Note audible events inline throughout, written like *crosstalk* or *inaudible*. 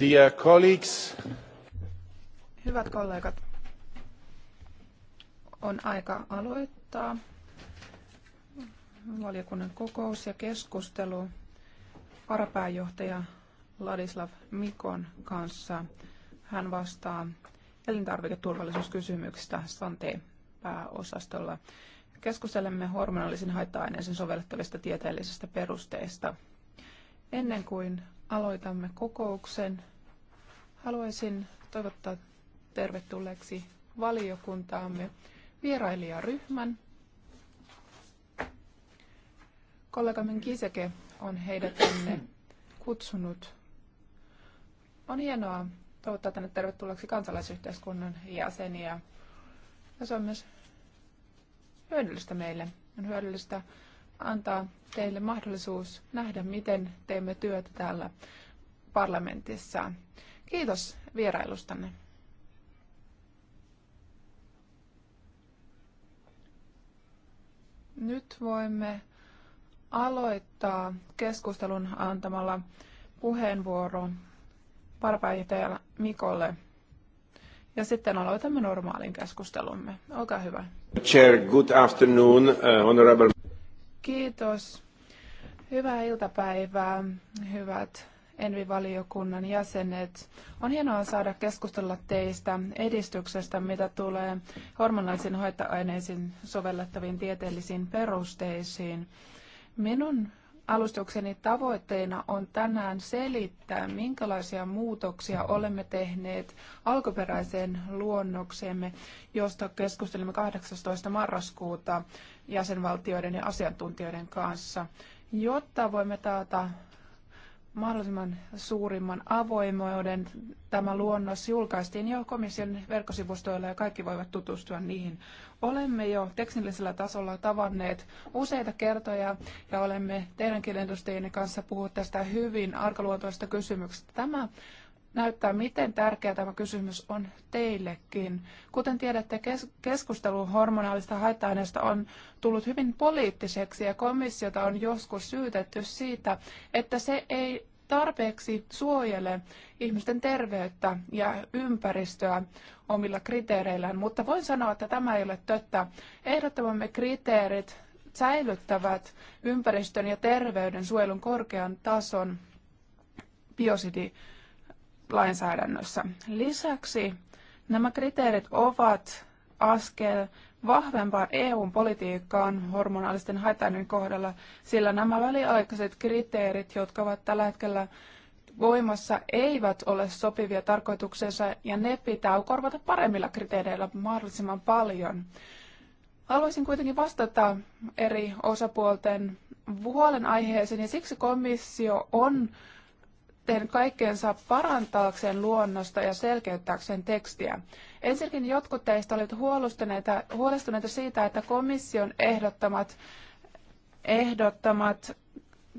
Dear colleagues. Hyvät kollegat, on aika aloittaa valiokunnan kokous ja keskustelu varapääjohtaja Ladislav Mikon kanssa. Hän vastaa elintarviketurvallisuuskysymyksistä Sante pääosastolla. Keskustelemme hormonallisen haitta-aineisen sovellettavista tieteellisistä perusteista. Ennen kuin aloitamme kokouksen. Haluaisin toivottaa tervetulleeksi valiokuntaamme vierailijaryhmän. Kollegamme Kiseke on heidät tänne kutsunut. On hienoa toivottaa tänne tervetulleeksi kansalaisyhteiskunnan jäseniä. Ja se on myös hyödyllistä meille. On hyödyllistä antaa teille mahdollisuus nähdä, miten teemme työtä täällä parlamentissa. Kiitos vierailustanne. Nyt voimme aloittaa keskustelun antamalla puheenvuoron varapääjohtaja Mikolle. Ja sitten aloitamme normaalin keskustelumme. Olkaa hyvä. Chair, good afternoon, uh, honorable... Kiitos. Hyvää iltapäivää, hyvät Envi-valiokunnan jäsenet. On hienoa saada keskustella teistä edistyksestä, mitä tulee hormonaisiin hoitoaineisiin sovellettaviin tieteellisiin perusteisiin. Minun alustukseni tavoitteena on tänään selittää, minkälaisia muutoksia olemme tehneet alkuperäiseen luonnokseemme, josta keskustelimme 18. marraskuuta jäsenvaltioiden ja asiantuntijoiden kanssa, jotta voimme taata mahdollisimman suurimman avoimuuden. Tämä luonnos julkaistiin jo komission verkkosivustoilla ja kaikki voivat tutustua niihin. Olemme jo teknillisellä tasolla tavanneet useita kertoja ja olemme teidänkin edustajien kanssa puhuneet tästä hyvin arkaluontoista kysymyksestä. Tämä näyttää, miten tärkeä tämä kysymys on teillekin. Kuten tiedätte, kes- keskustelu hormonaalista haitta on tullut hyvin poliittiseksi ja komissiota on joskus syytetty siitä, että se ei tarpeeksi suojele ihmisten terveyttä ja ympäristöä omilla kriteereillään, mutta voin sanoa, että tämä ei ole töttä. Ehdottomamme kriteerit säilyttävät ympäristön ja terveyden suojelun korkean tason biosidi lainsäädännössä. Lisäksi nämä kriteerit ovat askel vahvempaan EU-politiikkaan hormonaalisten haitainen kohdalla, sillä nämä väliaikaiset kriteerit, jotka ovat tällä hetkellä voimassa, eivät ole sopivia tarkoituksensa ja ne pitää korvata paremmilla kriteereillä mahdollisimman paljon. Haluaisin kuitenkin vastata eri osapuolten huolenaiheeseen ja siksi komissio on teen kaikkeensa parantaakseen luonnosta ja selkeyttääkseen tekstiä. Ensinnäkin jotkut teistä olivat huolestuneita, huolestuneita siitä, että komission ehdottamat, ehdottamat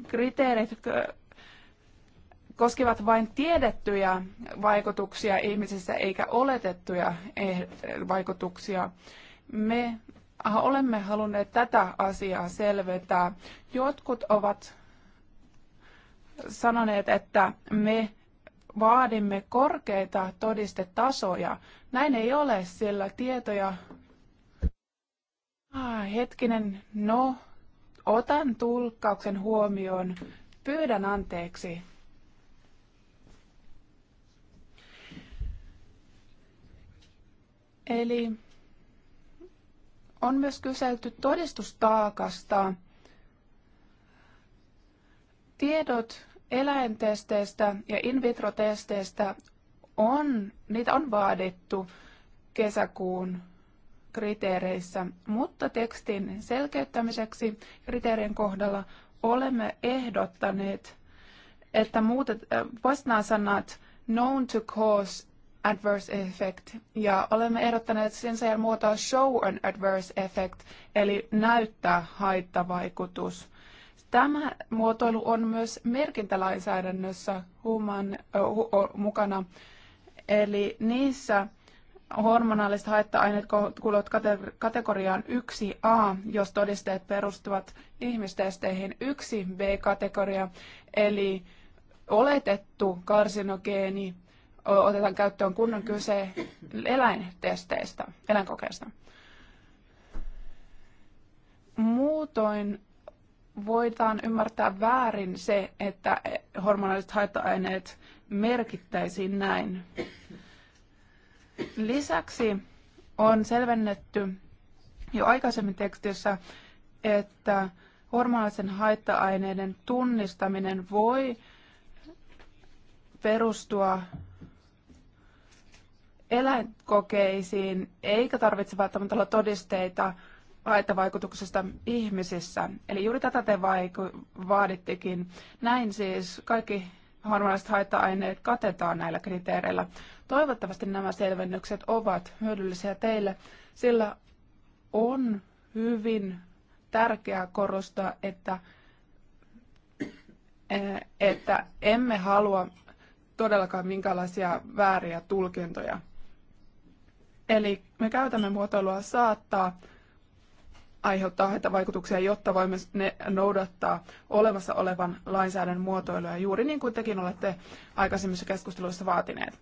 kriteerit koskivat vain tiedettyjä vaikutuksia ihmisissä eikä oletettuja eh, vaikutuksia. Me olemme halunneet tätä asiaa selventää. Jotkut ovat sanoneet, että me vaadimme korkeita todistetasoja. Näin ei ole, sillä tietoja... Ah, hetkinen, no, otan tulkkauksen huomioon. Pyydän anteeksi. Eli on myös kyselty todistustaakasta. Tiedot Eläintesteistä ja in vitro-testeistä on, niitä on vaadittu kesäkuun kriteereissä, mutta tekstin selkeyttämiseksi kriteerien kohdalla olemme ehdottaneet, että muutet, äh, vastaan sanat known to cause adverse effect ja olemme ehdottaneet sen sijaan muotoa show an adverse effect eli näyttää haittavaikutus. Tämä muotoilu on myös merkintälainsäädännössä human, uh, mukana, eli niissä hormonaaliset haitta-aineet kuuluvat kategoriaan 1A, jos todisteet perustuvat ihmistesteihin 1B-kategoria, eli oletettu karsinogeeni otetaan käyttöön, kunnon kyse eläintesteistä, eläinkokeista. Muutoin voidaan ymmärtää väärin se, että hormonaaliset haitta-aineet merkittäisiin näin. Lisäksi on selvennetty jo aikaisemmin tekstissä, että hormonaalisen haitta-aineiden tunnistaminen voi perustua eläinkokeisiin, eikä tarvitse välttämättä olla todisteita haittavaikutuksista ihmisissä. Eli juuri tätä te vaadittekin. Näin siis kaikki hormonalliset haitta-aineet katetaan näillä kriteereillä. Toivottavasti nämä selvennykset ovat hyödyllisiä teille, sillä on hyvin tärkeää korostaa, että, eh, että emme halua todellakaan minkälaisia vääriä tulkintoja. Eli me käytämme muotoilua saattaa aiheuttaa haittavaikutuksia, jotta voimme ne noudattaa olemassa olevan lainsäädännön muotoiluja, juuri niin kuin tekin olette aikaisemmissa keskusteluissa vaatineet.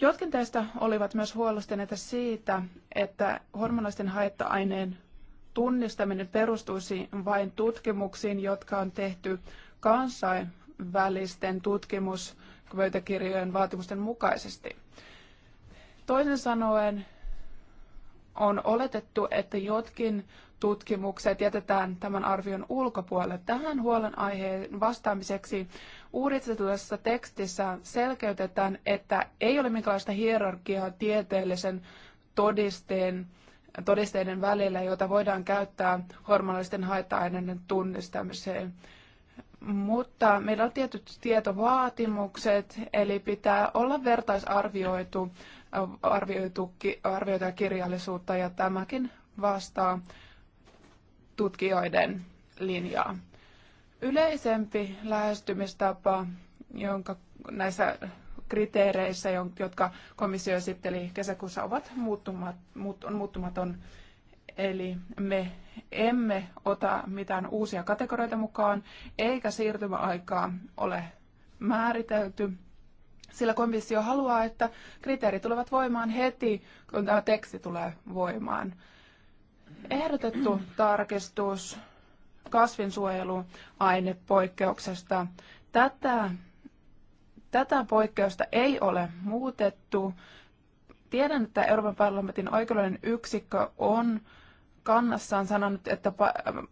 Jotkin teistä olivat myös huolestuneita siitä, että hormonallisten haitta-aineen tunnistaminen perustuisi vain tutkimuksiin, jotka on tehty kansainvälisten tutkimuspöytäkirjojen vaatimusten mukaisesti. Toisin sanoen on oletettu, että jotkin tutkimukset jätetään tämän arvion ulkopuolelle. Tähän huolenaiheen vastaamiseksi uudistetussa tekstissä selkeytetään, että ei ole minkälaista hierarkiaa tieteellisen todisteen, todisteiden välillä, jota voidaan käyttää hormonallisten haitta-aineiden tunnistamiseen. Mutta meillä on tietyt tietovaatimukset, eli pitää olla vertaisarvioitu arvioita ja kirjallisuutta, ja tämäkin vastaa tutkijoiden linjaa. Yleisempi lähestymistapa, jonka näissä kriteereissä, jotka komissio esitteli kesäkuussa, ovat muuttumat, muut, on muuttumaton. Eli me emme ota mitään uusia kategorioita mukaan, eikä siirtymäaikaa ole määritelty sillä komissio haluaa, että kriteerit tulevat voimaan heti, kun tämä teksti tulee voimaan. Ehdotettu tarkistus kasvinsuojeluainepoikkeuksesta. Tätä, tätä poikkeusta ei ole muutettu. Tiedän, että Euroopan parlamentin oikeudellinen yksikkö on kannassaan sanonut, että,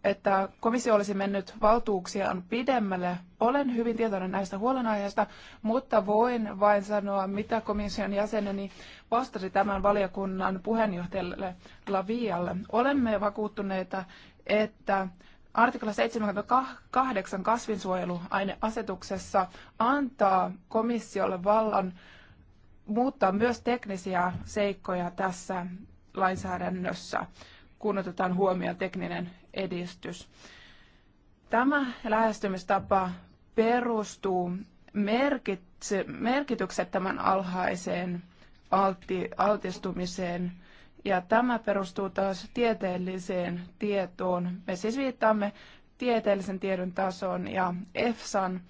että komissio olisi mennyt valtuuksiaan pidemmälle. Olen hyvin tietoinen näistä huolenaiheista, mutta voin vain sanoa, mitä komission jäseneni vastasi tämän valiokunnan puheenjohtajalle Lavialle. Olemme vakuuttuneita, että artikla 78 kasvinsuojeluaineasetuksessa antaa komissiolle vallan muuttaa myös teknisiä seikkoja tässä lainsäädännössä kun otetaan huomioon tekninen edistys. Tämä lähestymistapa perustuu tämän alhaiseen altistumiseen ja tämä perustuu taas tieteelliseen tietoon. Me siis viittaamme tieteellisen tiedon tasoon ja EFSAn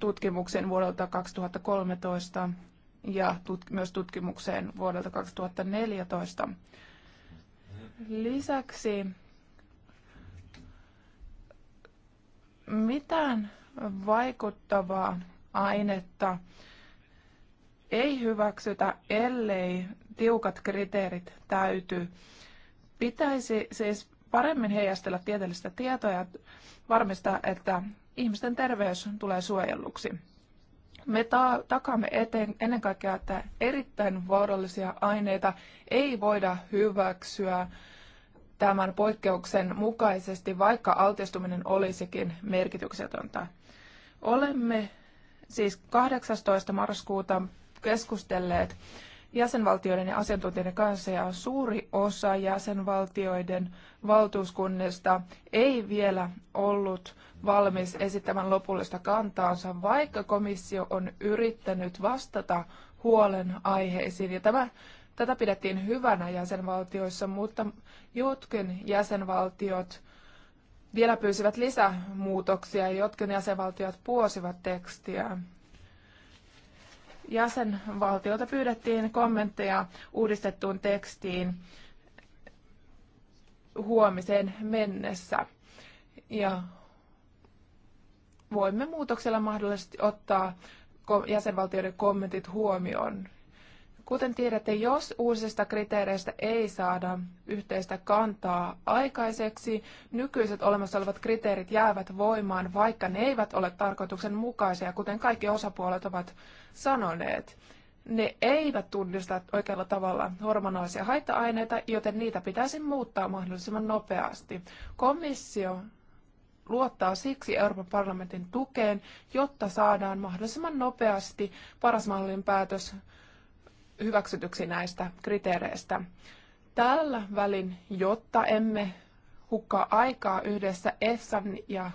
tutkimuksen vuodelta 2013 ja tut- myös tutkimukseen vuodelta 2014. Lisäksi mitään vaikuttavaa ainetta ei hyväksytä, ellei tiukat kriteerit täyty. Pitäisi siis paremmin heijastella tieteellistä tietoa ja varmistaa, että ihmisten terveys tulee suojelluksi. Me ta- takaamme eteen, ennen kaikkea, että erittäin vaarallisia aineita ei voida hyväksyä tämän poikkeuksen mukaisesti, vaikka altistuminen olisikin merkityksetöntä. Olemme siis 18. marraskuuta keskustelleet jäsenvaltioiden ja asiantuntijoiden kanssa ja suuri osa jäsenvaltioiden valtuuskunnista ei vielä ollut valmis esittämään lopullista kantaansa, vaikka komissio on yrittänyt vastata huolen aiheisiin. Ja tämä Tätä pidettiin hyvänä jäsenvaltioissa, mutta jotkin jäsenvaltiot vielä pyysivät lisämuutoksia ja jotkin jäsenvaltiot puosivat tekstiä. Jäsenvaltiolta pyydettiin kommentteja uudistettuun tekstiin huomiseen mennessä. Ja voimme muutoksella mahdollisesti ottaa jäsenvaltioiden kommentit huomioon Kuten tiedätte, jos uusista kriteereistä ei saada yhteistä kantaa aikaiseksi, nykyiset olemassa olevat kriteerit jäävät voimaan, vaikka ne eivät ole tarkoituksenmukaisia, kuten kaikki osapuolet ovat sanoneet. Ne eivät tunnista oikealla tavalla hormonaalisia haitta-aineita, joten niitä pitäisi muuttaa mahdollisimman nopeasti. Komissio luottaa siksi Euroopan parlamentin tukeen, jotta saadaan mahdollisimman nopeasti paras mahdollinen päätös hyväksytyksi näistä kriteereistä. Tällä välin, jotta emme hukkaa aikaa yhdessä Esan ja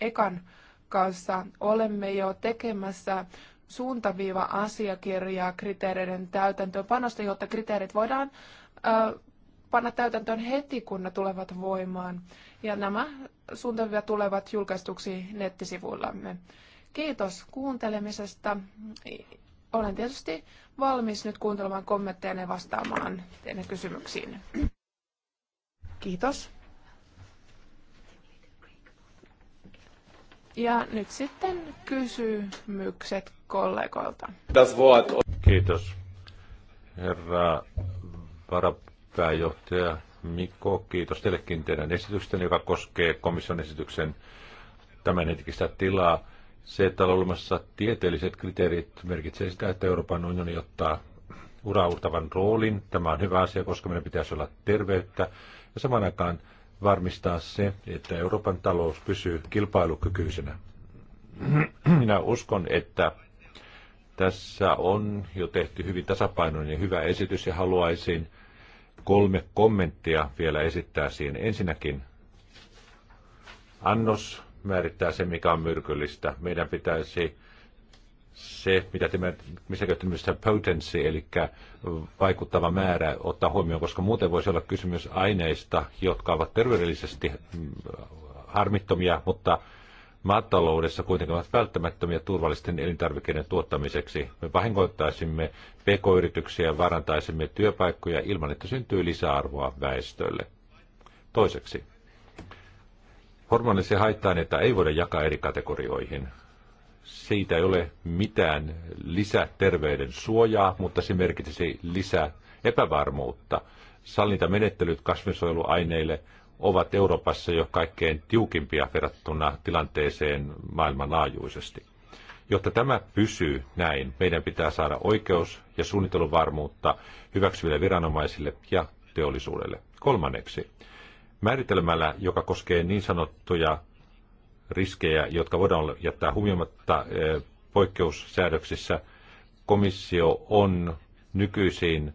EKAN kanssa, olemme jo tekemässä suuntaviiva-asiakirjaa kriteereiden täytäntöönpanosta, jotta kriteerit voidaan panna täytäntöön heti, kun ne tulevat voimaan. Ja nämä suuntaviiva tulevat julkaistuksi nettisivuillamme. Kiitos kuuntelemisesta olen tietysti valmis nyt kuuntelemaan kommentteja ja vastaamaan teidän kysymyksiin. Kiitos. Ja nyt sitten kysymykset kollegoilta. Kiitos. Herra varapääjohtaja Mikko, kiitos teillekin teidän esityksestä, joka koskee komission esityksen tämänhetkistä tilaa se, että on olemassa tieteelliset kriteerit, merkitsee sitä, että Euroopan unioni ottaa uraurtavan roolin. Tämä on hyvä asia, koska meidän pitäisi olla terveyttä ja saman aikaan varmistaa se, että Euroopan talous pysyy kilpailukykyisenä. *clears throat* Minä uskon, että tässä on jo tehty hyvin tasapainoinen ja hyvä esitys ja haluaisin kolme kommenttia vielä esittää siihen. Ensinnäkin annos määrittää se, mikä on myrkyllistä. Meidän pitäisi se, mitä te missä käyttämisessä potency, eli vaikuttava määrä, ottaa huomioon, koska muuten voisi olla kysymys aineista, jotka ovat terveydellisesti mm, harmittomia, mutta maataloudessa kuitenkin ovat välttämättömiä turvallisten elintarvikkeiden tuottamiseksi. Me vahingoittaisimme pk-yrityksiä ja varantaisimme työpaikkoja ilman, että syntyy lisäarvoa väestölle. Toiseksi, Hormonallisia haitta-aineita ei voida jakaa eri kategorioihin. Siitä ei ole mitään lisäterveyden suojaa, mutta se merkitsisi lisää epävarmuutta. Sallintamenettelyt kasvinsuojeluaineille ovat Euroopassa jo kaikkein tiukimpia verrattuna tilanteeseen maailmanlaajuisesti. Jotta tämä pysyy näin, meidän pitää saada oikeus ja suunnitteluvarmuutta hyväksyville viranomaisille ja teollisuudelle. Kolmanneksi, määritelmällä, joka koskee niin sanottuja riskejä, jotka voidaan jättää huomiomatta eh, poikkeussäädöksissä, komissio on nykyisiin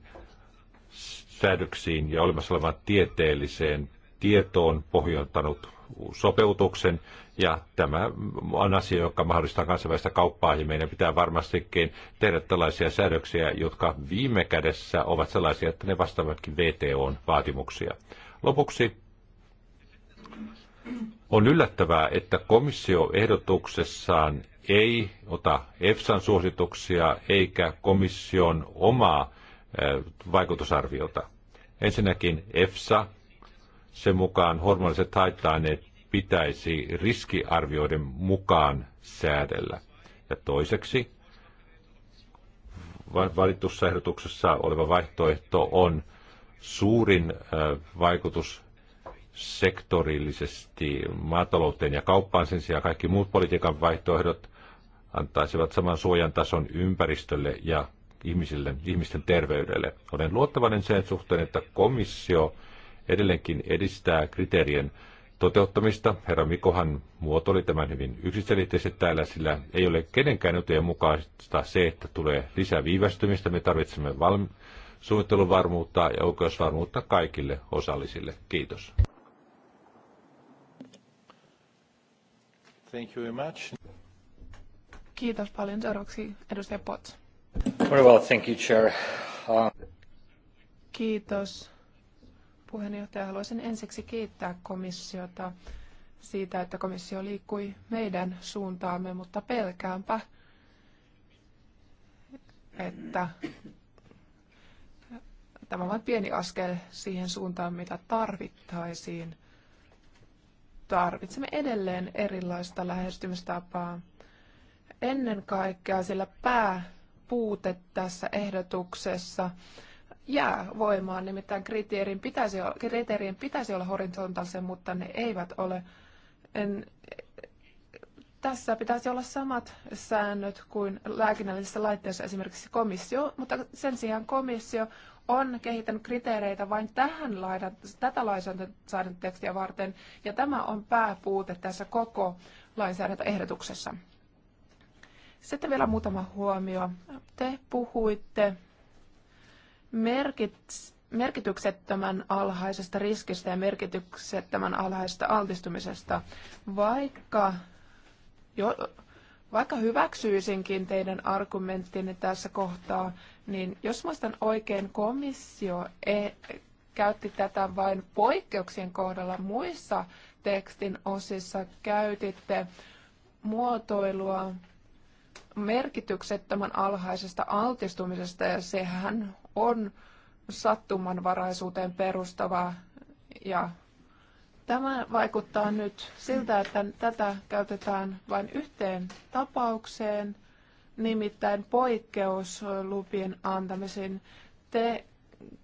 säädöksiin ja olemassa olevan tieteelliseen tietoon pohjoittanut sopeutuksen, ja tämä on asia, joka mahdollistaa kansainvälistä kauppaa, ja meidän pitää varmastikin tehdä tällaisia säädöksiä, jotka viime kädessä ovat sellaisia, että ne vastaavatkin VTOn vaatimuksia. Lopuksi on yllättävää, että komissio ehdotuksessaan ei ota EFSAn suosituksia eikä komission omaa vaikutusarviota. Ensinnäkin EFSA, sen mukaan hormoniset haitta-aineet pitäisi riskiarvioiden mukaan säädellä. Ja toiseksi valitussa ehdotuksessa oleva vaihtoehto on suurin vaikutus sektorillisesti maatalouteen ja kauppaan. Sen sijaan kaikki muut politiikan vaihtoehdot antaisivat saman suojan tason ympäristölle ja ihmisille, ihmisten terveydelle. Olen luottavainen sen suhteen, että komissio edelleenkin edistää kriteerien toteuttamista. Herra Mikohan muotoili tämän hyvin yksiselitteisesti täällä, sillä ei ole kenenkään etujen mukaista se, että tulee lisää viivästymistä. Me tarvitsemme valmi- suunnitteluvarmuutta ja oikeusvarmuutta kaikille osallisille. Kiitos. Thank you very much. Kiitos paljon. Seuraavaksi edustaja Potts. Very well, thank you, Chair. Uh... Kiitos puheenjohtaja. Haluaisin ensiksi kiittää komissiota siitä, että komissio liikkui meidän suuntaamme, mutta pelkäänpä, että tämä on vain pieni askel siihen suuntaan, mitä tarvittaisiin – tarvitsemme edelleen erilaista lähestymistapaa. Ennen kaikkea sillä pääpuute tässä ehdotuksessa jää voimaan, nimittäin kriteerin pitäisi, kriteerien pitäisi olla horisontaalisia, mutta ne eivät ole. En, tässä pitäisi olla samat säännöt kuin lääkinnällisissä laitteissa esimerkiksi komissio, mutta sen sijaan komissio on kehittänyt kriteereitä vain tähän laidan, tätä lainsäädäntötekstiä varten, ja tämä on pääpuute tässä koko lainsäädäntöehdotuksessa. Sitten vielä muutama huomio. Te puhuitte merkit, merkityksettömän alhaisesta riskistä ja merkityksettömän alhaisesta altistumisesta, vaikka jo, vaikka hyväksyisinkin teidän argumenttinne tässä kohtaa, niin jos muistan oikein, komissio e- käytti tätä vain poikkeuksien kohdalla. Muissa tekstin osissa käytitte muotoilua merkityksettömän alhaisesta altistumisesta, ja sehän on sattumanvaraisuuteen perustava ja Tämä vaikuttaa nyt siltä, että tätä käytetään vain yhteen tapaukseen, nimittäin poikkeuslupien antamisen. Te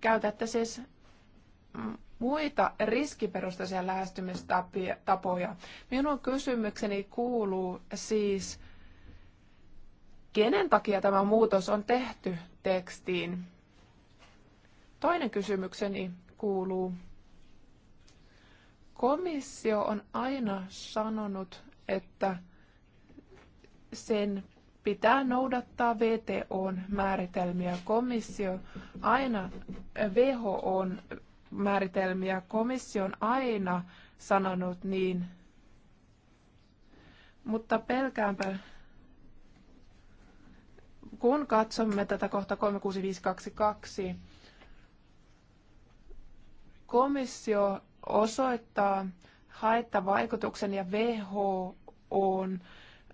käytätte siis muita riskiperustaisia lähestymistapoja. Minun kysymykseni kuuluu siis, kenen takia tämä muutos on tehty tekstiin? Toinen kysymykseni kuuluu, Komissio on aina sanonut, että sen pitää noudattaa VTOn määritelmiä. Komissio aina, WHOn määritelmiä, komissio on aina sanonut niin. Mutta pelkäänpä, kun katsomme tätä kohta 36522, komissio osoittaa haittavaikutuksen ja WHOn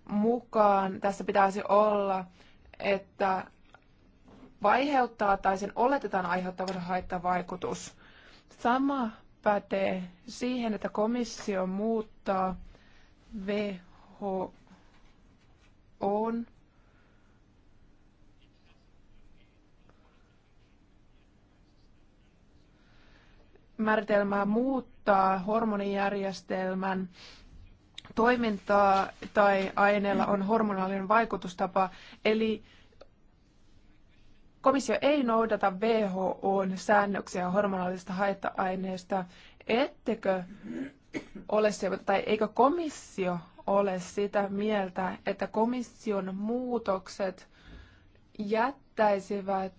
mukaan tässä pitäisi olla, että vaiheuttaa tai sen oletetaan aiheuttavan haittavaikutus. Sama pätee siihen, että komissio muuttaa WHO on määritelmää muuttaa hormonijärjestelmän toimintaa tai aineella on hormonaalinen vaikutustapa. Eli komissio ei noudata WHOn säännöksiä hormonaalisista haitta-aineista. Ettekö ole se, tai eikö komissio ole sitä mieltä, että komission muutokset jättäisivät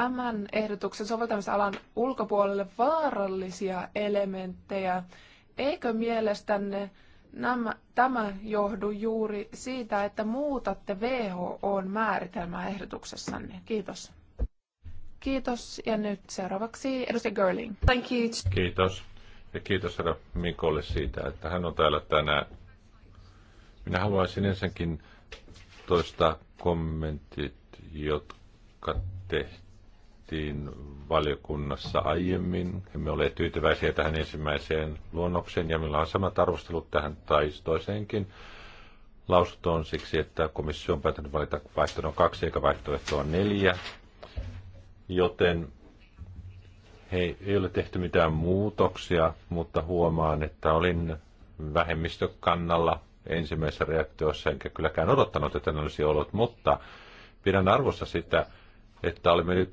tämän ehdotuksen soveltamisalan ulkopuolelle vaarallisia elementtejä. Eikö mielestänne nämä, tämä johdu juuri siitä, että muutatte WHOn määritelmää ehdotuksessanne? Kiitos. Kiitos. Ja nyt seuraavaksi edustaja Görling. Thank you. Kiitos. Ja kiitos herra Mikolle siitä, että hän on täällä tänään. Minä haluaisin ensinnäkin toistaa kommentit, jotka tehtiin käsiteltiin valiokunnassa aiemmin. Emme ole tyytyväisiä tähän ensimmäiseen luonnokseen ja meillä on samat arvostelut tähän tai toiseenkin lausuntoon siksi, että komissio on päättänyt valita vaihtoehdon kaksi eikä vaihtoehtoa neljä, joten he, ei ole tehty mitään muutoksia, mutta huomaan, että olin vähemmistökannalla ensimmäisessä reaktiossa, enkä kylläkään odottanut, että ne olisi ollut, mutta pidän arvossa sitä, että olemme nyt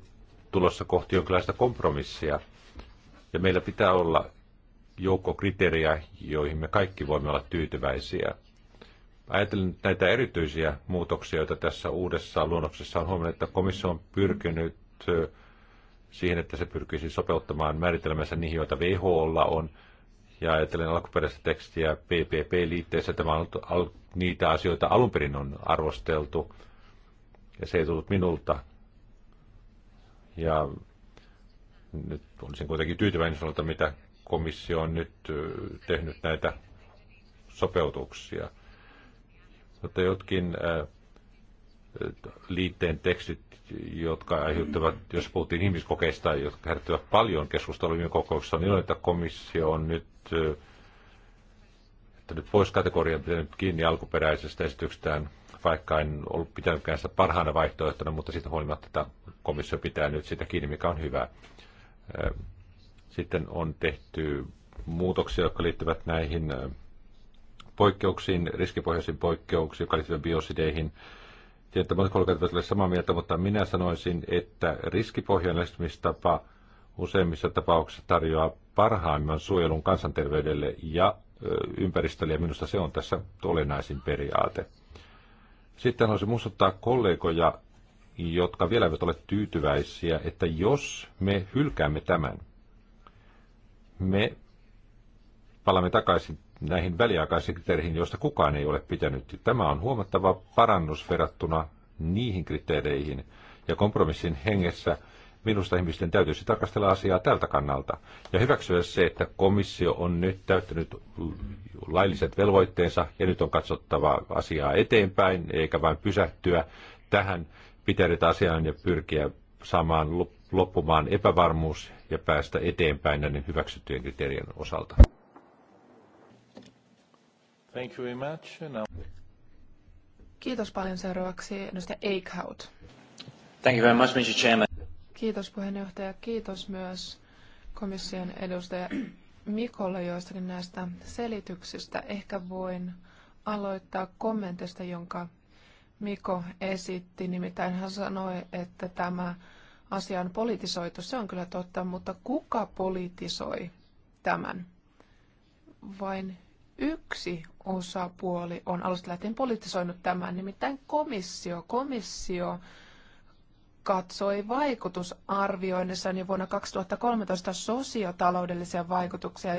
tulossa kohti jonkinlaista kompromissia. Ja meillä pitää olla joukko kriteeriä, joihin me kaikki voimme olla tyytyväisiä. Ajattelen näitä erityisiä muutoksia, joita tässä uudessa luonnoksessa on huomannut, että komissio on pyrkinyt siihen, että se pyrkisi sopeuttamaan määritelmänsä niihin, joita WHOlla on. Ja ajattelen alkuperäistä tekstiä PPP-liitteessä. Tämä on niitä asioita alun perin on arvosteltu. Ja se ei tullut minulta. Ja nyt olisin kuitenkin tyytyväinen sanota, mitä komissio on nyt tehnyt näitä sopeutuksia. Mutta jotkin liitteen tekstit, jotka aiheuttavat, jos puhuttiin ihmiskokeista, jotka herättivät paljon keskustelua viime kokouksessa, niin on, että komissio on nyt, että nyt pois kategorian pitänyt kiinni alkuperäisestä esityksestään, vaikka en ollut pitänytkään sitä parhaana vaihtoehtona, mutta siitä huolimatta komissio pitää nyt sitä kiinni, mikä on hyvä. Sitten on tehty muutoksia, jotka liittyvät näihin poikkeuksiin, riskipohjaisiin poikkeuksiin, jotka liittyvät biosideihin. Tiedän, että monet kollegat ovat samaa mieltä, mutta minä sanoisin, että riskipohjainen lähestymistapa useimmissa tapauksissa tarjoaa parhaimman suojelun kansanterveydelle ja ympäristölle, ja minusta se on tässä olennaisin periaate. Sitten haluaisin muistuttaa kollegoja jotka vielä eivät ole tyytyväisiä, että jos me hylkäämme tämän, me palaamme takaisin näihin väliaikaisiin kriteereihin, joista kukaan ei ole pitänyt. Tämä on huomattava parannus verrattuna niihin kriteereihin ja kompromissin hengessä. Minusta ihmisten täytyisi tarkastella asiaa tältä kannalta ja hyväksyä se, että komissio on nyt täyttänyt lailliset velvoitteensa ja nyt on katsottava asiaa eteenpäin eikä vain pysähtyä tähän pitänyt asiaan ja pyrkiä saamaan loppumaan epävarmuus ja päästä eteenpäin näiden hyväksyttyjen kriteerien osalta. Thank you very much. Now... Kiitos paljon seuraavaksi edustaja Eichhout. Thank you very much, Mr. Chairman. Kiitos puheenjohtaja. Kiitos myös komission edustaja Mikolle joistakin näistä selityksistä. Ehkä voin aloittaa kommentista, jonka Miko esitti. Nimittäin hän sanoi, että tämä asia on politisoitu. Se on kyllä totta, mutta kuka politisoi tämän? Vain yksi osapuoli on alusta lähtien politisoinut tämän, nimittäin komissio. Komissio katsoi vaikutusarvioinnissa jo niin vuonna 2013 sosiotaloudellisia vaikutuksia.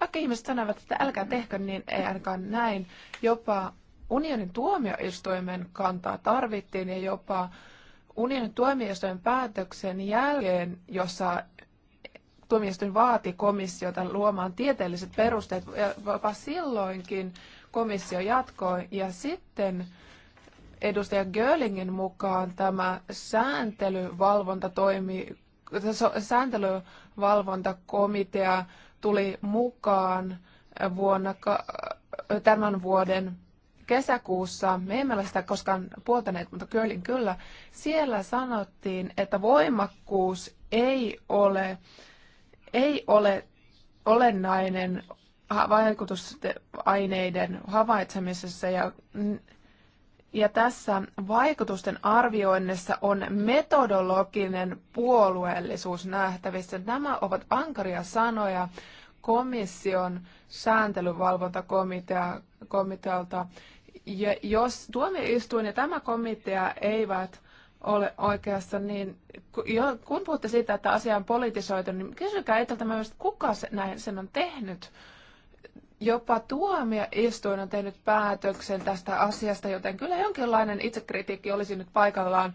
Vaikka ihmiset sanovat, että älkää tehkö niin, ei ainakaan näin. Jopa unionin tuomioistuimen kantaa tarvittiin ja jopa unionin tuomioistuimen päätöksen jälkeen, jossa tuomioistuin vaati komissiota luomaan tieteelliset perusteet, jopa silloinkin komissio jatkoi ja sitten edustaja Görlingin mukaan tämä sääntelyvalvonta toimi, sääntelyvalvontakomitea tuli mukaan vuonna, tämän vuoden kesäkuussa, me emme ole sitä koskaan puoltaneet, mutta Curlin kyllä, siellä sanottiin, että voimakkuus ei ole, ei ole olennainen vaikutusaineiden havaitsemisessa ja, ja tässä vaikutusten arvioinnissa on metodologinen puolueellisuus nähtävissä. Nämä ovat ankaria sanoja komission sääntelyvalvontakomitealta. Ja jos tuomioistuin ja tämä komitea eivät ole oikeassa, niin kun puhutte siitä, että asia on politisoitu, niin kysykää itseltä myös, kuka se, näin sen on tehnyt. Jopa tuomioistuin on tehnyt päätöksen tästä asiasta, joten kyllä jonkinlainen itsekritiikki olisi nyt paikallaan.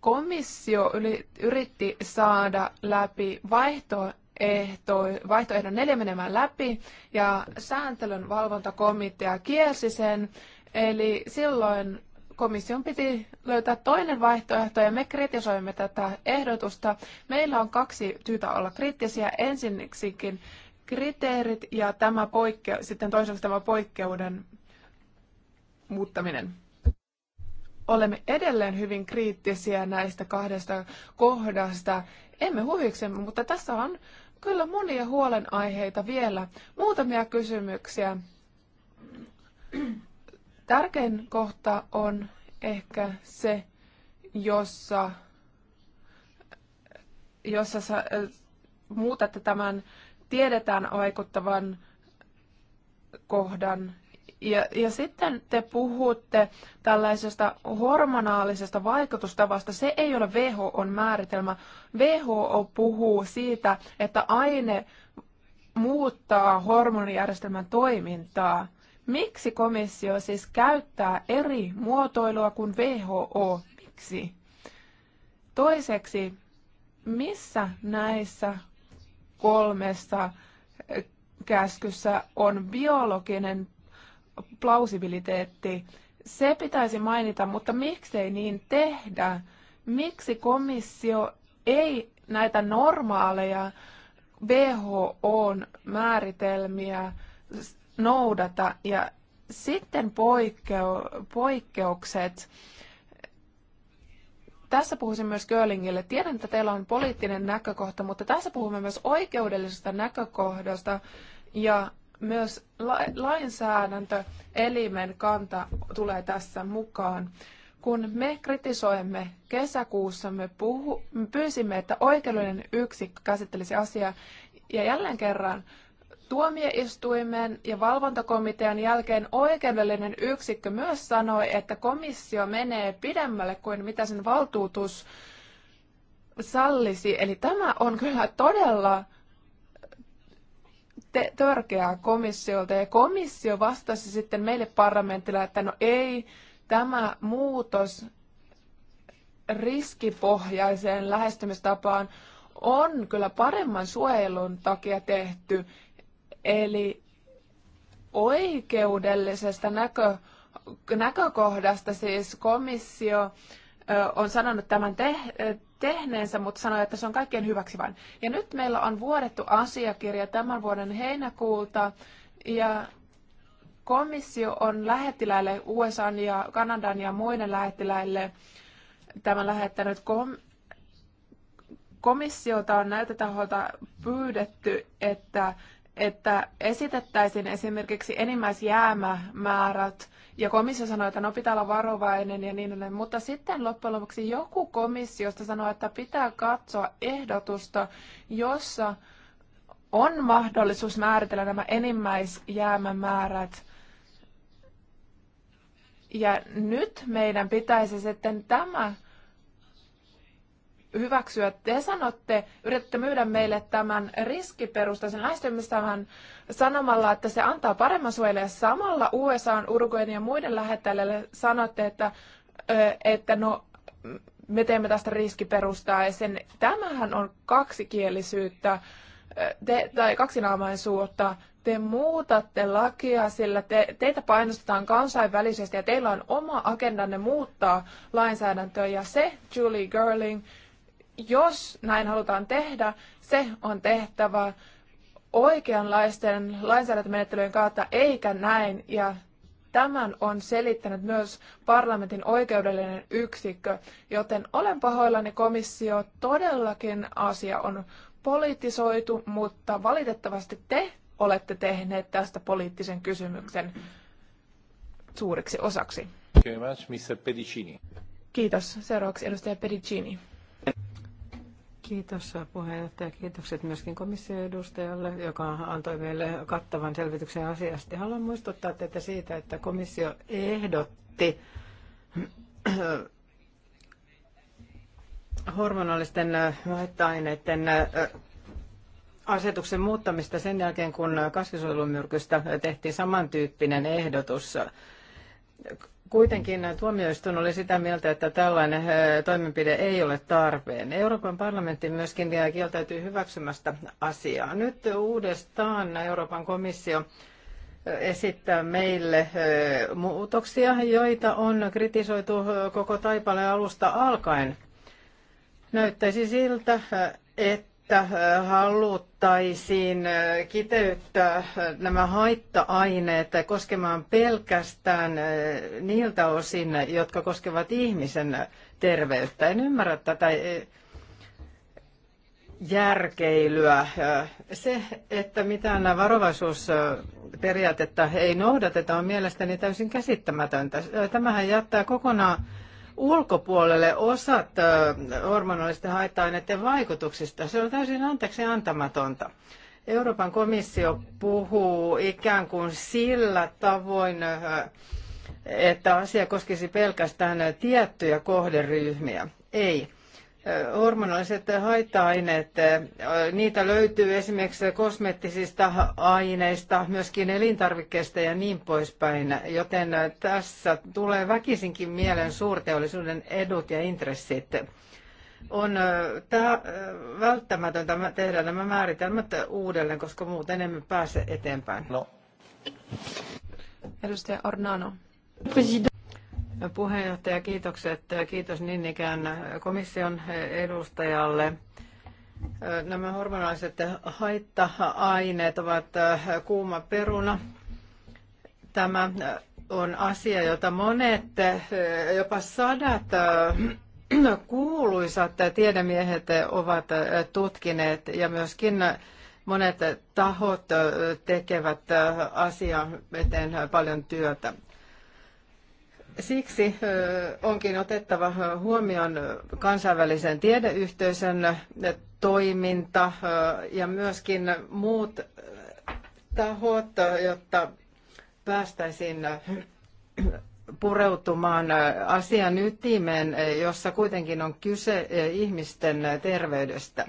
Komissio yritti saada läpi vaihtoehtoja ehto, vaihtoehdon neljä menemään läpi ja sääntelyn valvontakomitea kielsi sen. Eli silloin komission piti löytää toinen vaihtoehto ja me kritisoimme tätä ehdotusta. Meillä on kaksi syytä olla kriittisiä. Ensinnäkin kriteerit ja tämä poikke- sitten toiseksi tämä poikkeuden muuttaminen. Olemme edelleen hyvin kriittisiä näistä kahdesta kohdasta. Emme huviksemme, mutta tässä on Kyllä monia huolenaiheita vielä. Muutamia kysymyksiä. Tärkein kohta on ehkä se, jossa, jossa sä, muutatte tämän tiedetään vaikuttavan kohdan ja, ja sitten te puhutte tällaisesta hormonaalisesta vaikutustavasta. Se ei ole WHOn määritelmä. WHO puhuu siitä, että aine muuttaa hormonijärjestelmän toimintaa. Miksi komissio siis käyttää eri muotoilua kuin WHO? Miksi? Toiseksi, missä näissä kolmessa käskyssä on biologinen plausibiliteetti, se pitäisi mainita, mutta miksei niin tehdä? Miksi komissio ei näitä normaaleja WHOn määritelmiä noudata ja sitten poikkeu, poikkeukset. Tässä puhuisin myös Görlingille. Tiedän, että teillä on poliittinen näkökohta, mutta tässä puhumme myös oikeudellisesta näkökohdasta. Ja myös lainsäädäntöelimen kanta tulee tässä mukaan. Kun me kritisoimme kesäkuussa, me, puhu, me pyysimme, että oikeudellinen yksikkö käsittelisi asiaa. Ja jälleen kerran tuomioistuimen ja valvontakomitean jälkeen oikeudellinen yksikkö myös sanoi, että komissio menee pidemmälle kuin mitä sen valtuutus sallisi. Eli tämä on kyllä todella sitten törkeää komissiolta ja komissio vastasi sitten meille parlamentilla, että no ei, tämä muutos riskipohjaiseen lähestymistapaan on kyllä paremman suojelun takia tehty. Eli oikeudellisesta näkö, näkökohdasta siis komissio on sanonut tämän te, tehneensä, mutta sanoi, että se on kaikkien hyväksi vain. Ja nyt meillä on vuodettu asiakirja tämän vuoden heinäkuulta, ja komissio on lähettiläille USA ja Kanadan ja muiden lähettiläille tämän lähettänyt kom- komissiota on näiltä taholta pyydetty, että, että esitettäisiin esimerkiksi enimmäisjäämämäärät ja komissio sanoi, että no pitää olla varovainen ja niin edelleen. Mutta sitten loppujen lopuksi joku komissiosta sanoi, että pitää katsoa ehdotusta, jossa on mahdollisuus määritellä nämä enimmäisjäämämäärät. Ja nyt meidän pitäisi sitten tämä hyväksyä. Te sanotte, yritätte myydä meille tämän riskiperustaisen lähestymistavan sanomalla, että se antaa paremman suojelun. Samalla USA, Uruguayn ja muiden lähettäjille sanotte, että, että no, me teemme tästä riskiperustaa. Ja sen, tämähän on kaksikielisyyttä te, tai kaksinaamaisuutta. Te muutatte lakia, sillä te, teitä painostetaan kansainvälisesti ja teillä on oma agendanne muuttaa lainsäädäntöä. Ja se, Julie Girling, jos näin halutaan tehdä, se on tehtävä oikeanlaisten lainsäädäntömenettelyjen kautta, eikä näin. Ja tämän on selittänyt myös parlamentin oikeudellinen yksikkö, joten olen pahoillani komissio, todellakin asia on politisoitu, mutta valitettavasti te olette tehneet tästä poliittisen kysymyksen suureksi osaksi. Kiitos. Seuraavaksi edustaja Pedicini. Kiitos puheenjohtaja. Kiitokset myöskin komission edustajalle, joka antoi meille kattavan selvityksen asiasta. Haluan muistuttaa teitä siitä, että komissio ehdotti hormonallisten vaihtoaineiden asetuksen muuttamista sen jälkeen, kun kasvisuojelumyrkystä tehtiin samantyyppinen ehdotus Kuitenkin tuomioistuin oli sitä mieltä, että tällainen toimenpide ei ole tarpeen. Euroopan parlamentti myöskin kieltäytyy hyväksymästä asiaa. Nyt uudestaan Euroopan komissio esittää meille muutoksia, joita on kritisoitu koko taipaleen alusta alkaen. Näyttäisi siltä, että että haluttaisiin kiteyttää nämä haitta-aineet koskemaan pelkästään niiltä osin, jotka koskevat ihmisen terveyttä. En ymmärrä tätä järkeilyä. Se, että mitään varovaisuusperiaatetta ei noudateta, on mielestäni täysin käsittämätöntä. Tämähän jättää kokonaan ulkopuolelle osat hormonallisten haitta-aineiden vaikutuksista. Se on täysin anteeksi antamatonta. Euroopan komissio puhuu ikään kuin sillä tavoin, että asia koskisi pelkästään tiettyjä kohderyhmiä. Ei hormonalliset haitta-aineet, niitä löytyy esimerkiksi kosmettisista aineista, myöskin elintarvikkeista ja niin poispäin, joten tässä tulee väkisinkin mielen suurteollisuuden edut ja intressit. On tämä välttämätöntä tehdä nämä määritelmät uudelleen, koska muuten emme pääse eteenpäin. No. Edustaja Ornano. President. Puheenjohtaja, kiitokset. Kiitos niin ikään komission edustajalle. Nämä hormonaiset haitta-aineet ovat kuuma peruna. Tämä on asia, jota monet, jopa sadat kuuluisat tiedemiehet ovat tutkineet ja myöskin monet tahot tekevät asian eteen paljon työtä. Siksi onkin otettava huomioon kansainvälisen tiedeyhteisön toiminta ja myöskin muut tahot, jotta päästäisiin pureutumaan asian ytimeen, jossa kuitenkin on kyse ihmisten terveydestä.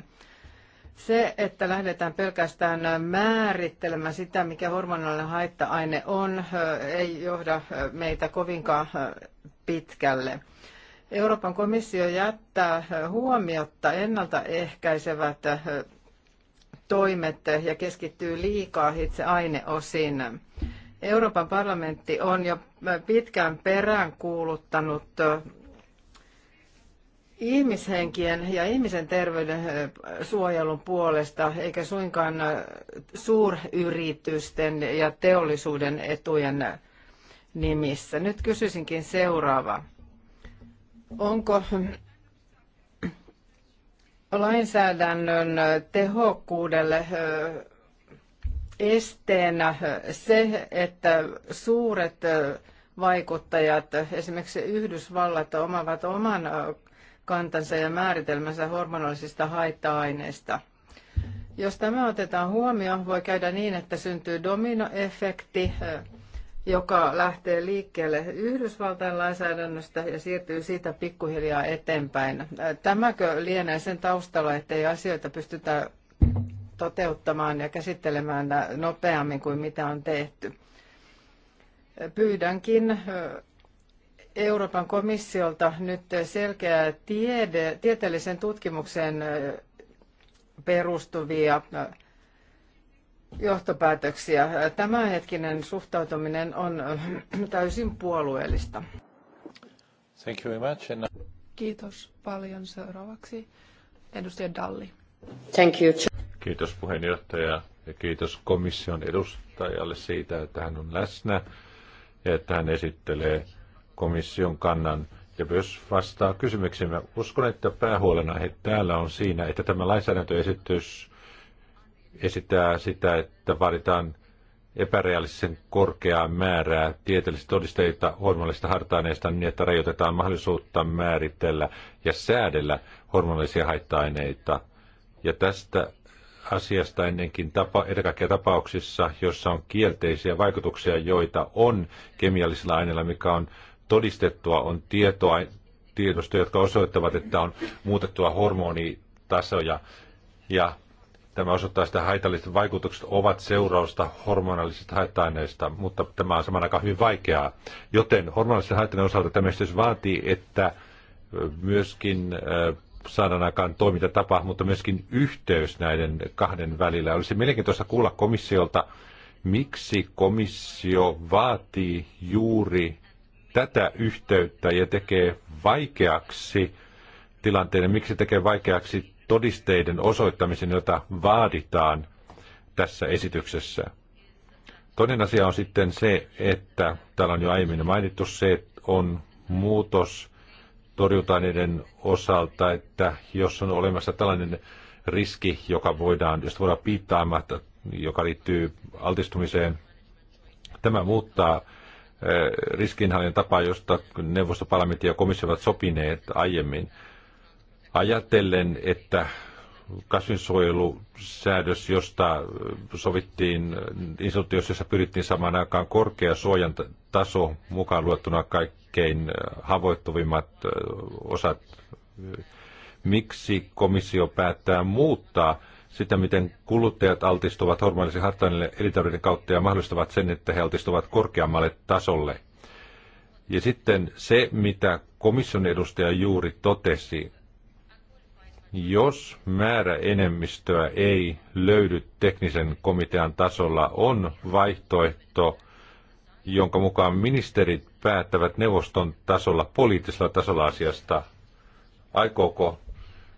Se, että lähdetään pelkästään määrittelemään sitä, mikä hormonallinen haitta-aine on, ei johda meitä kovinkaan pitkälle. Euroopan komissio jättää huomiotta ennaltaehkäisevät toimet ja keskittyy liikaa itse aineosiin. Euroopan parlamentti on jo pitkään perään kuuluttanut ihmishenkien ja ihmisen terveyden suojelun puolesta, eikä suinkaan suuryritysten ja teollisuuden etujen nimissä. Nyt kysyisinkin seuraava. Onko lainsäädännön tehokkuudelle esteenä se, että suuret vaikuttajat, esimerkiksi Yhdysvallat, omavat oman kantansa ja määritelmänsä hormonallisista haitta-aineista. Jos tämä otetaan huomioon, voi käydä niin, että syntyy dominoefekti, joka lähtee liikkeelle Yhdysvaltain lainsäädännöstä ja siirtyy siitä pikkuhiljaa eteenpäin. Tämäkö lienee sen taustalla, ettei asioita pystytä toteuttamaan ja käsittelemään nopeammin kuin mitä on tehty? Pyydänkin Euroopan komissiolta nyt selkeää tiede, tieteellisen tutkimuksen perustuvia johtopäätöksiä. Tämänhetkinen suhtautuminen on *clears throat* täysin puolueellista. Thank you very much. And... Kiitos paljon. Seuraavaksi edustaja Dalli. Thank you. Kiitos puheenjohtaja ja kiitos komission edustajalle siitä, että hän on läsnä ja että hän esittelee komission kannan ja myös vastaa kysymyksiin. Mä uskon, että päähuolena täällä on siinä, että tämä lainsäädäntöesitys esittää sitä, että vaaditaan epärealistisen korkeaa määrää tieteellisistä todisteita hormonallisista harta-aineista niin, että rajoitetaan mahdollisuutta määritellä ja säädellä hormonallisia haitta-aineita. Ja tästä asiasta ennenkin tapa, ennen kaikkea tapauksissa, jossa on kielteisiä vaikutuksia, joita on kemiallisilla aineilla, mikä on todistettua, on tietoa, tiedostoja, jotka osoittavat, että on muutettua hormonitasoja. Ja tämä osoittaa, sitä haitalliset vaikutukset ovat seurausta hormonallisista haitta mutta tämä on saman aikaan hyvin vaikeaa. Joten hormonallisten haitta osalta tämä vaatii, että myöskin saadaan aikaan toimintatapa, mutta myöskin yhteys näiden kahden välillä. Olisi mielenkiintoista kuulla komissiolta, miksi komissio vaatii juuri tätä yhteyttä ja tekee vaikeaksi tilanteen, miksi tekee vaikeaksi todisteiden osoittamisen, jota vaaditaan tässä esityksessä. Toinen asia on sitten se, että täällä on jo aiemmin mainittu se, että on muutos torjutaan niiden osalta, että jos on olemassa tällainen riski, joka voidaan, josta voidaan piittaamatta, joka liittyy altistumiseen, tämä muuttaa Eh, riskinhallinnan tapa, josta neuvostoparlamentti ja komissio ovat sopineet aiemmin. Ajatellen, että kasvinsuojelusäädös, josta sovittiin instituutiossa, jossa pyrittiin samaan aikaan korkea suojan taso mukaan luettuna kaikkein havoittuvimmat eh, osat. Miksi komissio päättää muuttaa sitä, miten kuluttajat altistuvat hormonallisen hartainille elintarvikkeiden kautta ja mahdollistavat sen, että he altistuvat korkeammalle tasolle. Ja sitten se, mitä komission edustaja juuri totesi, jos määrä enemmistöä ei löydy teknisen komitean tasolla, on vaihtoehto, jonka mukaan ministerit päättävät neuvoston tasolla, poliittisella tasolla asiasta. Aikooko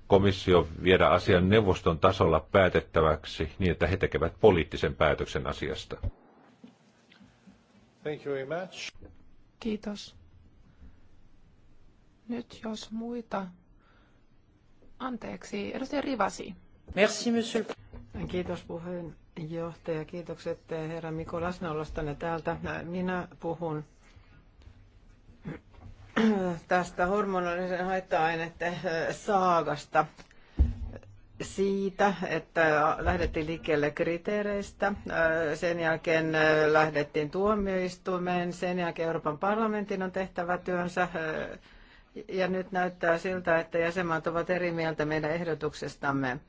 komissio viedä asian neuvoston tasolla päätettäväksi niin, että he tekevät poliittisen päätöksen asiasta? Thank you very much. Kiitos. Nyt jos muita. Anteeksi, edustaja Rivasi. Merci, monsieur. Kiitos puheenjohtaja. Kiitokset eh, herra Mikko läsnäolostanne täältä. Minä puhun tästä hormonallisen haitta-aineiden eh, saagasta siitä, että lähdettiin liikkeelle kriteereistä, eh, sen jälkeen eh, lähdettiin tuomioistuimeen, sen jälkeen Euroopan parlamentin on tehtävä työnsä, ja nyt näyttää siltä, että jäsenmaat ovat eri mieltä meidän ehdotuksestamme.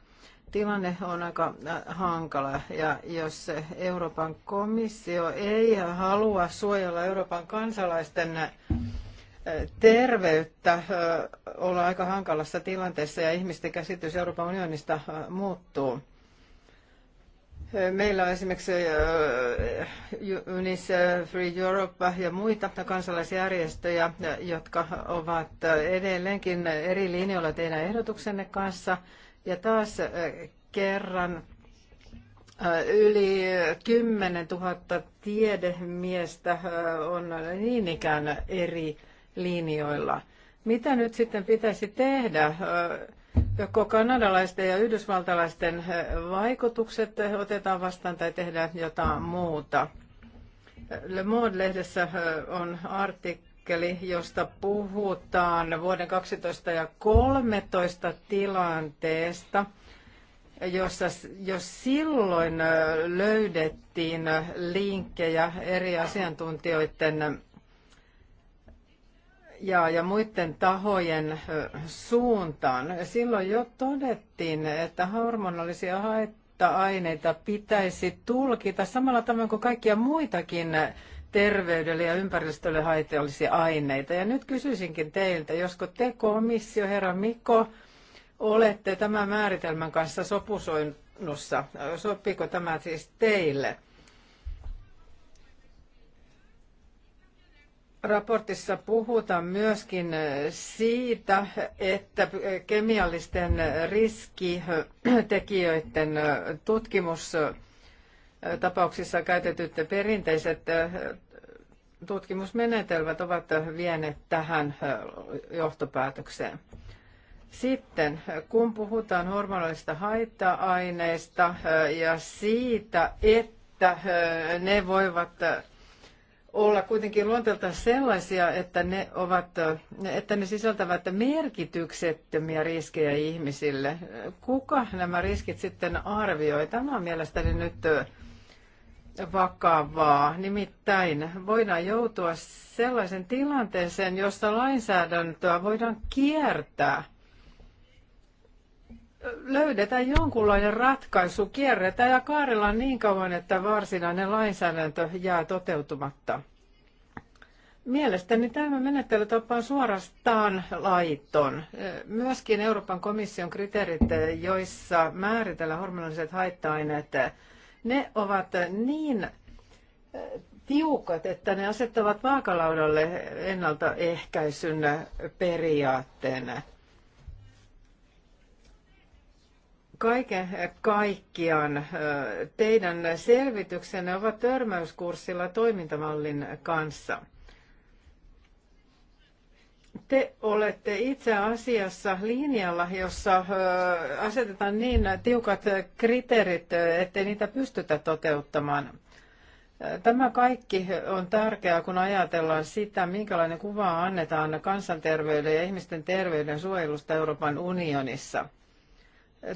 Tilanne on aika hankala, ja jos Euroopan komissio ei halua suojella Euroopan kansalaisten terveyttä, ollaan aika hankalassa tilanteessa ja ihmisten käsitys Euroopan unionista muuttuu. Meillä on esimerkiksi UNICEF, Free Europe ja muita kansalaisjärjestöjä, jotka ovat edelleenkin eri linjoilla teidän ehdotuksenne kanssa. Ja taas kerran yli 10 000 tiedemiestä on niin ikään eri linjoilla. Mitä nyt sitten pitäisi tehdä? Joko kanadalaisten ja yhdysvaltalaisten vaikutukset otetaan vastaan tai tehdään jotain muuta? Le Monde-lehdessä on artikkeli, josta puhutaan vuoden 12 ja 13 tilanteesta, jossa jo silloin löydettiin linkkejä eri asiantuntijoiden ja, ja muiden tahojen suuntaan. Silloin jo todettiin, että hormonallisia haitta-aineita pitäisi tulkita samalla tavoin kuin kaikkia muitakin terveydelle ja ympäristölle haitallisia aineita. Ja nyt kysyisinkin teiltä, josko te komissio, herra Mikko, olette tämän määritelmän kanssa sopusoinnussa. Sopiiko tämä siis teille? Raportissa puhutaan myöskin siitä, että kemiallisten riskitekijöiden tutkimustapauksissa käytetyt perinteiset tutkimusmenetelmät ovat vieneet tähän johtopäätökseen. Sitten kun puhutaan hormonallisista haitta-aineista ja siitä, että ne voivat olla kuitenkin luonteeltaan sellaisia, että ne, ovat, että ne sisältävät merkityksettömiä riskejä ihmisille. Kuka nämä riskit sitten arvioi? Tämä on mielestäni nyt vakavaa. Nimittäin voidaan joutua sellaisen tilanteeseen, jossa lainsäädäntöä voidaan kiertää löydetään jonkunlainen ratkaisu, kierretään ja kaarellaan niin kauan, että varsinainen lainsäädäntö jää toteutumatta. Mielestäni tämä menettelytapa on suorastaan laiton. Myöskin Euroopan komission kriteerit, joissa määritellään hormonalliset haitta-aineet, ne ovat niin tiukat, että ne asettavat vaakalaudalle ennaltaehkäisyn periaatteen. Kaiken eh, kaikkiaan eh, teidän selvityksenne ovat törmäyskurssilla toimintamallin kanssa. Te olette itse asiassa linjalla, jossa eh, asetetaan niin tiukat kriteerit, ettei niitä pystytä toteuttamaan. Tämä kaikki on tärkeää, kun ajatellaan sitä, minkälainen kuva annetaan kansanterveyden ja ihmisten terveyden suojelusta Euroopan unionissa –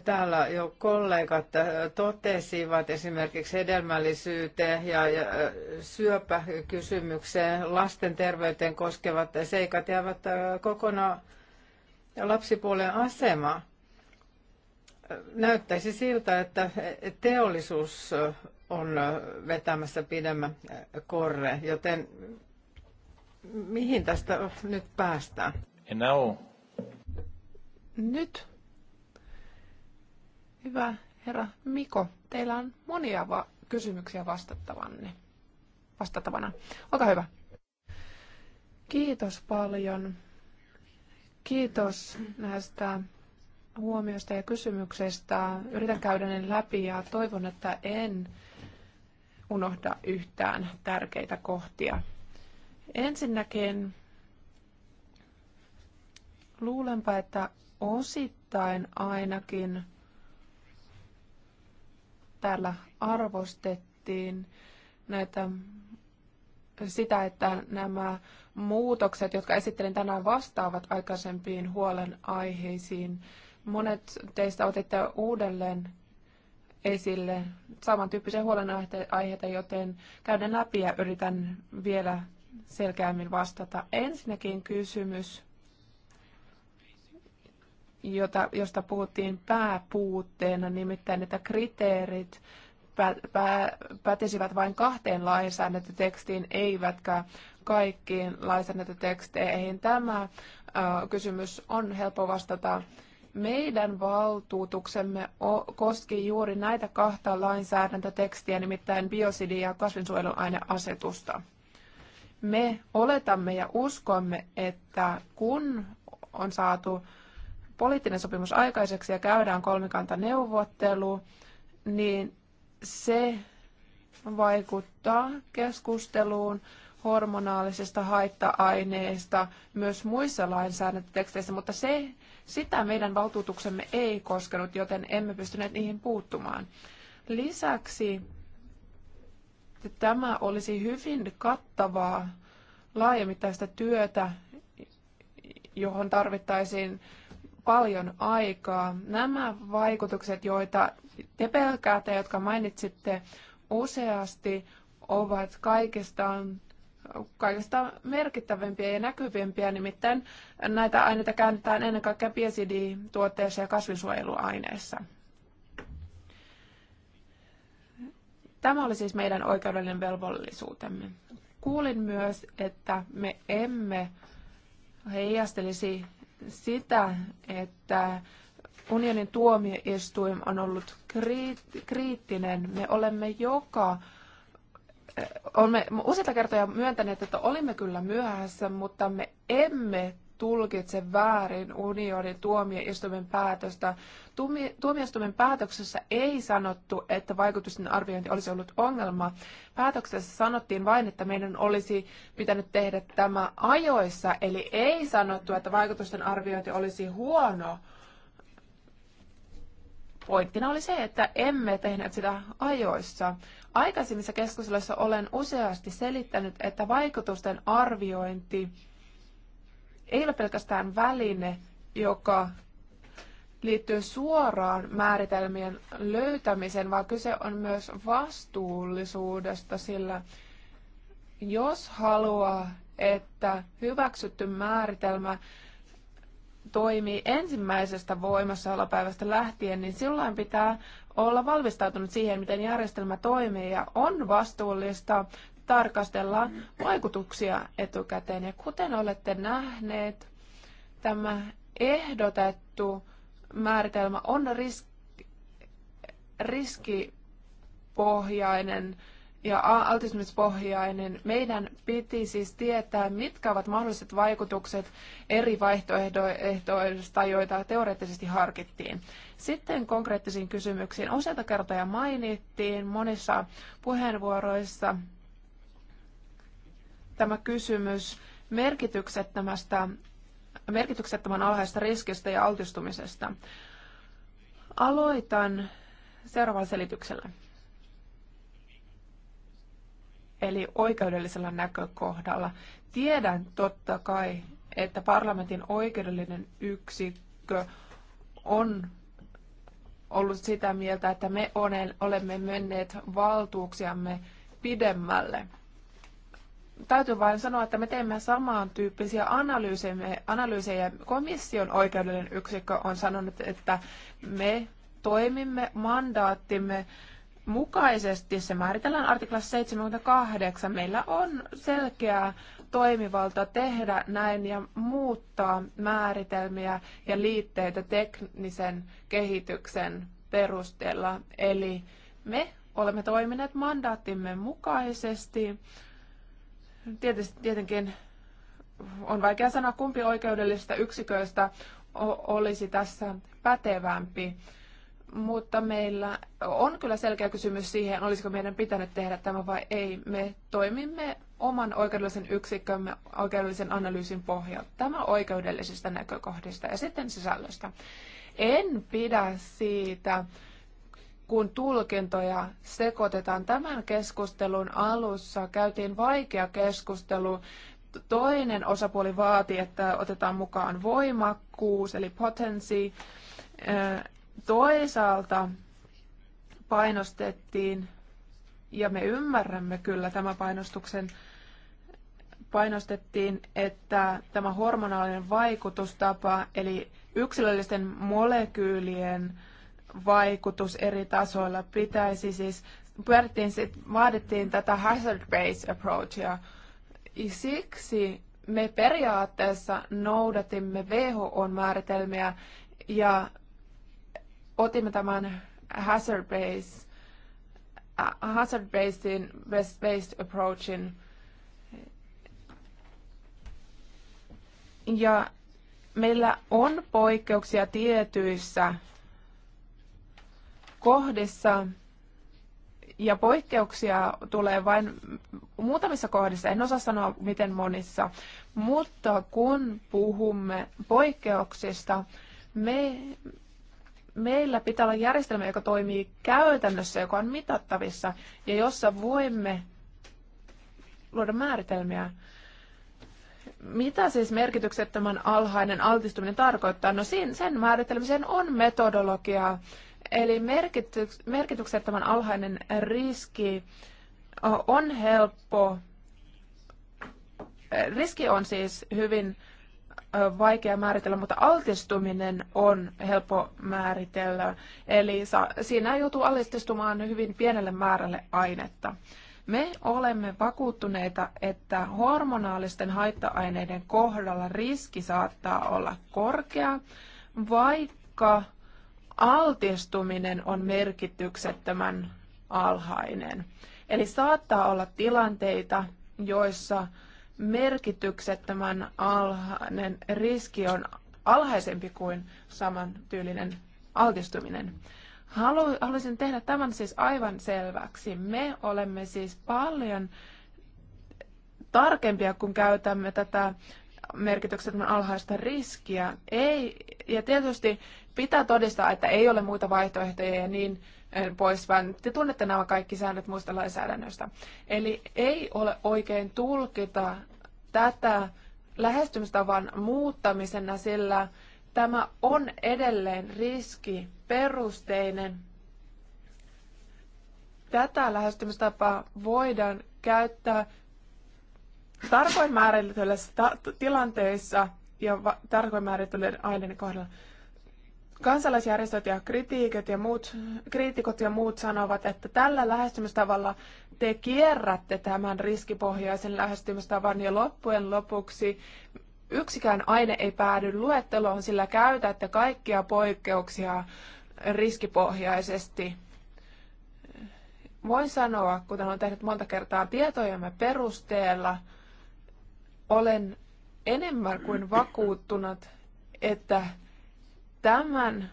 Täällä jo kollegat äh, totesivat esimerkiksi hedelmällisyyteen ja äh, syöpäkysymykseen, lasten terveyteen koskevat seikat jäävät äh, kokonaan lapsipuolen asema. Näyttäisi siltä, että teollisuus on vetämässä pidemmän korre, joten mihin tästä nyt päästään? Nyt Hyvä herra Miko, teillä on monia va- kysymyksiä vastattavanne. vastattavana. Olkaa hyvä. Kiitos paljon. Kiitos näistä huomioista ja kysymyksestä. Yritän käydä ne läpi ja toivon, että en unohda yhtään tärkeitä kohtia. Ensinnäkin luulenpa, että osittain ainakin täällä arvostettiin näitä, sitä, että nämä muutokset, jotka esittelin tänään, vastaavat aikaisempiin huolenaiheisiin. Monet teistä otitte uudelleen esille samantyyppisiä huolenaiheita, joten käydään läpi ja yritän vielä selkeämmin vastata. Ensinnäkin kysymys jota, josta puhuttiin pääpuutteena, nimittäin että kriteerit pä, pä, pätisivät vain kahteen lainsäädäntötekstiin, eivätkä kaikkiin lainsäädäntöteksteihin. Tämä ö, kysymys on helppo vastata. Meidän valtuutuksemme koski juuri näitä kahta lainsäädäntötekstiä, nimittäin biosidi- ja kasvinsuojeluaineasetusta. Me oletamme ja uskomme, että kun on saatu poliittinen sopimus aikaiseksi ja käydään neuvottelu, niin se vaikuttaa keskusteluun hormonaalisista haitta-aineista myös muissa lainsäädäntöteksteissä, mutta se, sitä meidän valtuutuksemme ei koskenut, joten emme pystyneet niihin puuttumaan. Lisäksi tämä olisi hyvin kattavaa laajamittaista työtä, johon tarvittaisiin paljon aikaa. Nämä vaikutukset, joita te pelkäätte, jotka mainitsitte useasti, ovat kaikistaan kaikista merkittävimpiä ja näkyvimpiä, nimittäin näitä aineita käännetään ennen kaikkea biosidituotteissa ja kasvinsuojeluaineissa. Tämä oli siis meidän oikeudellinen velvollisuutemme. Kuulin myös, että me emme heijastelisi sitä, että unionin tuomioistuin on ollut kriittinen. Me olemme joka eh, olemme useita kertoja myöntäneet, että olimme kyllä myöhässä, mutta me emme tulkitse väärin unionin tuomioistuimen päätöstä. Tuomioistuimen päätöksessä ei sanottu, että vaikutusten arviointi olisi ollut ongelma. Päätöksessä sanottiin vain, että meidän olisi pitänyt tehdä tämä ajoissa, eli ei sanottu, että vaikutusten arviointi olisi huono. Pointtina oli se, että emme tehneet sitä ajoissa. Aikaisemmissa keskusteluissa olen useasti selittänyt, että vaikutusten arviointi ei ole pelkästään väline, joka liittyy suoraan määritelmien löytämiseen, vaan kyse on myös vastuullisuudesta, sillä jos haluaa, että hyväksytty määritelmä toimii ensimmäisestä voimassaolopäivästä lähtien, niin silloin pitää olla valmistautunut siihen, miten järjestelmä toimii ja on vastuullista tarkastellaan vaikutuksia etukäteen. Ja kuten olette nähneet, tämä ehdotettu määritelmä on risk- riskipohjainen ja altistumispohjainen. Meidän piti siis tietää, mitkä ovat mahdolliset vaikutukset eri vaihtoehdoista, joita teoreettisesti harkittiin. Sitten konkreettisiin kysymyksiin. Useita kertoja mainittiin monissa puheenvuoroissa tämä kysymys merkityksettömästä, merkityksettömän alhaisesta riskistä ja altistumisesta. Aloitan seuraavalla selityksellä. Eli oikeudellisella näkökohdalla. Tiedän totta kai, että parlamentin oikeudellinen yksikkö on ollut sitä mieltä, että me olemme menneet valtuuksiamme pidemmälle – täytyy vain sanoa, että me teemme samantyyppisiä analyysejä. Komission oikeudellinen yksikkö on sanonut, että me toimimme mandaattimme mukaisesti. Se määritellään artiklassa 78. Meillä on selkeä toimivalta tehdä näin ja muuttaa määritelmiä ja liitteitä teknisen kehityksen perusteella. Eli me olemme toimineet mandaattimme mukaisesti Tietysti, tietenkin on vaikea sanoa, kumpi oikeudellisista yksiköistä olisi tässä pätevämpi, mutta meillä on kyllä selkeä kysymys siihen, olisiko meidän pitänyt tehdä tämä vai ei. Me toimimme oman oikeudellisen yksikkömme oikeudellisen analyysin pohjalta. Tämä oikeudellisista näkökohdista ja sitten sisällöstä. En pidä siitä, kun tulkintoja sekoitetaan. Tämän keskustelun alussa käytiin vaikea keskustelu. Toinen osapuoli vaati, että otetaan mukaan voimakkuus eli potency. Toisaalta painostettiin, ja me ymmärrämme kyllä tämän painostuksen, painostettiin, että tämä hormonaalinen vaikutustapa, eli yksilöllisten molekyylien äh, vaikutus eri tasoilla. Pitäisi siis, pyörittiin sit, vaadittiin tätä hazard-based approachia. Siksi me periaatteessa noudatimme WHOn määritelmiä ja otimme tämän hazard-based hazard best based approachin. Ja meillä on poikkeuksia tietyissä kohdissa ja poikkeuksia tulee vain muutamissa kohdissa, en osaa sanoa miten monissa, mutta kun puhumme poikkeuksista, me, meillä pitää olla järjestelmä, joka toimii käytännössä, joka on mitattavissa ja jossa voimme luoda määritelmiä. Mitä siis merkityksettömän alhainen altistuminen tarkoittaa? No sen määritelmiseen on metodologiaa Eli merkityksettömän alhainen riski on helppo. Riski on siis hyvin vaikea määritellä, mutta altistuminen on helppo määritellä. Eli sa- siinä joutuu altistumaan hyvin pienelle määrälle ainetta. Me olemme vakuuttuneita, että hormonaalisten haitta-aineiden kohdalla riski saattaa olla korkea, vaikka altistuminen on merkityksettömän alhainen. Eli saattaa olla tilanteita, joissa merkityksettömän alhainen riski on alhaisempi kuin samantyylinen altistuminen. Halu, haluaisin tehdä tämän siis aivan selväksi. Me olemme siis paljon tarkempia, kun käytämme tätä merkityksettömän alhaista riskiä. Ei, ja tietysti pitää todistaa, että ei ole muita vaihtoehtoja ja niin eh, pois, vaan te tunnette nämä kaikki säännöt muista lainsäädännöstä. Eli ei ole oikein tulkita tätä lähestymistavan muuttamisena, sillä tämä on edelleen riski perusteinen. Tätä lähestymistapaa voidaan käyttää tarkoin määritellyillä tilanteissa – ja tarkoin määritellyiden aineiden kohdalla. Kansalaisjärjestöt ja kritiikit ja muut, kriitikot ja muut sanovat, että tällä lähestymistavalla te kierrätte tämän riskipohjaisen lähestymistavan ja loppujen lopuksi yksikään aine ei päädy luetteloon, sillä käytätte kaikkia poikkeuksia riskipohjaisesti. Voin sanoa, kuten olen tehnyt monta kertaa tietojemme perusteella, olen enemmän kuin vakuuttunut, että tämän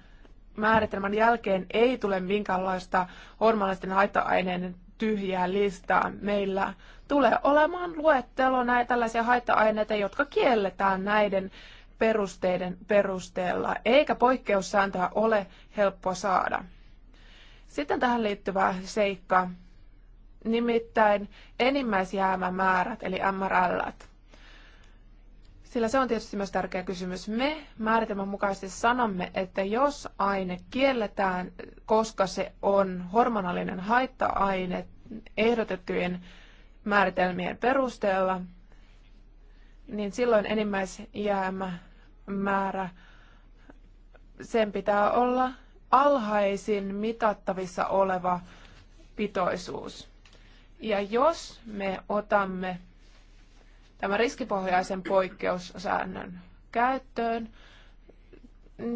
määritelmän jälkeen ei tule minkäänlaista hormonallisten haitta-aineiden tyhjää listaa. Meillä tulee olemaan luettelo näitä tällaisia haitta-aineita, jotka kielletään näiden perusteiden perusteella, eikä poikkeussääntöä ole helppo saada. Sitten tähän liittyvä seikka, nimittäin enimmäisjäämämäärät eli MRL. Sillä se on tietysti myös tärkeä kysymys. Me määritelmän mukaisesti sanomme, että jos aine kielletään, koska se on hormonallinen haitta-aine ehdotettujen määritelmien perusteella, niin silloin enimmäisjäämä määrä sen pitää olla alhaisin mitattavissa oleva pitoisuus. Ja jos me otamme tämän riskipohjaisen poikkeussäännön käyttöön.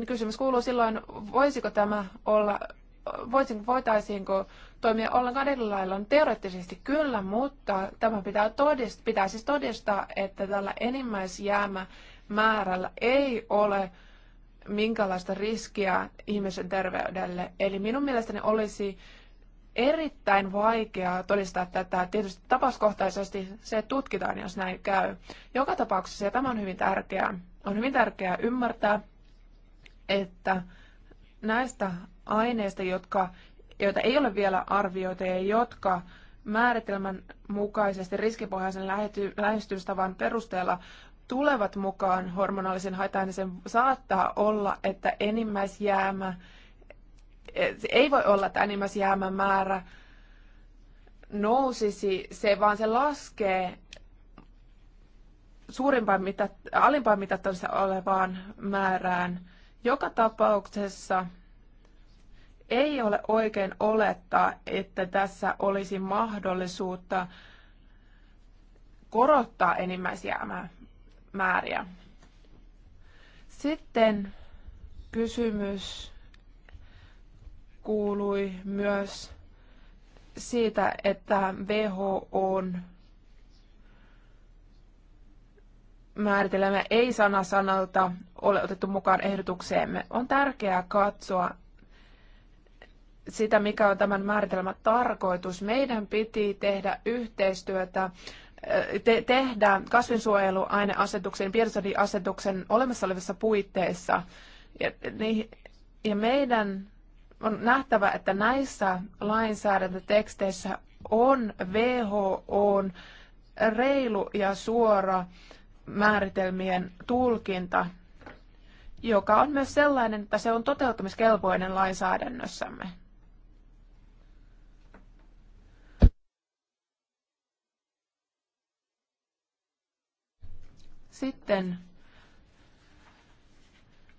Kysymys kuuluu silloin, voisiko tämä olla, voisinko, voitaisiinko toimia ollenkaan eri lailla? No, teoreettisesti kyllä, mutta tämä pitää, todist, pitää siis todistaa, että tällä enimmäisjäämä määrällä ei ole minkälaista riskiä ihmisen terveydelle. Eli minun mielestäni olisi erittäin vaikeaa todistaa tätä. Tietysti tapauskohtaisesti se tutkitaan, jos näin käy. Joka tapauksessa, ja tämä on hyvin tärkeää, on hyvin tärkeää ymmärtää, että näistä aineista, jotka, joita ei ole vielä arvioita ja jotka määritelmän mukaisesti riskipohjaisen lähestymistavan perusteella tulevat mukaan hormonaalisen haitainisen, saattaa olla, että enimmäisjäämä ei voi olla, että enimmäisjäämän määrä nousisi, se vaan se laskee suurimpaan mitat, alimpaan mitattavissa olevaan määrään. Joka tapauksessa ei ole oikein olettaa, että tässä olisi mahdollisuutta korottaa määriä. Sitten kysymys kuului myös siitä, että on määritelmä ei sana sanalta ole otettu mukaan ehdotukseemme. On tärkeää katsoa sitä, mikä on tämän määritelmän tarkoitus. Meidän piti tehdä yhteistyötä, te- tehdä kasvinsuojeluaineasetuksen, biosodiasetuksen olemassa olevissa puitteissa. Ja, niin, ja meidän on nähtävä, että näissä lainsäädäntöteksteissä on on reilu ja suora määritelmien tulkinta, joka on myös sellainen, että se on toteuttamiskelpoinen lainsäädännössämme. Sitten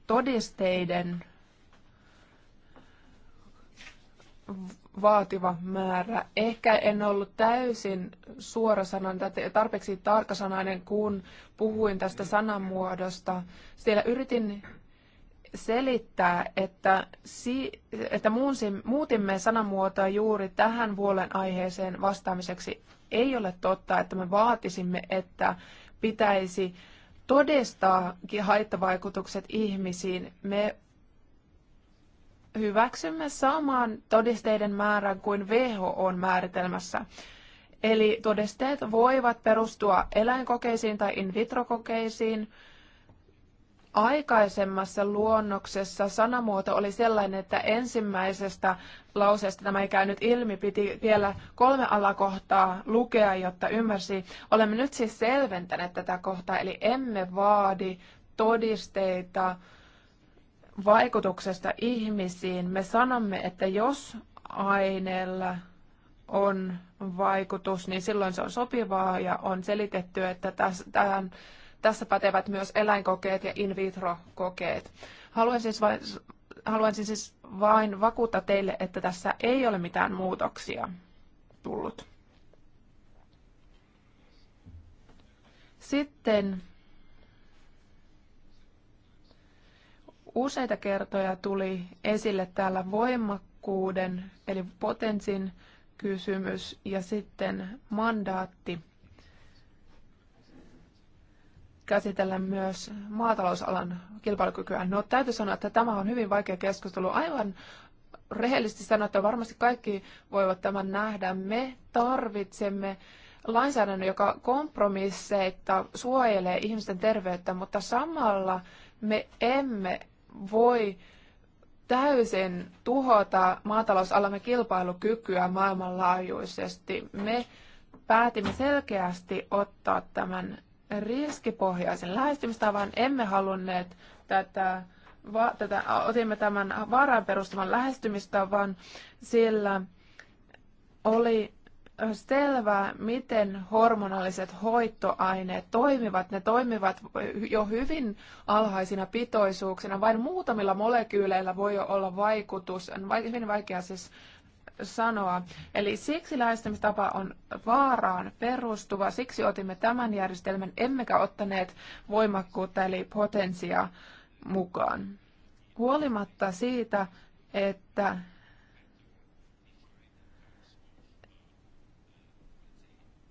todisteiden vaativa määrä. Ehkä en ollut täysin suora sanan, tarpeeksi tarkasanainen, kun puhuin tästä sanamuodosta. Siellä yritin selittää, että, si, että muunsin, muutimme sanamuotoa juuri tähän vuolen aiheeseen vastaamiseksi. Ei ole totta, että me vaatisimme, että pitäisi todistaa haittavaikutukset ihmisiin. Me hyväksymme saman todisteiden määrän kuin WHO on määritelmässä. Eli todisteet voivat perustua eläinkokeisiin tai in vitro-kokeisiin. Aikaisemmassa luonnoksessa sanamuoto oli sellainen, että ensimmäisestä lauseesta tämä ei käynyt ilmi, piti vielä kolme alakohtaa lukea, jotta ymmärsi. Olemme nyt siis selventäneet tätä kohtaa, eli emme vaadi todisteita vaikutuksesta ihmisiin. Me sanomme, että jos aineella on vaikutus, niin silloin se on sopivaa ja on selitetty, että tämän, tässä pätevät myös eläinkokeet ja in vitro-kokeet. Haluan siis, vain, haluan siis, siis vain vakuuttaa teille, että tässä ei ole mitään muutoksia tullut. Sitten useita kertoja tuli esille täällä voimakkuuden eli potenssin kysymys ja sitten mandaatti käsitellä myös maatalousalan kilpailukykyä. No täytyy sanoa, että tämä on hyvin vaikea keskustelu. Aivan rehellisesti sanoa, että varmasti kaikki voivat tämän nähdä. Me tarvitsemme lainsäädännön, joka kompromisseita suojelee ihmisten terveyttä, mutta samalla me emme voi täysin tuhota maatalousalamme kilpailukykyä maailmanlaajuisesti. Me päätimme selkeästi ottaa tämän riskipohjaisen lähestymistavan. Emme halunneet tätä, va, tätä otimme tämän vaaraan perustuvan lähestymistavan, sillä oli selvää, miten hormonalliset hoitoaineet toimivat. Ne toimivat jo hyvin alhaisina pitoisuuksina. Vain muutamilla molekyyleillä voi olla vaikutus. On hyvin vaikea siis sanoa. Eli siksi lähestymistapa on vaaraan perustuva. Siksi otimme tämän järjestelmän, emmekä ottaneet voimakkuutta eli potentiaa mukaan. Huolimatta siitä, että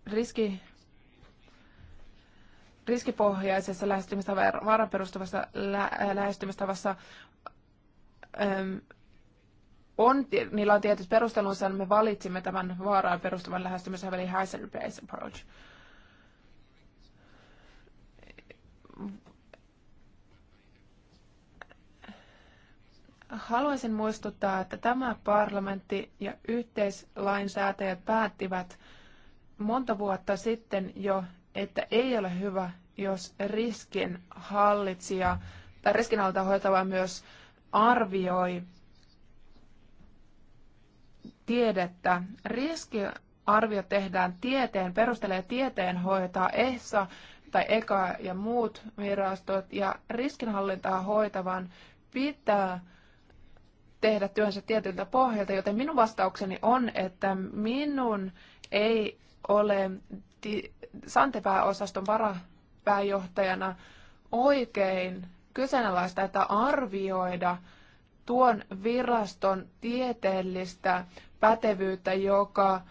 riski, riskipohjaisessa äh, lähestymistavassa, vaaran perustuvassa lä, lähestymistavassa äm, on, niillä on tietyt perustelunsa, että me valitsimme tämän vaaraan perustuvan lähestymistavan, eli hazard-based approach. Haluaisin muistuttaa, että tämä parlamentti ja yhteislainsäätäjät päättivät monta vuotta sitten jo, että ei ole hyvä, jos riskin hallitsija tai riskinhallinta hoitava myös arvioi tiedettä. Riskiarvio tehdään tieteen, perustelee tieteen hoitaa EHSA tai EKA ja muut virastot, ja riskinhallintaa hoitavan pitää tehdä työnsä tietyltä pohjalta, joten minun vastaukseni on, että minun ei ole Santepääosaston varapääjohtajana oikein kyseenalaista, että arvioida tuon viraston tieteellistä pätevyyttä, joka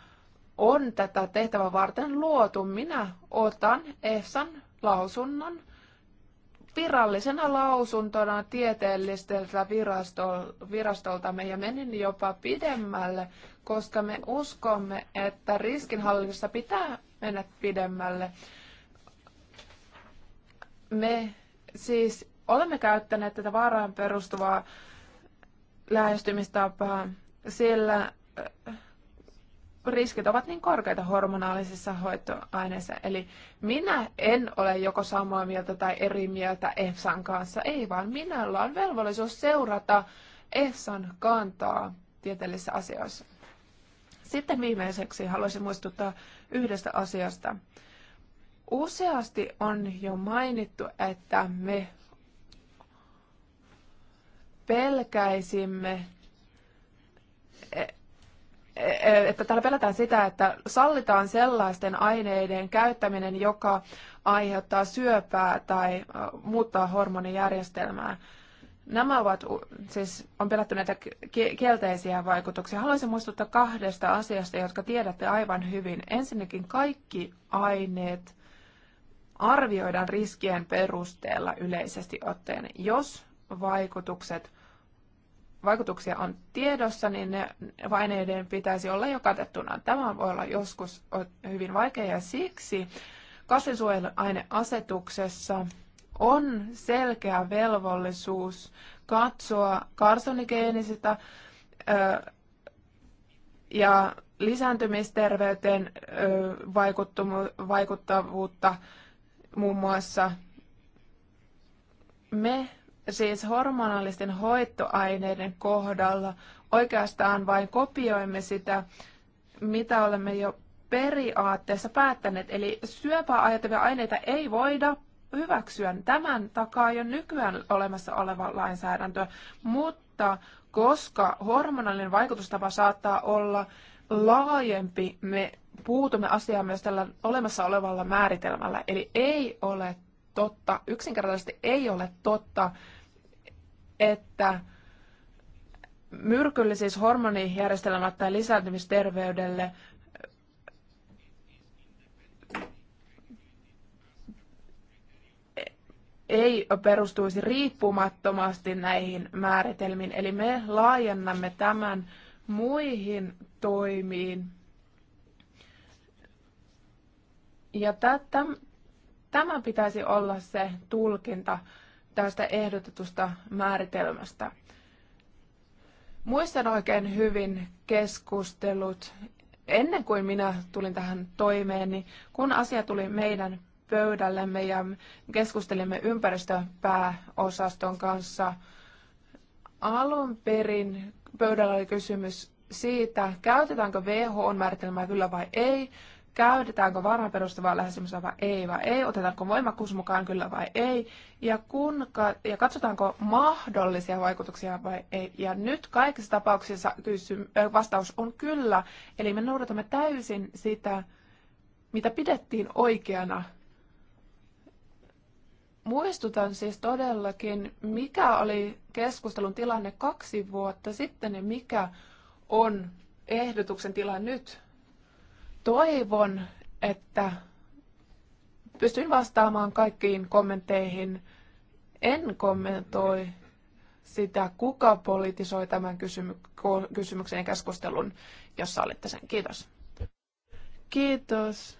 on tätä tehtävää varten luotu. Minä otan EFSAn lausunnon virallisena lausuntona tieteelliseltä virastoltamme ja menin jopa pidemmälle, koska me uskomme, että riskinhallinnassa pitää mennä pidemmälle. Me siis olemme käyttäneet tätä vaaraan perustuvaa lähestymistapaa, sillä riskit ovat niin korkeita hormonaalisissa hoitoaineissa. Eli minä en ole joko samaa mieltä tai eri mieltä EFSAn kanssa, ei vaan minulla on velvollisuus seurata EFSAn kantaa tieteellisissä asioissa. Sitten viimeiseksi haluaisin muistuttaa yhdestä asiasta. Useasti on jo mainittu, että me pelkäisimme E, e, että täällä pelätään sitä, että sallitaan sellaisten aineiden käyttäminen, joka aiheuttaa syöpää tai muuttaa hormonijärjestelmää. Nämä ovat, siis on pelätty näitä kielteisiä vaikutuksia. Haluaisin muistuttaa kahdesta asiasta, jotka tiedätte aivan hyvin. Ensinnäkin kaikki aineet arvioidaan riskien perusteella yleisesti ottaen, jos vaikutukset vaikutuksia on tiedossa, niin ne aineiden pitäisi olla jo katettuna. Tämä voi olla joskus hyvin vaikeaa ja siksi kasvinsuojeluaineasetuksessa on selkeä velvollisuus katsoa karsonigeenisitä ja lisääntymisterveyteen vaikuttavuutta muun muassa. Me siis hormonaalisten hoitoaineiden kohdalla oikeastaan vain kopioimme sitä, mitä olemme jo periaatteessa päättäneet. Eli syöpää aiheuttavia aineita ei voida hyväksyä. Tämän takaa jo nykyään olemassa oleva lainsäädäntö, mutta koska hormonallinen vaikutustapa saattaa olla laajempi, me puutumme asiaan myös tällä olemassa olevalla määritelmällä. Eli ei ole totta, yksinkertaisesti ei ole totta, että myrkyllisyys hormonijärjestelmät tai lisääntymisterveydelle eh, ei perustuisi riippumattomasti näihin määritelmiin. Eli me laajennamme tämän muihin toimiin. Ja tämän tämä pitäisi olla se tulkinta, tästä ehdotetusta määritelmästä. Muistan oikein hyvin keskustelut ennen kuin minä tulin tähän toimeen, niin kun asia tuli meidän pöydällemme ja keskustelimme ympäristöpääosaston kanssa, alun perin pöydällä oli kysymys siitä, käytetäänkö vh määritelmää kyllä vai ei, käytetäänkö varhaperustuvaa lähestymistä vai ei vai ei, otetaanko voimakkuus mukaan kyllä vai ei, ja, kun, ja katsotaanko mahdollisia vaikutuksia vai ei. Ja nyt kaikissa tapauksissa vastaus on kyllä, eli me noudatamme täysin sitä, mitä pidettiin oikeana. Muistutan siis todellakin, mikä oli keskustelun tilanne kaksi vuotta sitten ja mikä on ehdotuksen tila nyt Toivon, että pystyn vastaamaan kaikkiin kommentteihin. En kommentoi sitä, kuka politisoi tämän kysymy- kysymyksen ja keskustelun, jos sallitte sen. Kiitos. Kiitos.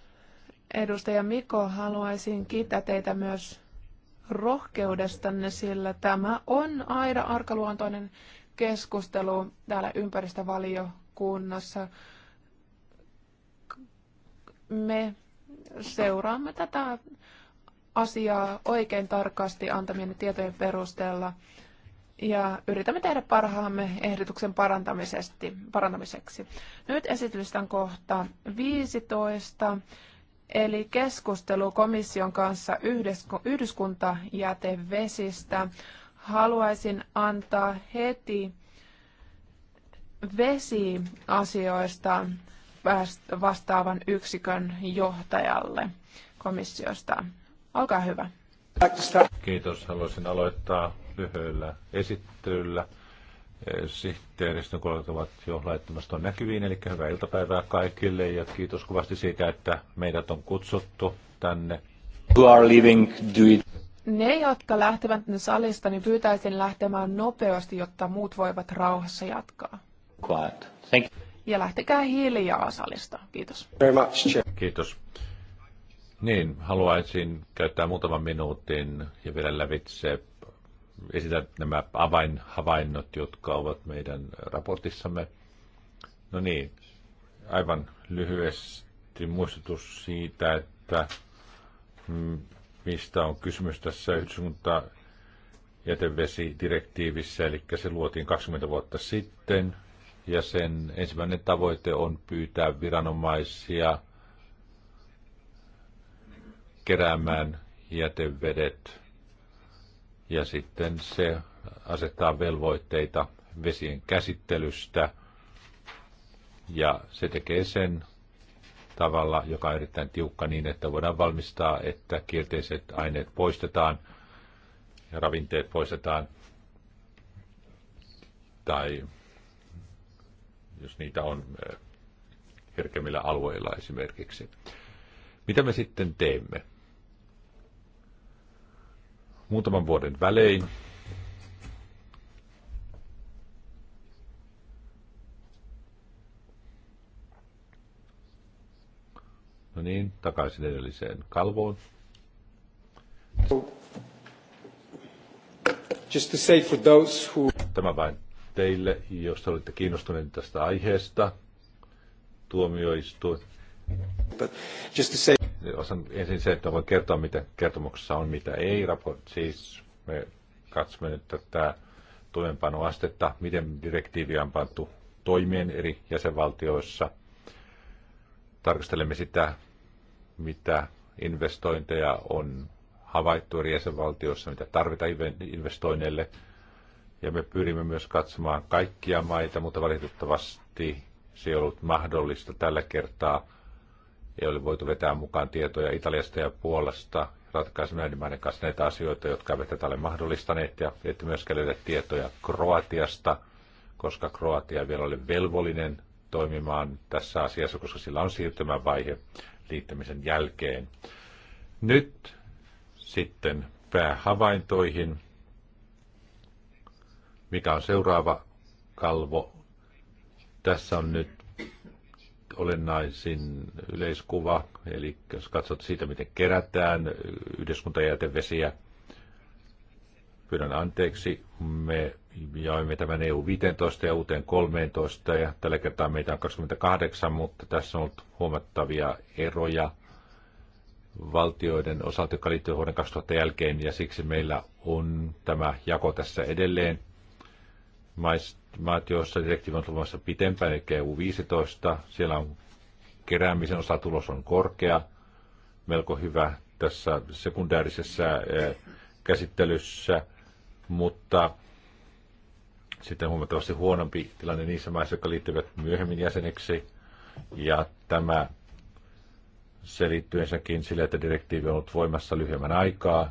Edustaja Miko, haluaisin kiittää teitä myös rohkeudestanne, sillä tämä on aina arkaluontoinen keskustelu täällä ympäristövaliokunnassa me seuraamme tätä asiaa oikein tarkasti antamien tietojen perusteella ja yritämme tehdä parhaamme ehdotuksen parantamiseksi. Nyt esitellään kohta 15, eli keskustelu komission kanssa yhdyskuntajätevesistä. Haluaisin antaa heti vesiasioista vastaavan yksikön johtajalle komissiosta. Olkaa hyvä. Kiitos. Haluaisin aloittaa lyhyellä esittelyllä. Eh, sihteeristön kollegat ovat jo laittamassa tuon näkyviin, eli hyvää iltapäivää kaikille ja kiitos kovasti siitä, että meidät on kutsuttu tänne. Who are leaving, do it. Ne, jotka lähtevät salista, niin pyytäisin lähtemään nopeasti, jotta muut voivat rauhassa jatkaa. Quiet. Thank you ja lähtekää hiljaa salista. Kiitos. Kiitos. Niin, haluaisin käyttää muutaman minuutin ja vielä lävitse esitä nämä avainhavainnot, jotka ovat meidän raportissamme. No niin, aivan lyhyesti muistutus siitä, että mm, mistä on kysymys tässä yhdyskunta jätevesidirektiivissä, eli se luotiin 20 vuotta sitten ja sen ensimmäinen tavoite on pyytää viranomaisia keräämään jätevedet ja sitten se asettaa velvoitteita vesien käsittelystä ja se tekee sen tavalla, joka on erittäin tiukka niin, että voidaan valmistaa, että kierteiset aineet poistetaan ja ravinteet poistetaan tai jos niitä on äh, herkemmillä alueilla esimerkiksi. Mitä me sitten teemme? Muutaman vuoden välein No niin, takaisin edelliseen kalvoon. Just to say for those who... Tämä vain teille, jos olette kiinnostuneita tästä aiheesta. Tuomioistuin. But just to say... Osan ensin se, että voin kertoa, mitä kertomuksessa on, mitä ei. Raport, siis me katsomme nyt tätä toimeenpanoastetta, miten direktiiviä on pantu toimeen eri jäsenvaltioissa. Tarkastelemme sitä, mitä investointeja on havaittu eri jäsenvaltioissa, mitä tarvitaan investoinneille – ja me pyrimme myös katsomaan kaikkia maita, mutta valitettavasti se ei ollut mahdollista tällä kertaa. Ei ole voitu vetää mukaan tietoja Italiasta ja Puolasta, ratkaisimme näiden maiden kanssa näitä asioita, jotka eivät tätä ole mahdollistaneet, ja ette myöskään löydä tietoja Kroatiasta, koska Kroatia vielä oli velvollinen toimimaan tässä asiassa, koska sillä on siirtymävaihe liittämisen jälkeen. Nyt sitten päähavaintoihin mikä on seuraava kalvo. Tässä on nyt olennaisin yleiskuva, eli jos katsot siitä, miten kerätään yhdyskuntajätevesiä, pyydän anteeksi, me jaoimme tämän EU-15 ja uuteen 13 ja tällä kertaa meitä on 28, mutta tässä on ollut huomattavia eroja valtioiden osalta, jotka liittyvät vuoden 2000 jälkeen ja siksi meillä on tämä jako tässä edelleen maat, joissa direktiivi on tulossa pitempään, eli EU-15, siellä on keräämisen osatulos on korkea, melko hyvä tässä sekundäärisessä eh, käsittelyssä, mutta sitten huomattavasti huonompi tilanne niissä maissa, jotka liittyvät myöhemmin jäseneksi. Ja tämä selittyy ensinnäkin sille, että direktiivi on ollut voimassa lyhyemmän aikaa.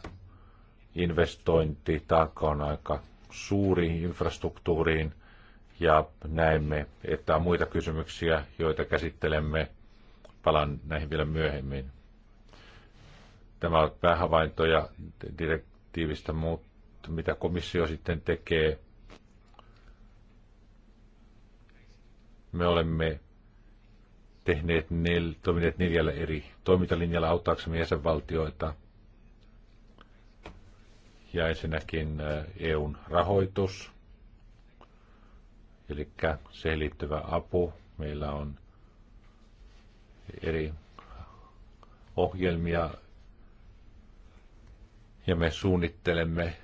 Investointi, taakka on aika suuri infrastruktuuriin ja näemme, että on muita kysymyksiä, joita käsittelemme. Palaan näihin vielä myöhemmin. Tämä on päähavaintoja direktiivistä, mutta mitä komissio sitten tekee? Me olemme tehneet nel, toimineet neljällä eri toimintalinjalla auttaaksemme jäsenvaltioita ja ensinnäkin äh, EUn rahoitus, eli siihen liittyvä apu. Meillä on eri ohjelmia ja me suunnittelemme,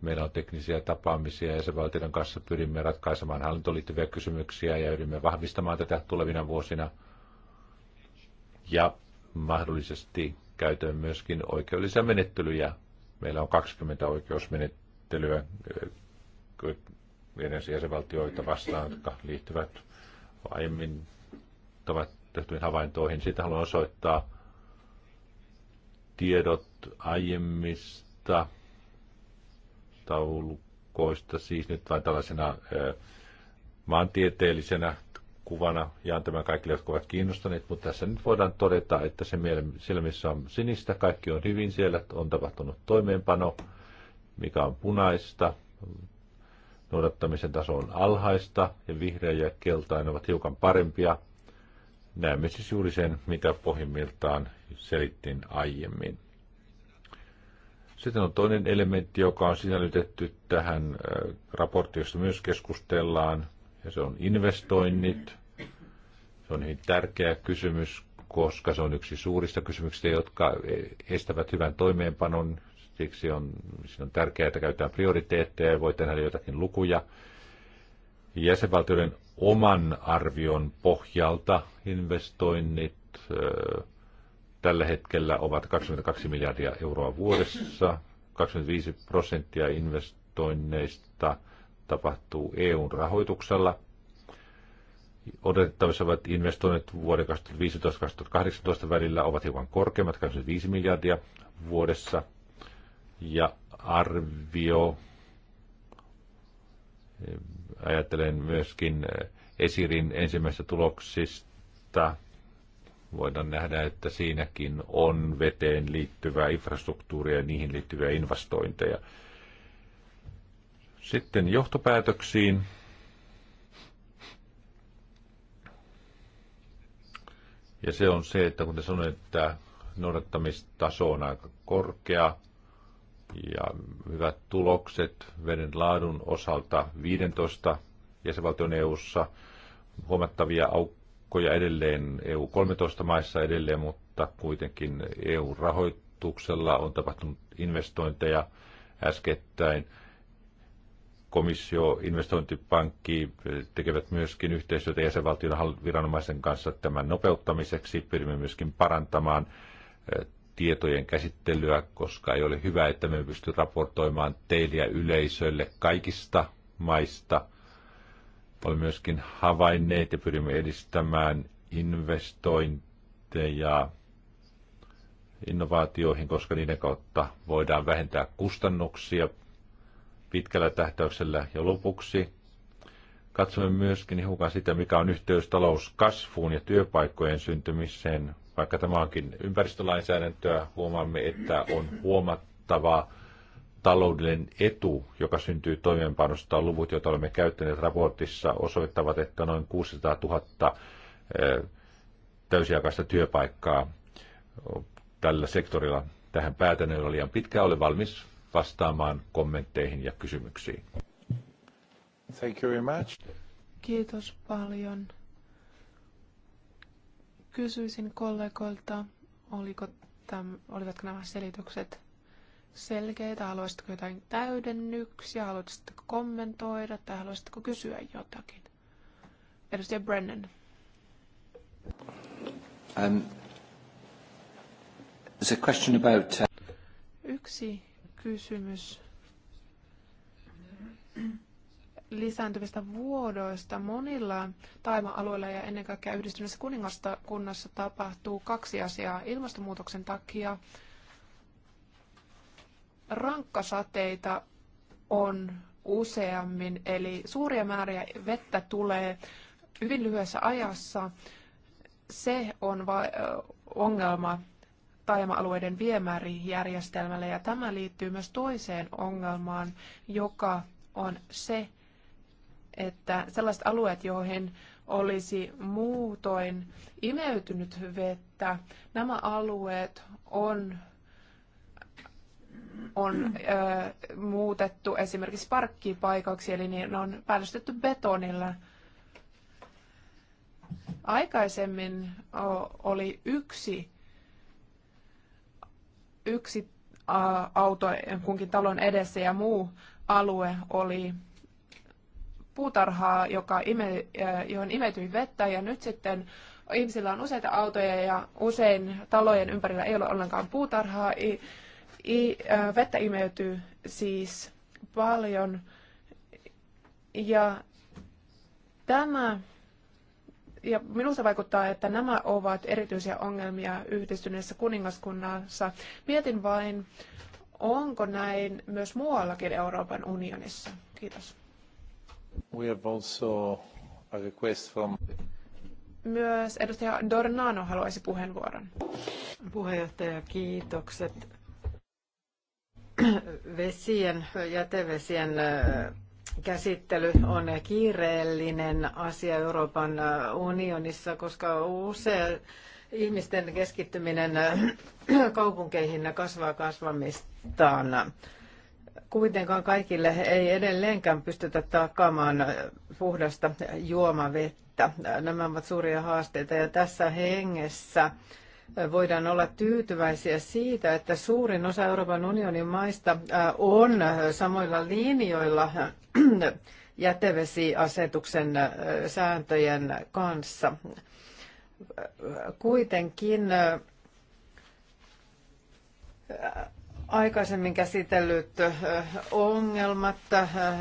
meillä on teknisiä tapaamisia ja sen kanssa pyrimme ratkaisemaan hallintoon liittyviä kysymyksiä ja yritämme vahvistamaan tätä tulevina vuosina. Ja mahdollisesti käytön myöskin oikeudellisia menettelyjä Meillä on 20 oikeusmenettelyä edellisiä eh, jäsenvaltioita vastaan, jotka liittyvät aiemmin tehtyihin havaintoihin. Sitä haluan osoittaa tiedot aiemmista taulukoista, siis nyt vain tällaisena eh, maantieteellisenä kuvana. Jaan tämän kaikille, jotka ovat kiinnostuneet, mutta tässä nyt voidaan todeta, että se siellä, missä on sinistä, kaikki on hyvin. Siellä on tapahtunut toimeenpano, mikä on punaista, noudattamisen taso on alhaista ja vihreä ja keltainen ovat hiukan parempia. Näemme siis juuri sen, mitä pohjimmiltaan selittiin aiemmin. Sitten on toinen elementti, joka on sisällytetty tähän äh, raporttiin, josta myös keskustellaan, ja se on investoinnit. Se on hyvin tärkeä kysymys, koska se on yksi suurista kysymyksistä, jotka estävät hyvän toimeenpanon. Siksi on, on tärkeää, että käytetään prioriteetteja ja voi tehdä jotakin lukuja. Jäsenvaltioiden oman arvion pohjalta investoinnit tällä hetkellä ovat 22 miljardia euroa vuodessa. 25 prosenttia investoinneista tapahtuu EUn rahoituksella odotettavissa ovat investoinnit vuoden 2015-2018 välillä ovat hiukan korkeammat, 25 miljardia vuodessa. Ja arvio, ajattelen myöskin eh, Esirin ensimmäisistä tuloksista, voidaan nähdä, että siinäkin on veteen liittyvää infrastruktuuria ja niihin liittyviä investointeja. Sitten johtopäätöksiin. Ja se on se, että kun te sanoitte, että noudattamistaso on aika korkea ja hyvät tulokset veden laadun osalta 15 jäsenvaltion EU-ssa, huomattavia aukkoja edelleen EU-13 maissa edelleen, mutta kuitenkin EU-rahoituksella on tapahtunut investointeja äskettäin – komissio, investointipankki tekevät myöskin yhteistyötä jäsenvaltion viranomaisen kanssa tämän nopeuttamiseksi. Pyrimme myöskin parantamaan tietojen käsittelyä, koska ei ole hyvä, että me pysty raportoimaan teille ja yleisölle kaikista maista. Olemme myöskin havainneet ja pyrimme edistämään investointeja innovaatioihin, koska niiden kautta voidaan vähentää kustannuksia pitkällä tähtäyksellä. Ja lopuksi katsomme myöskin hiukan sitä, mikä on yhteys talouskasvuun ja työpaikkojen syntymiseen. Vaikka tämä onkin ympäristölainsäädäntöä, huomaamme, että on huomattava taloudellinen etu, joka syntyy toimeenpanosta. Luvut, joita olemme käyttäneet raportissa, osoittavat, että noin 600 000 eh, täysiaikaista työpaikkaa tällä sektorilla tähän päätän, oli liian pitkä, olen valmis vastaamaan kommentteihin ja kysymyksiin. Thank you very much. Kiitos paljon. Kysyisin kollegoilta, oliko täm, olivatko nämä selitykset selkeitä, haluaisitko jotain täydennyksiä, haluaisitko kommentoida tai haluaisitko kysyä jotakin? Edustaja Brennan. Um, a question about... Uh, Yksi kysymys lisääntyvistä vuodoista monilla taima-alueilla ja ennen kaikkea yhdistyneessä kuningaskunnassa tapahtuu kaksi asiaa ilmastonmuutoksen takia. Rankkasateita on useammin, eli suuria määriä vettä tulee hyvin lyhyessä ajassa. Se on ongelma taajama-alueiden viemärijärjestelmälle. Ja tämä liittyy myös toiseen ongelmaan, joka on se, että sellaiset alueet, joihin olisi muutoin imeytynyt vettä, nämä alueet on on ö, muutettu esimerkiksi parkkipaikaksi, eli niin ne on päällystetty betonilla. Aikaisemmin o, oli yksi yksi auto kunkin talon edessä ja muu alue oli puutarhaa, joka ime, johon imetyi vettä ja nyt sitten ihmisillä on useita autoja ja usein talojen ympärillä ei ole ollenkaan puutarhaa. I, i, vettä imeytyy siis paljon ja tämä ja minusta vaikuttaa, että nämä ovat erityisiä ongelmia yhdistyneessä kuningaskunnassa. Mietin vain, onko näin myös muuallakin Euroopan unionissa. Kiitos. We have also a request from... Myös edustaja Dornano haluaisi puheenvuoron. Puheenjohtaja, kiitokset. *clears throat* Vesien, jätevesien äh, käsittely on kiireellinen asia Euroopan äh, unionissa, koska usein ihmisten keskittyminen äh, kaupunkeihin kasvaa kasvamistaan. Kuitenkaan kaikille ei edelleenkään pystytä takaamaan äh, puhdasta juomavettä. Nämä ovat suuria haasteita ja tässä hengessä voidaan olla tyytyväisiä siitä, että suurin osa Euroopan unionin maista on samoilla linjoilla *clears throat* jätevesiasetuksen sääntöjen kanssa. Kuitenkin aikaisemmin käsitellyt ongelmat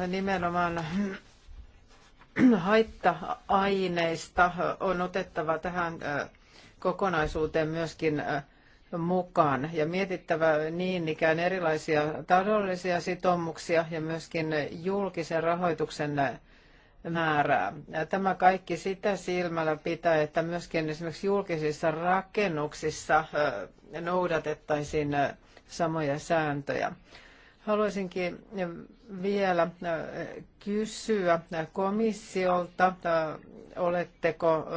nimenomaan *clears throat* haitta-aineista on otettava tähän kokonaisuuteen myöskin mukaan ja mietittävä niin ikään erilaisia taloudellisia sitoumuksia ja myöskin julkisen rahoituksen määrää. Ja tämä kaikki sitä silmällä pitää, että myöskin esimerkiksi julkisissa rakennuksissa noudatettaisiin samoja sääntöjä. Haluaisinkin vielä kysyä komissiolta, oletteko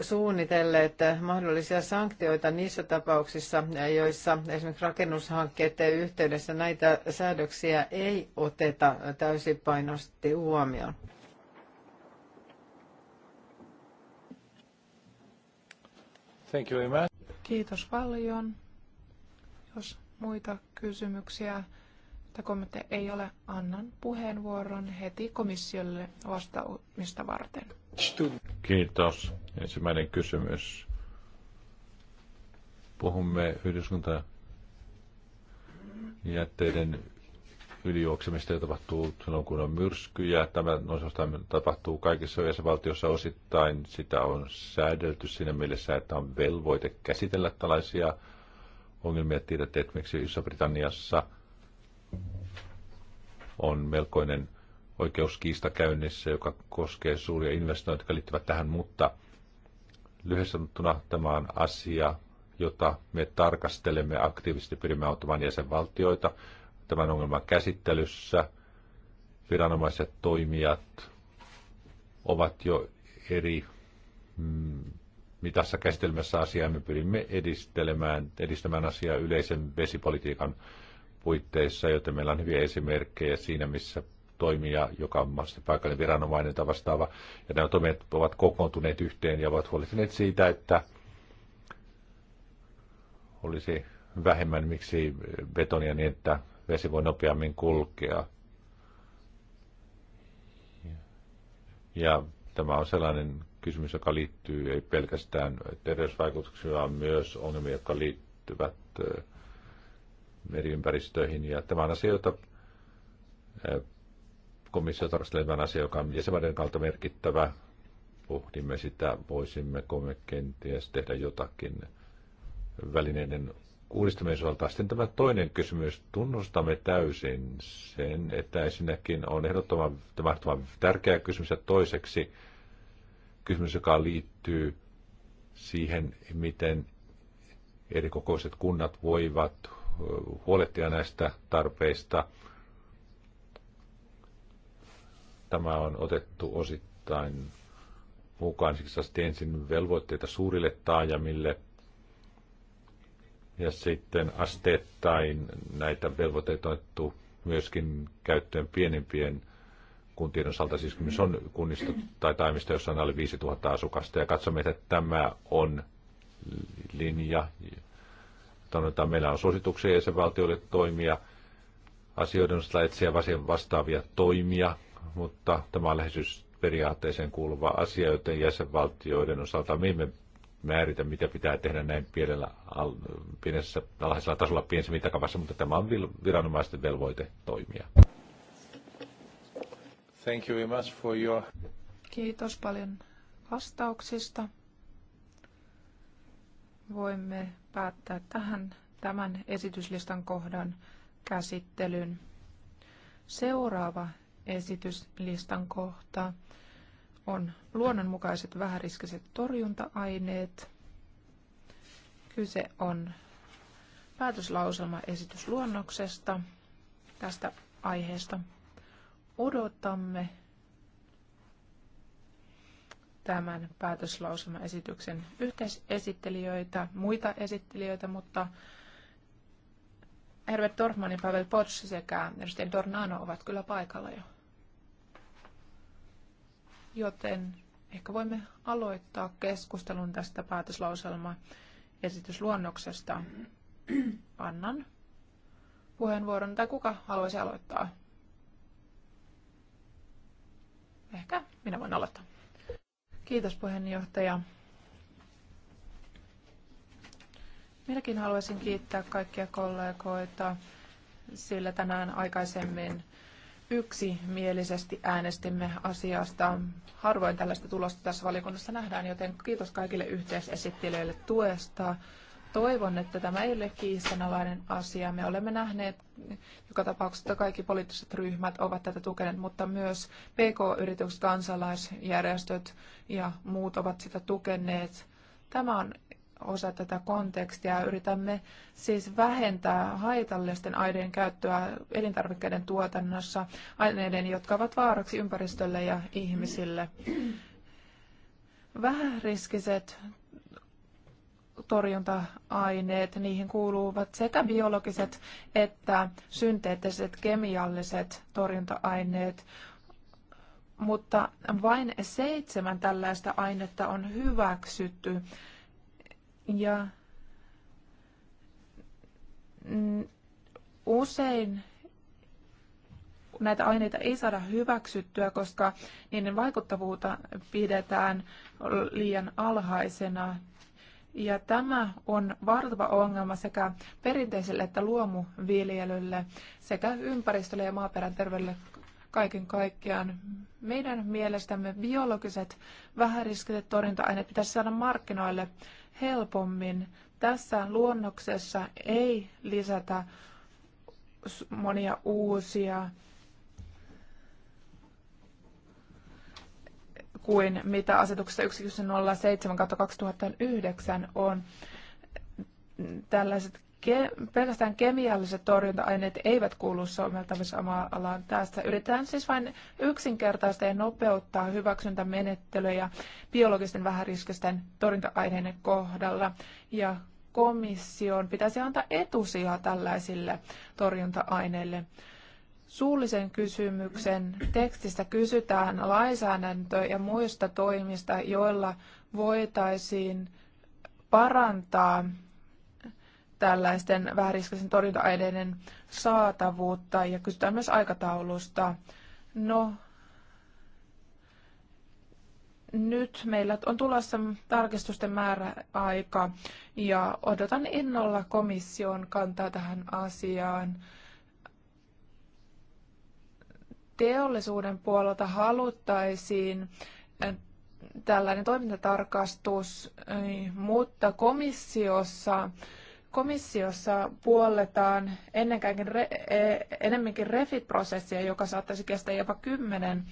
suunnitelleet mahdollisia sanktioita niissä tapauksissa, joissa esimerkiksi rakennushankkeiden yhteydessä näitä säädöksiä ei oteta täysipainoisesti huomioon? Thank you very much. Kiitos paljon. Jos muita kysymyksiä tai kommentteja ei ole, annan puheenvuoron heti komissiolle vastaamista varten. Kiitos. Ensimmäinen kysymys. Puhumme yhdyskunta jätteiden ylijuoksemista, ja tapahtuu silloin, kun on myrskyjä. Tämä osastaan tapahtuu kaikissa jäsenvaltioissa osittain. Sitä on säädelty siinä mielessä, että on velvoite käsitellä tällaisia ongelmia. Tiedätte, että esimerkiksi Iso-Britanniassa on melkoinen oikeuskiista käynnissä, joka koskee suuria investointeja, jotka liittyvät tähän, mutta lyhyesti sanottuna tämä on asia, jota me tarkastelemme aktiivisesti pyrimme auttamaan jäsenvaltioita tämän ongelman käsittelyssä. Viranomaiset toimijat ovat jo eri mm, mitassa käsitelmässä asiaa. Me pyrimme edistelemään, edistämään asiaa yleisen vesipolitiikan puitteissa, joten meillä on hyviä esimerkkejä siinä, missä toimija, joka on paikallinen viranomainen tai vastaava. Ja nämä toimijat ovat kokoontuneet yhteen ja ovat huolehtineet siitä, että olisi vähemmän miksi betonia niin, että vesi voi nopeammin kulkea. Ja tämä on sellainen kysymys, joka liittyy ei pelkästään terveysvaikutuksiin, vaan myös ongelmiin, jotka liittyvät eh, meriympäristöihin. Ja tämä on asia, jota eh, komissio tarkastelemaan asia, joka on jäsenvaltion kautta merkittävä. Pohdimme sitä, voisimmeko me kenties tehdä jotakin välineiden uudistamisen osalta. Sitten tämä toinen kysymys. Tunnustamme täysin sen, että ensinnäkin on ehdottoman tämä ehdottoman tärkeä kysymys ja toiseksi kysymys, joka liittyy siihen, miten erikokoiset kunnat voivat huolehtia näistä tarpeista – tämä on otettu osittain mukaan. Siksi asti ensin velvoitteita suurille taajamille ja sitten asteittain näitä velvoitteita on otettu myöskin käyttöön pienempien kuntien osalta, siis missä on kunnista tai taimista, jossa on alle 5000 asukasta, ja katsomme, että tämä on linja. Sanotaan, meillä on suosituksia jäsenvaltioille toimia, asioiden osalta etsiä vastaavia toimia, mutta tämä on läheisyysperiaatteeseen kuuluva asia, joten jäsenvaltioiden osalta me emme määritä, mitä pitää tehdä näin pienellä, al, pienessä, alhaisella tasolla pienessä mittakaavassa, mutta tämä on viranomaisten velvoite toimia. Thank you very much for your... Kiitos paljon vastauksista. Voimme päättää tähän tämän esityslistan kohdan käsittelyn. Seuraava esityslistan kohta on luonnonmukaiset vähäriskiset torjunta-aineet. Kyse on päätöslauselmaesitysluonnoksesta tästä aiheesta. Odotamme tämän päätöslauselmaesityksen yhteisesittelijöitä, muita esittelijöitä, mutta Herbert Dorfman ja Pavel Potsch sekä Dornano ovat kyllä paikalla jo joten ehkä voimme aloittaa keskustelun tästä päätöslauselmaesitysluonnoksesta. Annan puheenvuoron, tai kuka haluaisi aloittaa? Ehkä minä voin aloittaa. Kiitos puheenjohtaja. Minäkin haluaisin kiittää kaikkia kollegoita, sillä tänään aikaisemmin yksimielisesti äänestimme asiasta. Harvoin tällaista tulosta tässä valiokunnassa nähdään, joten kiitos kaikille yhteisesittelijöille tuesta. Toivon, että tämä ei ole kiistanalainen asia. Me olemme nähneet joka tapauksessa, että kaikki poliittiset ryhmät ovat tätä tukeneet, mutta myös PK-yritykset, kansalaisjärjestöt ja muut ovat sitä tukeneet. Tämä on osa tätä kontekstia. Yritämme siis vähentää haitallisten aineiden käyttöä elintarvikkeiden tuotannossa, aineiden, jotka ovat vaaraksi ympäristölle ja ihmisille. Vähäriskiset torjunta-aineet, niihin kuuluvat sekä biologiset että synteettiset kemialliset torjunta-aineet, mutta vain seitsemän tällaista ainetta on hyväksytty ja usein näitä aineita ei saada hyväksyttyä, koska niiden vaikuttavuutta pidetään liian alhaisena. Ja tämä on valtava ongelma sekä perinteiselle että luomuviljelylle sekä ympäristölle ja maaperän terveydelle kaiken kaikkiaan. Meidän mielestämme biologiset vähäriskiset torjunta-aineet pitäisi saada markkinoille helpommin. Tässä luonnoksessa ei lisätä monia uusia kuin mitä asetuksessa 107 2009 on. Tällaiset ke- pelkästään kemialliset torjunta-aineet eivät kuulu soveltamisalaan. alaan. Tästä yritetään siis vain yksinkertaista ja nopeuttaa hyväksyntämenettelyjä biologisten vähäriskisten torjunta-aineiden kohdalla. Ja komission pitäisi antaa etusija tällaisille torjunta-aineille. Suullisen kysymyksen tekstistä kysytään lainsäädäntöä ja muista toimista, joilla voitaisiin parantaa tällaisten vääriskaisen torjunta-aineiden saatavuutta ja kysytään myös aikataulusta. No, nyt meillä on tulossa tarkistusten määräaika ja odotan innolla komission kantaa tähän asiaan. Teollisuuden puolelta haluttaisiin äh, tällainen toimintatarkastus, äh, mutta komissiossa komissiossa puolletaan ennen kaiken re, e- enemmänkin refit-prosessia, joka saattaisi kestää jopa kymmenen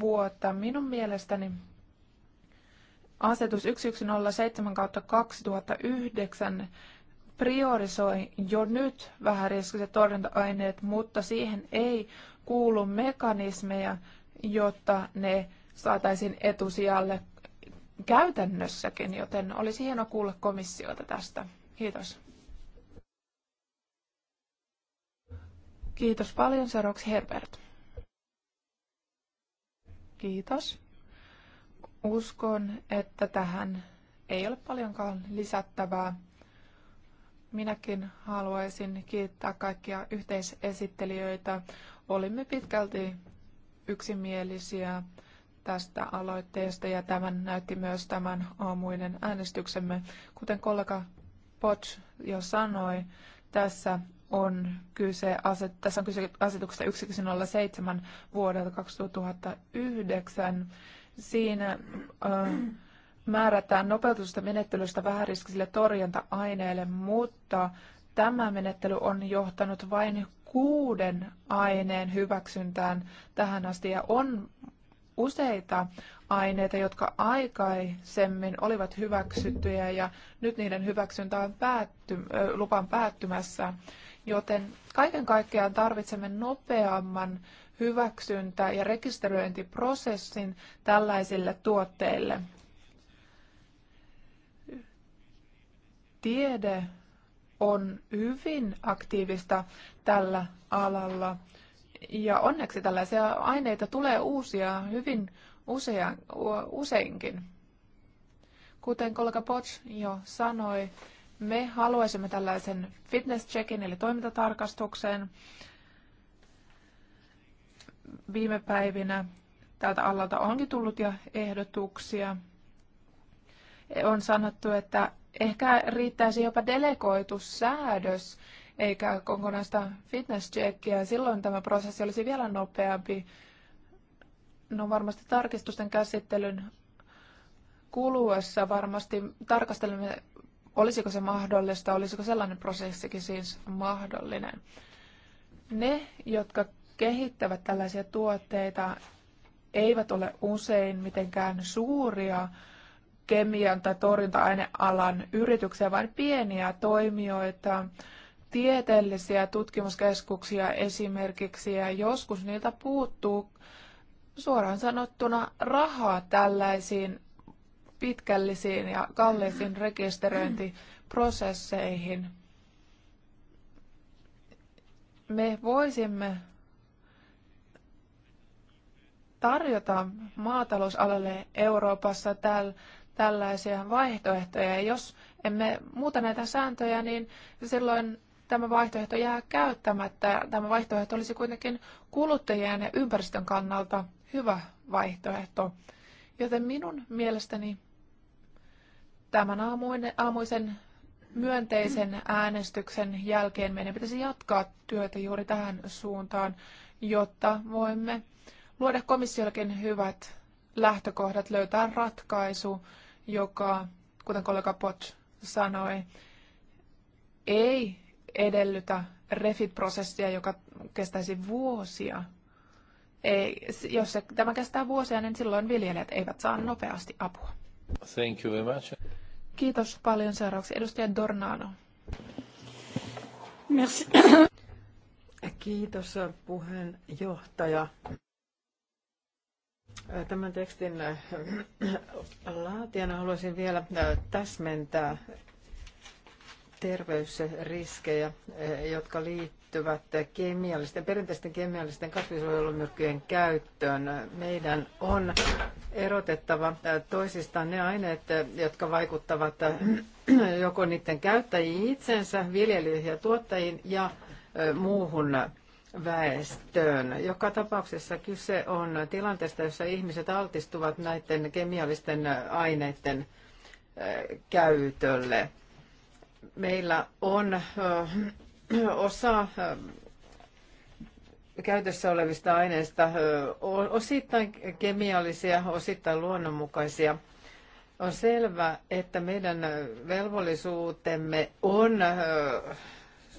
vuotta. Minun mielestäni asetus 1107 2009 priorisoi jo nyt vähäriskiset torjunta-aineet, mutta siihen ei kuulu mekanismeja, jotta ne saataisiin etusijalle käytännössäkin, joten olisi hienoa kuulla komissiota tästä. Kiitos. Kiitos paljon. Seuraavaksi Herbert. Kiitos. Uskon, että tähän ei ole paljonkaan lisättävää. Minäkin haluaisin kiittää kaikkia yhteisesittelijöitä. Olimme pitkälti yksimielisiä tästä aloitteesta ja tämän näytti myös tämän aamuinen äänestyksemme. Kuten kollega Potts jo sanoi, tässä on kyse, aset, tässä on kyse asetuksesta 107 vuodelta 2009. Siinä äh, määrätään nopeutusta menettelystä vähäriskisille torjunta-aineille, mutta tämä menettely on johtanut vain kuuden aineen hyväksyntään tähän asti ja on useita aineita, jotka aikaisemmin olivat hyväksyttyjä ja nyt niiden hyväksyntä on päätty, lupan päättymässä. Joten kaiken kaikkiaan tarvitsemme nopeamman hyväksyntä- ja rekisteröintiprosessin tällaisille tuotteille. Tiede on hyvin aktiivista tällä alalla. Ja onneksi tällaisia aineita tulee uusia hyvin usein useinkin. Kuten kollega Potts jo sanoi, me haluaisimme tällaisen fitness checkin eli toimintatarkastuksen. Viime päivinä Täältä alalta onkin tullut jo ehdotuksia. On sanottu, että ehkä riittäisi jopa delegoitu säädös, eikä kokonaista fitness checkia. Silloin tämä prosessi olisi vielä nopeampi. No varmasti tarkistusten käsittelyn kuluessa varmasti tarkastelemme Olisiko se mahdollista, olisiko sellainen prosessikin siis mahdollinen? Ne, jotka kehittävät tällaisia tuotteita, eivät ole usein mitenkään suuria kemian tai torjunta-ainealan yrityksiä, vaan pieniä toimijoita, tieteellisiä tutkimuskeskuksia esimerkiksi, ja joskus niiltä puuttuu suoraan sanottuna rahaa tällaisiin pitkällisiin ja kalliisiin rekisteröintiprosesseihin. Me voisimme tarjota maatalousalalle Euroopassa täl, tällaisia vaihtoehtoja. Jos emme muuta näitä sääntöjä, niin silloin tämä vaihtoehto jää käyttämättä. Tämä vaihtoehto olisi kuitenkin kuluttajien ja ympäristön kannalta hyvä vaihtoehto. Joten minun mielestäni tämän aamuinen, aamuisen myönteisen äänestyksen jälkeen meidän pitäisi jatkaa työtä juuri tähän suuntaan, jotta voimme luoda komissiollekin hyvät lähtökohdat, löytää ratkaisu, joka, kuten kollega Pot sanoi, ei edellytä refit-prosessia, joka kestäisi vuosia. Ei, jos se, tämä kestää vuosia, niin silloin viljelijät eivät saa nopeasti apua. Thank you very much. Kiitos paljon seuraavaksi. Edustaja Dornano. Merci. Kiitos puheenjohtaja. Tämän tekstin laatijana haluaisin vielä täsmentää terveysriskejä, jotka liittyvät liittyvät kemiallisten, perinteisten kemiallisten kasvisuojelumyrkkyjen käyttöön. Meidän on erotettava toisistaan ne aineet, jotka vaikuttavat joko niiden käyttäjiin itsensä, viljelijöihin ja tuottajiin ja muuhun väestöön. Joka tapauksessa kyse on tilanteesta, jossa ihmiset altistuvat näiden kemiallisten aineiden käytölle. Meillä on osa eh, käytössä olevista aineista eh, on osittain kemiallisia, osittain luonnonmukaisia. On selvää, että meidän eh, velvollisuutemme on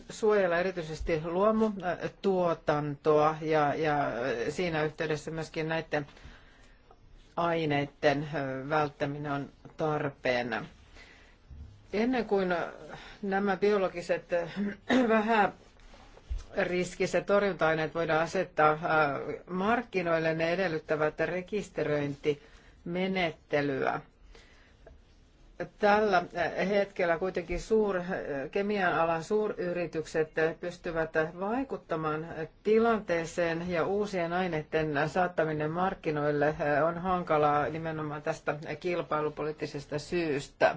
suojella erityisesti luomutuotantoa ja, ja siinä yhteydessä myöskin näiden aineiden välttäminen on tarpeena. Ennen kuin nämä biologiset äh, *clears throat* vähän riskiset torjunta-aineet voidaan asettaa äh, markkinoille, ne edellyttävät rekisteröintimenettelyä. Tällä äh, hetkellä kuitenkin suur, kemian alan suuryritykset pystyvät vaikuttamaan tilanteeseen ja uusien aineiden saattaminen markkinoille on hankalaa nimenomaan tästä kilpailupoliittisesta syystä.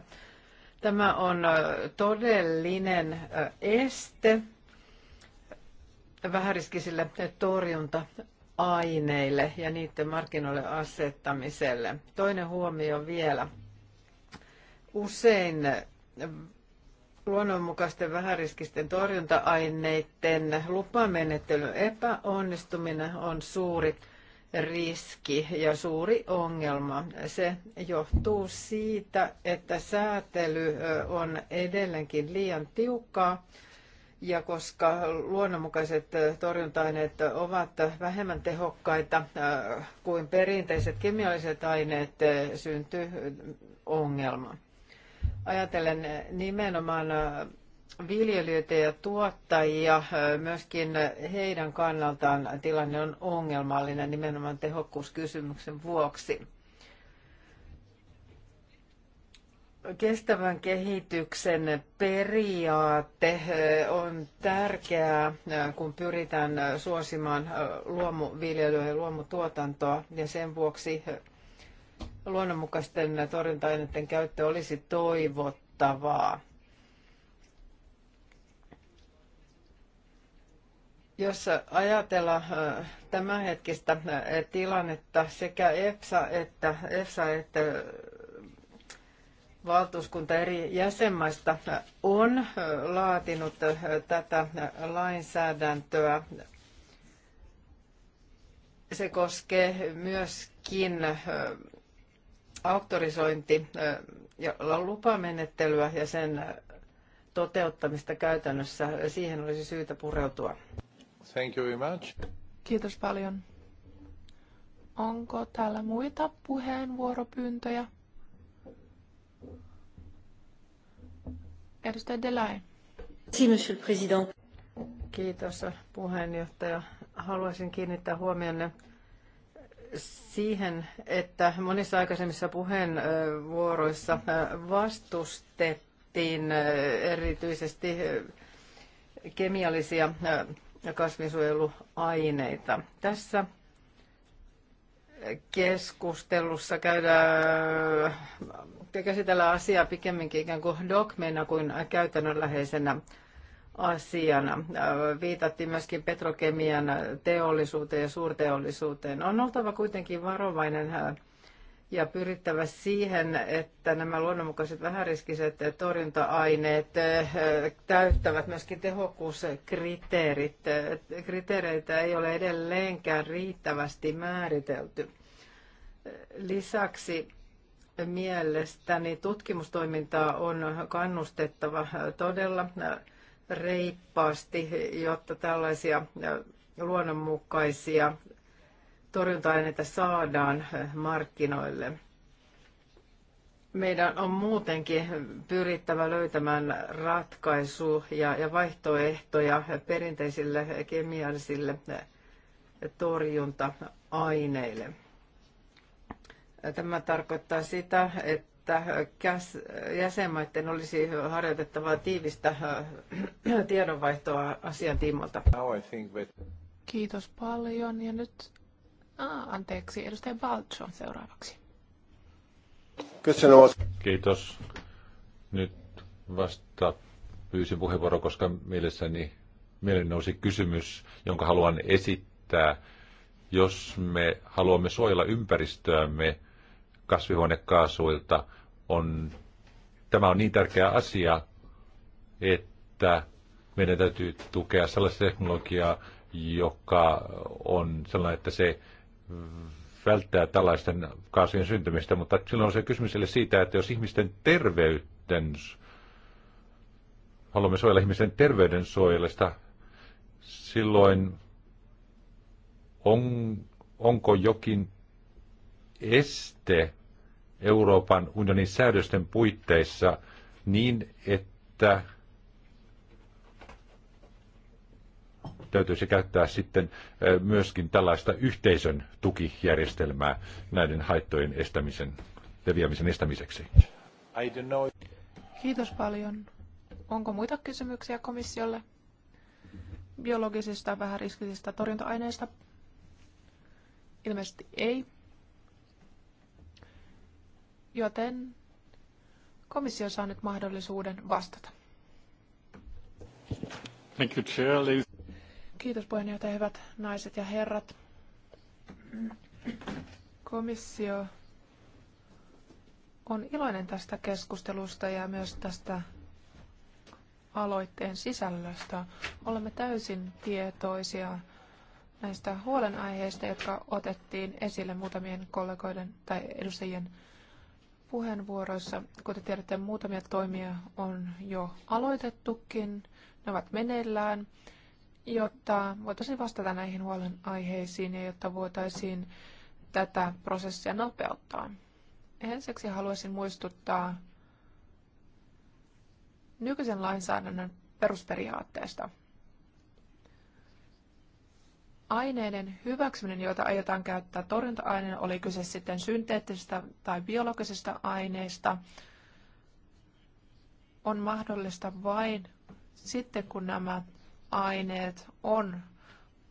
Tämä on todellinen este vähäriskisille torjunta-aineille ja niiden markkinoille asettamiselle. Toinen huomio vielä. Usein luonnonmukaisten vähäriskisten torjunta-aineiden lupamenettelyn epäonnistuminen on suuri riski ja suuri ongelma. Se johtuu siitä, että säätely on edelleenkin liian tiukkaa ja koska luonnonmukaiset torjunta-aineet ovat vähemmän tehokkaita kuin perinteiset kemialliset aineet, syntyy ongelma. Ajatellen nimenomaan viljelijöitä ja tuottajia, myöskin heidän kannaltaan tilanne on ongelmallinen nimenomaan tehokkuuskysymyksen vuoksi. Kestävän kehityksen periaate on tärkeää, kun pyritään suosimaan luomuviljelyä ja luomutuotantoa, ja sen vuoksi luonnonmukaisten torjunta-aineiden käyttö olisi toivottavaa. Jos ajatellaan äh, tämänhetkistä äh, tilannetta, sekä EFSA että, EFSA että äh, valtuuskunta eri jäsenmaista on laatinut tätä lainsäädäntöä. Se koskee myöskin auktorisointi- ja lupamenettelyä ja sen toteuttamista käytännössä. Siihen olisi syytä pureutua. Thank you very much. Kiitos paljon. Onko täällä muita puheenvuoropyyntöjä? Edustaja Delain. Monsieur le Président. Kiitos puheenjohtaja. Haluaisin kiinnittää huomionne siihen, että monissa aikaisemmissa puheenvuoroissa vastustettiin erityisesti kemiallisia ja kasvinsuojeluaineita. Tässä keskustelussa käydään, käsitellään asiaa pikemminkin ikään kuin dogmeina kuin käytännönläheisenä asiana. Viitattiin myöskin petrokemian teollisuuteen ja suurteollisuuteen. On oltava kuitenkin varovainen ja pyrittävä siihen, että nämä luonnonmukaiset vähäriskiset torjunta-aineet eh, täyttävät myöskin tehokkuuskriteerit. Eh, kriteereitä ei ole edelleenkään riittävästi määritelty. Eh, lisäksi mielestäni tutkimustoimintaa on kannustettava todella reippaasti, jotta tällaisia luonnonmukaisia torjunta-aineita saadaan eh, markkinoille. Meidän on muutenkin pyrittävä löytämään ratkaisu ja, vaihtoehtoja perinteisille kemiallisille eh, torjunta-aineille. Tämä tarkoittaa sitä, että jäsenmaiden olisi harjoitettava tiivistä eh, tiedonvaihtoa asian Kiitos paljon ja nyt Ah, anteeksi, edustaja Baltso seuraavaksi. Kiitos. Nyt vasta pyysin puheenvuoro, koska mielessäni mielen nousi kysymys, jonka haluan esittää. Jos me haluamme suojella ympäristöämme kasvihuonekaasuilta, on, tämä on niin tärkeä asia, että meidän täytyy tukea sellaista teknologiaa, joka on sellainen, että se välttää tällaisten kaasujen syntymistä, mutta silloin on se kysymys siitä, että jos ihmisten terveyden, haluamme suojella ihmisten terveyden suojelusta, silloin on, onko jokin este Euroopan unionin säädösten puitteissa niin, että täytyisi käyttää sitten eh, myöskin tällaista yhteisön tukijärjestelmää näiden haittojen estämisen, leviämisen estämiseksi. Kiitos paljon. Onko muita kysymyksiä komissiolle biologisista vähäriskisistä torjunta-aineista? Ilmeisesti ei. Joten komissio saa nyt mahdollisuuden vastata. Thank you, Chair. Kiitos puheenjohtaja, hyvät naiset ja herrat. Komissio on iloinen tästä keskustelusta ja myös tästä aloitteen sisällöstä. Olemme täysin tietoisia näistä huolenaiheista, jotka otettiin esille muutamien kollegoiden tai edustajien puheenvuoroissa. Kuten tiedätte, muutamia toimia on jo aloitettukin. Ne ovat meneillään jotta voitaisiin vastata näihin huolenaiheisiin ja jotta voitaisiin tätä prosessia nopeuttaa. Ensiksi haluaisin muistuttaa nykyisen lainsäädännön perusperiaatteesta. Aineiden hyväksyminen, joita aiotaan käyttää torjunta-aineena, oli kyse sitten synteettisistä tai biologisista aineista, on mahdollista vain sitten, kun nämä aineet on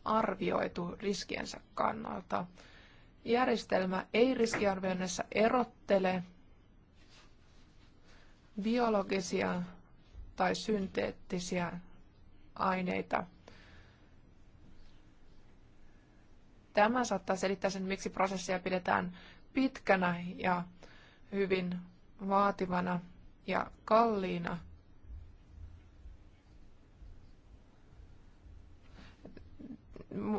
arvioitu riskiensä kannalta. Järjestelmä ei riskiarvioinnissa erottele biologisia tai synteettisiä aineita. Tämä saattaa selittää sen, miksi prosessia pidetään pitkänä ja hyvin vaativana ja kalliina.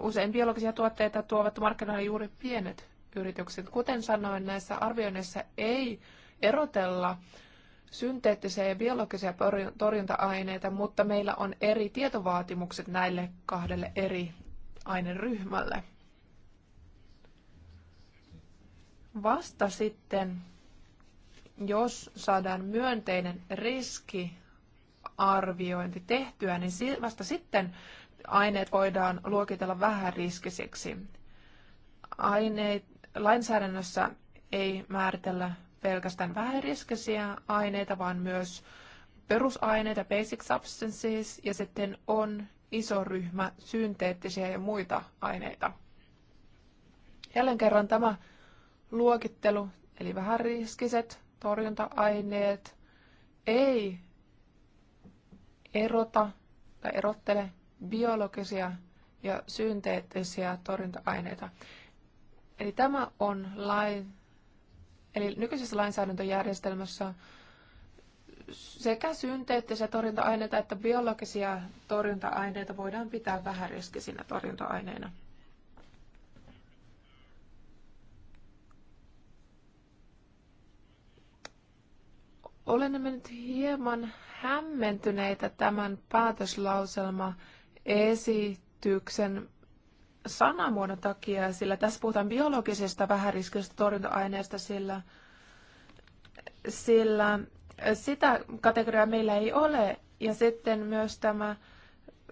usein biologisia tuotteita tuovat markkinoille juuri pienet yritykset. Kuten sanoin, näissä arvioinneissa ei erotella synteettisiä ja biologisia torjunta-aineita, mutta meillä on eri tietovaatimukset näille kahdelle eri aineryhmälle. Vasta sitten, jos saadaan myönteinen riskiarviointi tehtyä, niin vasta sitten aineet voidaan luokitella vähäriskisiksi. Aineet, lainsäädännössä ei määritellä pelkästään vähäriskisiä aineita, vaan myös perusaineita, basic substances, ja sitten on iso ryhmä synteettisiä ja muita aineita. Jälleen kerran tämä luokittelu, eli vähäriskiset torjunta-aineet, ei erota tai erottele biologisia ja synteettisiä torjunta-aineita. Eli tämä on lain, eli nykyisessä lainsäädäntöjärjestelmässä sekä synteettisiä torjunta-aineita että biologisia torjunta-aineita voidaan pitää riskisinä torjunta-aineina. Olemme nyt hieman hämmentyneitä tämän päätöslauselman esityksen sanamuodon takia, sillä tässä puhutaan biologisesta vähäriskisestä torjunta-aineesta, sillä, sillä sitä kategoriaa meillä ei ole. Ja sitten myös tämä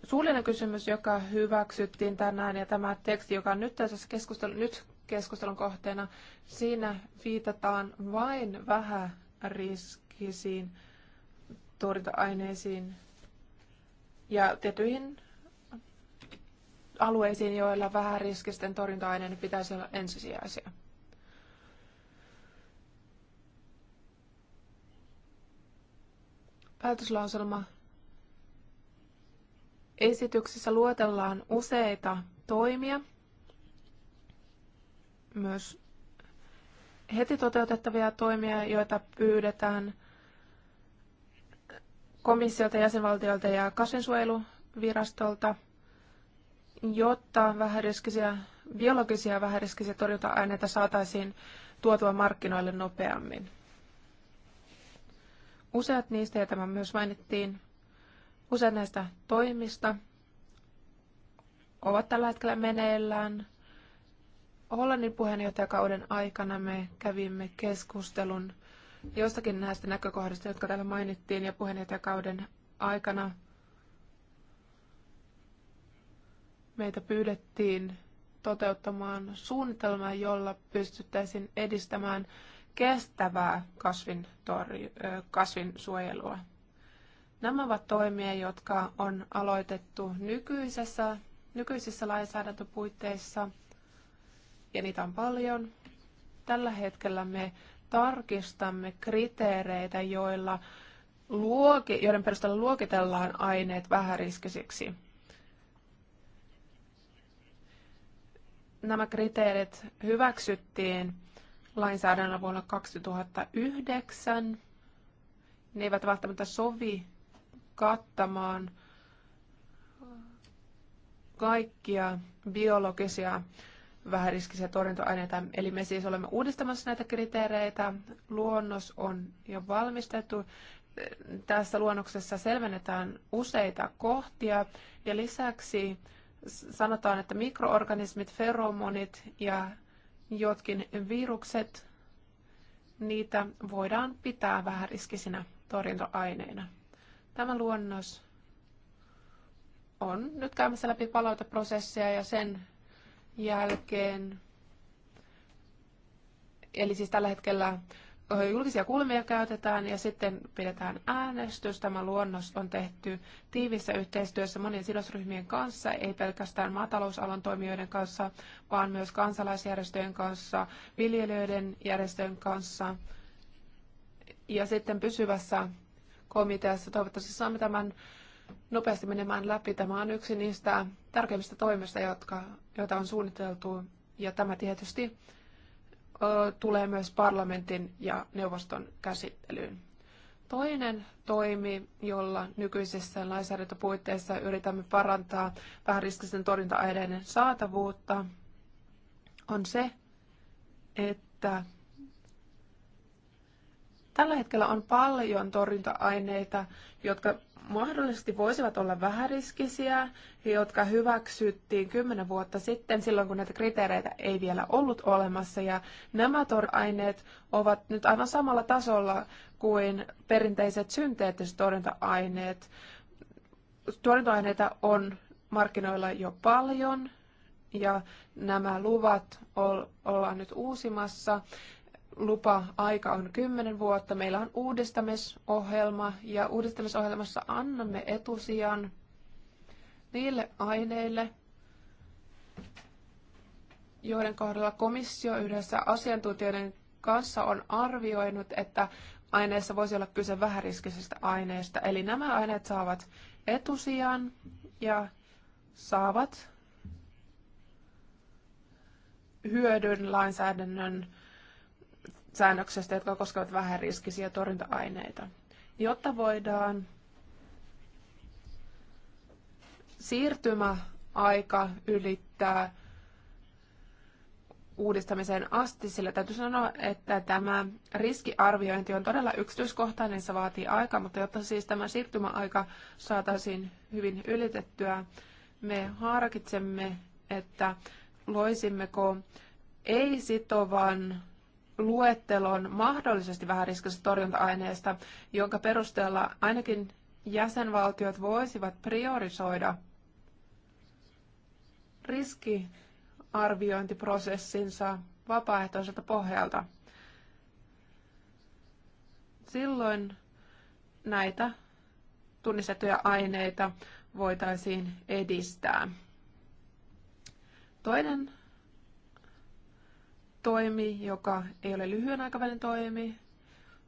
suullinen kysymys, joka hyväksyttiin tänään, ja tämä teksti, joka on nyt tässä keskustelun, nyt keskustelun kohteena, siinä viitataan vain vähäriskisiin torjunta-aineisiin ja tietyihin alueisiin, joilla vähäriskisten torjunta-aineiden pitäisi olla ensisijaisia. Päätöslauselma esityksessä luotellaan useita toimia, myös heti toteutettavia toimia, joita pyydetään komissiolta, jäsenvaltiolta ja kasvinsuojeluvirastolta – jotta vähäriskisiä, biologisia vähäriskisiä torjunta-aineita saataisiin tuotua markkinoille nopeammin. Useat niistä, ja tämä myös mainittiin, useat näistä toimista ovat tällä hetkellä meneillään. Hollannin puheenjohtajakauden aikana me kävimme keskustelun jostakin näistä näkökohdista, jotka täällä mainittiin, ja puheenjohtajakauden aikana meitä pyydettiin toteuttamaan suunnitelmaa, jolla pystyttäisiin edistämään kestävää kasvin, torju, kasvinsuojelua. Nämä ovat toimia, jotka on aloitettu nykyisessä, nykyisissä lainsäädäntöpuitteissa, ja niitä on paljon. Tällä hetkellä me tarkistamme kriteereitä, joilla luoki, joiden perusteella luokitellaan aineet vähäriskisiksi. nämä kriteerit hyväksyttiin lainsäädännöllä vuonna 2009. Ne eivät välttämättä sovi kattamaan kaikkia biologisia vähäriskisiä torjunta-aineita. Eli me siis olemme uudistamassa näitä kriteereitä. Luonnos on jo valmistettu. Tässä luonnoksessa selvennetään useita kohtia ja lisäksi sanotaan, että mikroorganismit, feromonit ja jotkin virukset, niitä voidaan pitää vähän riskisinä torjuntoaineina. Tämä luonnos on nyt käymässä läpi palauteprosessia ja sen jälkeen, eli siis tällä hetkellä julkisia kulmia käytetään ja sitten pidetään äänestys. Tämä luonnos on tehty tiivissä yhteistyössä monien sidosryhmien kanssa, ei pelkästään maatalousalan toimijoiden kanssa, vaan myös kansalaisjärjestöjen kanssa, viljelijöiden järjestöjen kanssa. Ja sitten pysyvässä komiteassa toivottavasti saamme tämän nopeasti menemään läpi. Tämä on yksi niistä tärkeimmistä toimista, jotka, joita on suunniteltu. Ja tämä tietysti tulee myös parlamentin ja neuvoston käsittelyyn. Toinen toimi, jolla nykyisessä lainsäädäntöpuitteissa yritämme parantaa vähäriskisten torjunta-aineiden saatavuutta, on se, että tällä hetkellä on paljon torjunta-aineita, jotka mahdollisesti voisivat olla vähäriskisiä, jotka hyväksyttiin kymmenen vuotta sitten, silloin kun näitä kriteereitä ei vielä ollut olemassa. Ja nämä toraineet ovat nyt aivan samalla tasolla kuin perinteiset synteettiset torjunta-aineet. Torjunta-aineita on markkinoilla jo paljon, ja nämä luvat ollaan nyt uusimassa lupa-aika on 10 vuotta. Meillä on uudistamisohjelma ja uudistamisohjelmassa annamme etusijan niille aineille, joiden kohdalla komissio yhdessä asiantuntijoiden kanssa on arvioinut, että aineessa voisi olla kyse vähäriskisistä aineista. Eli nämä aineet saavat etusijan ja saavat hyödyn lainsäädännön säännöksestä, jotka koskevat riskisiä torjunta-aineita, jotta voidaan siirtymäaika ylittää uudistamiseen asti, sillä täytyy sanoa, että tämä riskiarviointi on todella yksityiskohtainen, se vaatii aikaa, mutta jotta siis tämä siirtymäaika saataisiin hyvin ylitettyä, me harkitsemme, että loisimmeko ei-sitovan luettelon mahdollisesti vähäriskisistä torjunta-aineista, jonka perusteella ainakin jäsenvaltiot voisivat priorisoida riskiarviointiprosessinsa vapaaehtoiselta pohjalta. Silloin näitä tunnistettuja aineita voitaisiin edistää. Toinen toimi, joka ei ole lyhyen aikavälin toimi,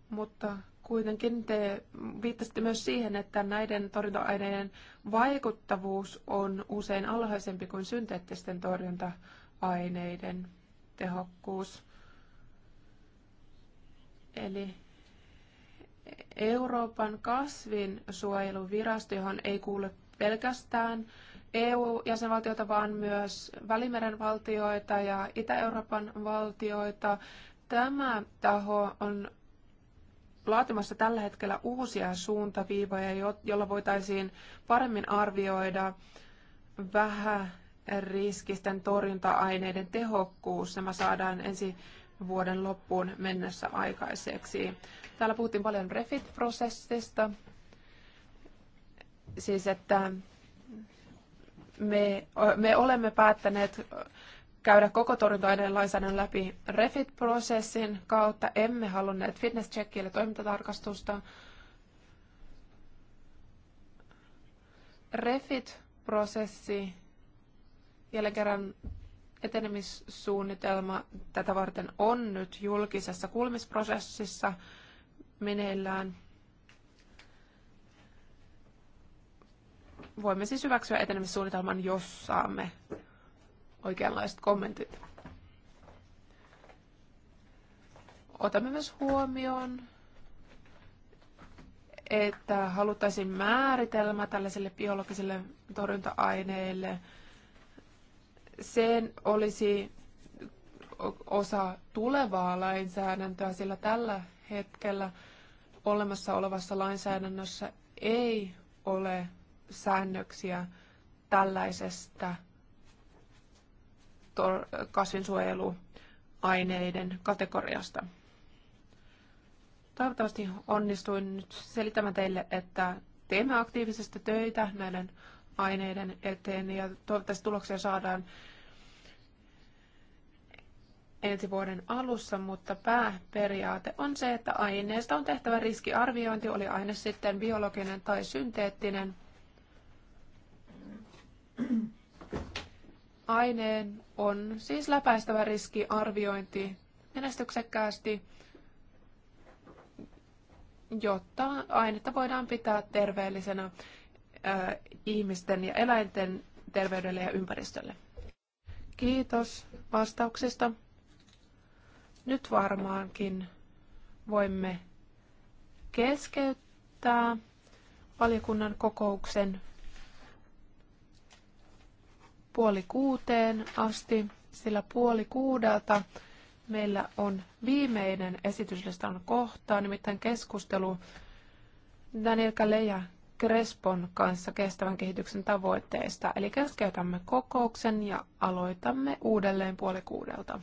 mutta kuitenkin te viittasitte myös siihen, että näiden torjunta-aineiden vaikuttavuus on usein alhaisempi kuin synteettisten torjunta-aineiden tehokkuus. Eli Euroopan kasvinsuojeluvirasto, johon ei kuule pelkästään EU-jäsenvaltioita, vaan myös Välimeren valtioita ja Itä-Euroopan valtioita. Tämä taho on laatimassa tällä hetkellä uusia suuntaviivoja, joilla voitaisiin paremmin arvioida vähäriskisten torjunta-aineiden tehokkuus. Nämä saadaan ensi vuoden loppuun mennessä aikaiseksi. Täällä puhuttiin paljon refit-prosessista, siis että me, me olemme päättäneet käydä koko torjunta-aineen lainsäädännön läpi refit-prosessin kautta. Emme halunneet fitness checkille toimintatarkastusta. Refit-prosessi, jälleen kerran etenemissuunnitelma tätä varten on nyt julkisessa kulmisprosessissa meneillään. voimme siis hyväksyä etenemissuunnitelman, jos saamme oikeanlaiset kommentit. Otamme myös huomioon, että haluttaisiin määritelmä tällaiselle biologiselle torjunta-aineelle. Sen olisi osa tulevaa lainsäädäntöä, sillä tällä hetkellä olemassa olevassa lainsäädännössä ei ole säännöksiä tällaisesta kasvinsuojeluaineiden kategoriasta. Toivottavasti onnistuin nyt selittämään teille, että teemme aktiivisesti töitä näiden aineiden eteen ja toivottavasti tuloksia saadaan ensi vuoden alussa, mutta pääperiaate on se, että aineesta on tehtävä riskiarviointi, oli aine sitten biologinen tai synteettinen – aineen on siis läpäistävä riski arviointi menestyksekkäästi, jotta ainetta voidaan pitää terveellisenä ihmisten ja eläinten terveydelle ja ympäristölle. Kiitos vastauksista. Nyt varmaankin voimme keskeyttää valiokunnan kokouksen puoli kuuteen asti, sillä puoli kuudelta meillä on viimeinen esityslistan kohta, nimittäin keskustelu Daniel Kaleja Crespon kanssa kestävän kehityksen tavoitteista. Eli keskeytämme kokouksen ja aloitamme uudelleen puoli kuudelta.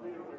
clearly.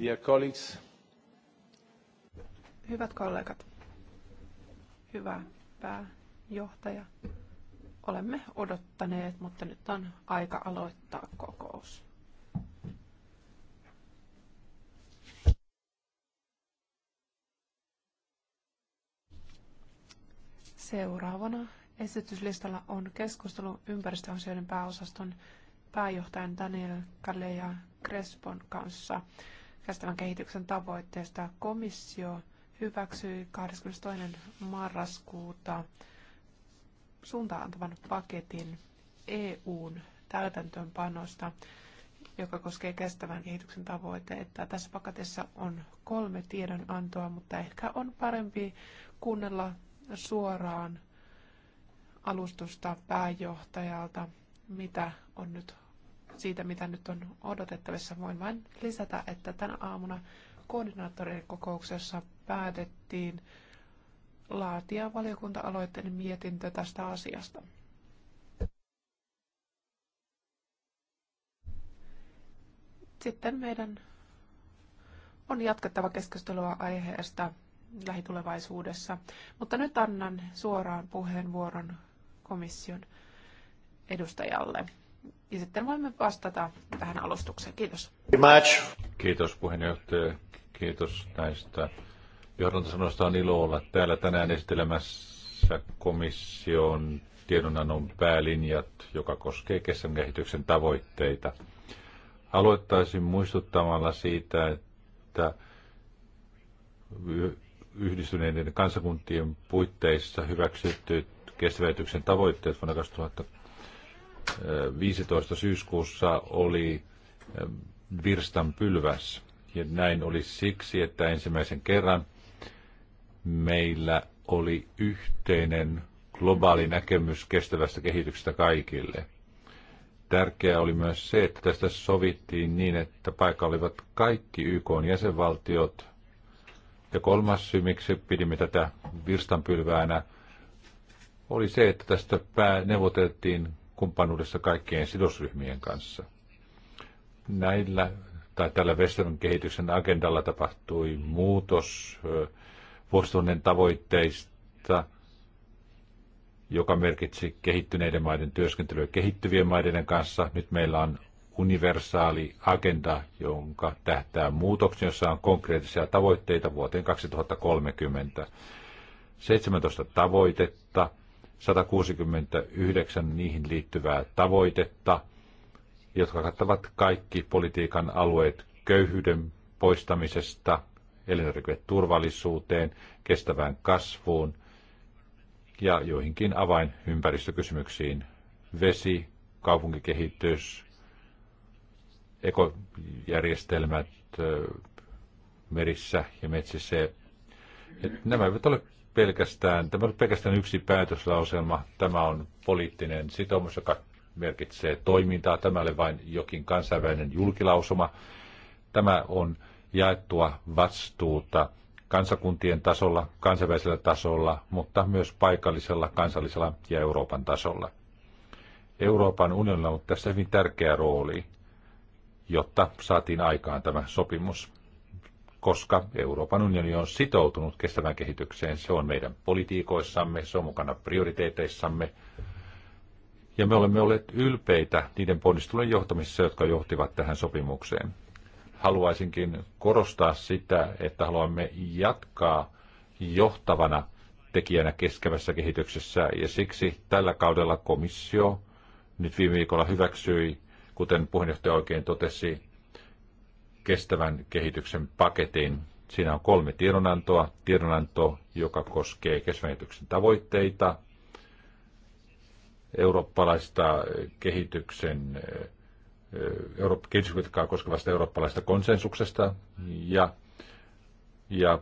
Dear colleagues. Hyvät kollegat, hyvä pääjohtaja, olemme odottaneet, mutta nyt on aika aloittaa kokous. Seuraavana esityslistalla on keskustelu ympäristöasioiden pääosaston pääjohtajan Daniel Kaleja Crespon kanssa – kestävän kehityksen tavoitteesta komissio hyväksyi 22. marraskuuta suuntaantavan paketin EUn täytäntöönpanosta, joka koskee kestävän kehityksen tavoitteita. Tässä paketissa on kolme tiedonantoa, mutta ehkä on parempi kuunnella suoraan alustusta pääjohtajalta, mitä on nyt siitä, mitä nyt on odotettavissa. Voin vain lisätä, että tänä aamuna koordinaattorien kokouksessa päätettiin laatia valiokunta aloitteen mietintö tästä asiasta. Sitten meidän on jatkettava keskustelua aiheesta lähitulevaisuudessa, mutta nyt annan suoraan puheenvuoron komission edustajalle ja sitten voimme vastata tähän alustukseen. Kiitos. Kiitos puheenjohtaja. Kiitos näistä johdantosanoista. On ilo olla täällä tänään esittelemässä komission tiedonannon päälinjat, joka koskee kestävän kehityksen tavoitteita. Aloittaisin muistuttamalla siitä, että yhdistyneiden kansakuntien puitteissa hyväksytty kestävän tavoitteet vuonna 2000 15 syyskuussa oli eh, virstan pylväs. Ja näin oli siksi, että ensimmäisen kerran meillä oli yhteinen globaali näkemys kestävästä kehityksestä kaikille. Tärkeää oli myös se, että tästä sovittiin niin, että paikka olivat kaikki YK jäsenvaltiot. Ja kolmas syy, miksi pidimme tätä virstanpylväänä, oli se, että tästä pää neuvoteltiin kumppanuudessa kaikkien sidosryhmien kanssa. Näillä tai tällä Western kehityksen agendalla tapahtui muutos vuosituhannen tavoitteista, joka merkitsi kehittyneiden maiden työskentelyä kehittyvien maiden kanssa. Nyt meillä on universaali agenda, jonka tähtää muutoksen, jossa on konkreettisia tavoitteita vuoteen 2030. 17 tavoitetta, 169 niihin liittyvää tavoitetta, jotka kattavat kaikki politiikan alueet köyhyyden poistamisesta, turvallisuuteen kestävään kasvuun ja joihinkin avainympäristökysymyksiin, vesi, kaupunkikehitys, ekojärjestelmät merissä ja metsissä. Että nämä eivät ole pelkästään, tämä on pelkästään yksi päätöslauselma, tämä on poliittinen sitoumus, joka merkitsee toimintaa, tämä oli vain jokin kansainvälinen julkilausuma. Tämä on jaettua vastuuta kansakuntien tasolla, kansainvälisellä tasolla, mutta myös paikallisella, kansallisella ja Euroopan tasolla. Euroopan unionilla on tässä hyvin tärkeä rooli, jotta saatiin aikaan tämä sopimus koska Euroopan unioni on sitoutunut kestävään kehitykseen. Se on meidän politiikoissamme, se on mukana prioriteeteissamme. Ja me olemme olleet ylpeitä niiden ponnistelujen johtamisessa, jotka johtivat tähän sopimukseen. Haluaisinkin korostaa sitä, että haluamme jatkaa johtavana tekijänä kestävässä kehityksessä, ja siksi tällä kaudella komissio nyt viime viikolla hyväksyi, kuten puheenjohtaja oikein totesi, kestävän kehityksen paketin. Siinä on kolme tiedonantoa. Tiedonanto, joka koskee kestävän kehityksen tavoitteita, eurooppalaista kehityksen eh, kehityspolitiikkaa koskevasta eurooppalaista konsensuksesta ja, ja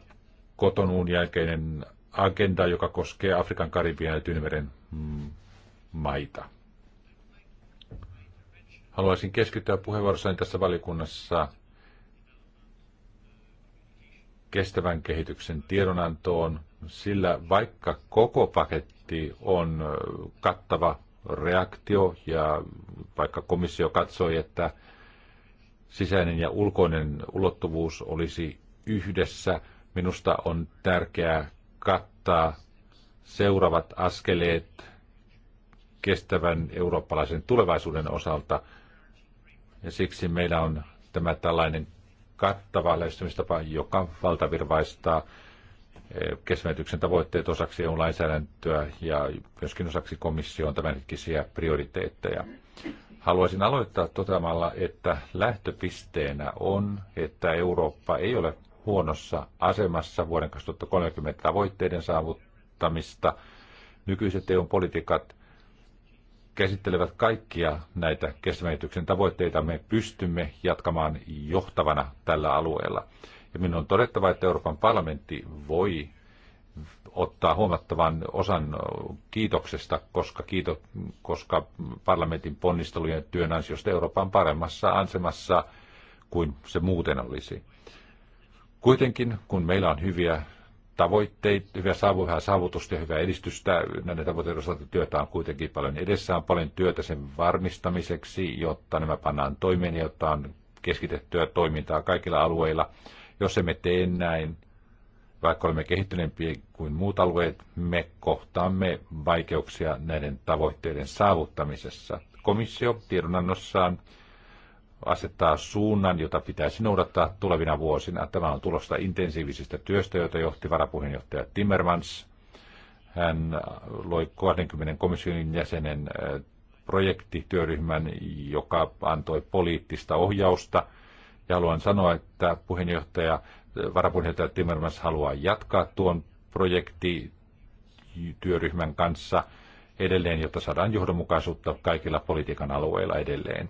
kotonuun jälkeinen agenda, joka koskee Afrikan, Karibian ja Tyynemeren mm, maita. Haluaisin keskittyä puheenvuorossani tässä valikunnassa kestävän kehityksen tiedonantoon, sillä vaikka koko paketti on kattava reaktio ja vaikka komissio katsoi, että sisäinen ja ulkoinen ulottuvuus olisi yhdessä, minusta on tärkeää kattaa seuraavat askeleet kestävän eurooppalaisen tulevaisuuden osalta. Ja siksi meillä on tämä tällainen kattava lähestymistapa, joka valtavirvaistaa eh, kestävyytyksen tavoitteet osaksi EU-lainsäädäntöä ja myöskin osaksi komission tämänhetkisiä prioriteetteja. Haluaisin aloittaa toteamalla, että lähtöpisteenä on, että Eurooppa ei ole huonossa asemassa vuoden 2030 tavoitteiden saavuttamista. Nykyiset eu politiikat käsittelevät kaikkia näitä kestävän tavoitteita. Me pystymme jatkamaan johtavana tällä alueella. Ja minun on todettava, että Euroopan parlamentti voi ottaa huomattavan osan kiitoksesta, koska, kiito, koska parlamentin ponnistelujen työn ansiosta Euroopan paremmassa ansemassa kuin se muuten olisi. Kuitenkin, kun meillä on hyviä tavoitteita, hyvä saavutusta ja hyvää edistystä. Näiden tavoitteiden osalta työtä on kuitenkin paljon edessä. On paljon työtä sen varmistamiseksi, jotta nämä pannaan toimeen jotta on keskitettyä toimintaa kaikilla alueilla. Jos emme tee näin, vaikka olemme kehittyneempiä kuin muut alueet, me kohtaamme vaikeuksia näiden tavoitteiden saavuttamisessa. Komissio tiedonannossaan asettaa suunnan, jota pitäisi noudattaa tulevina vuosina. Tämä on tulosta intensiivisestä työstä, jota johti varapuheenjohtaja Timmermans. Hän loi 20 komission jäsenen äh, projektityöryhmän, joka antoi poliittista ohjausta. Ja haluan sanoa, että puheenjohtaja, äh, varapuheenjohtaja Timmermans haluaa jatkaa tuon projektityöryhmän kanssa edelleen, jotta saadaan johdonmukaisuutta kaikilla politiikan alueilla edelleen.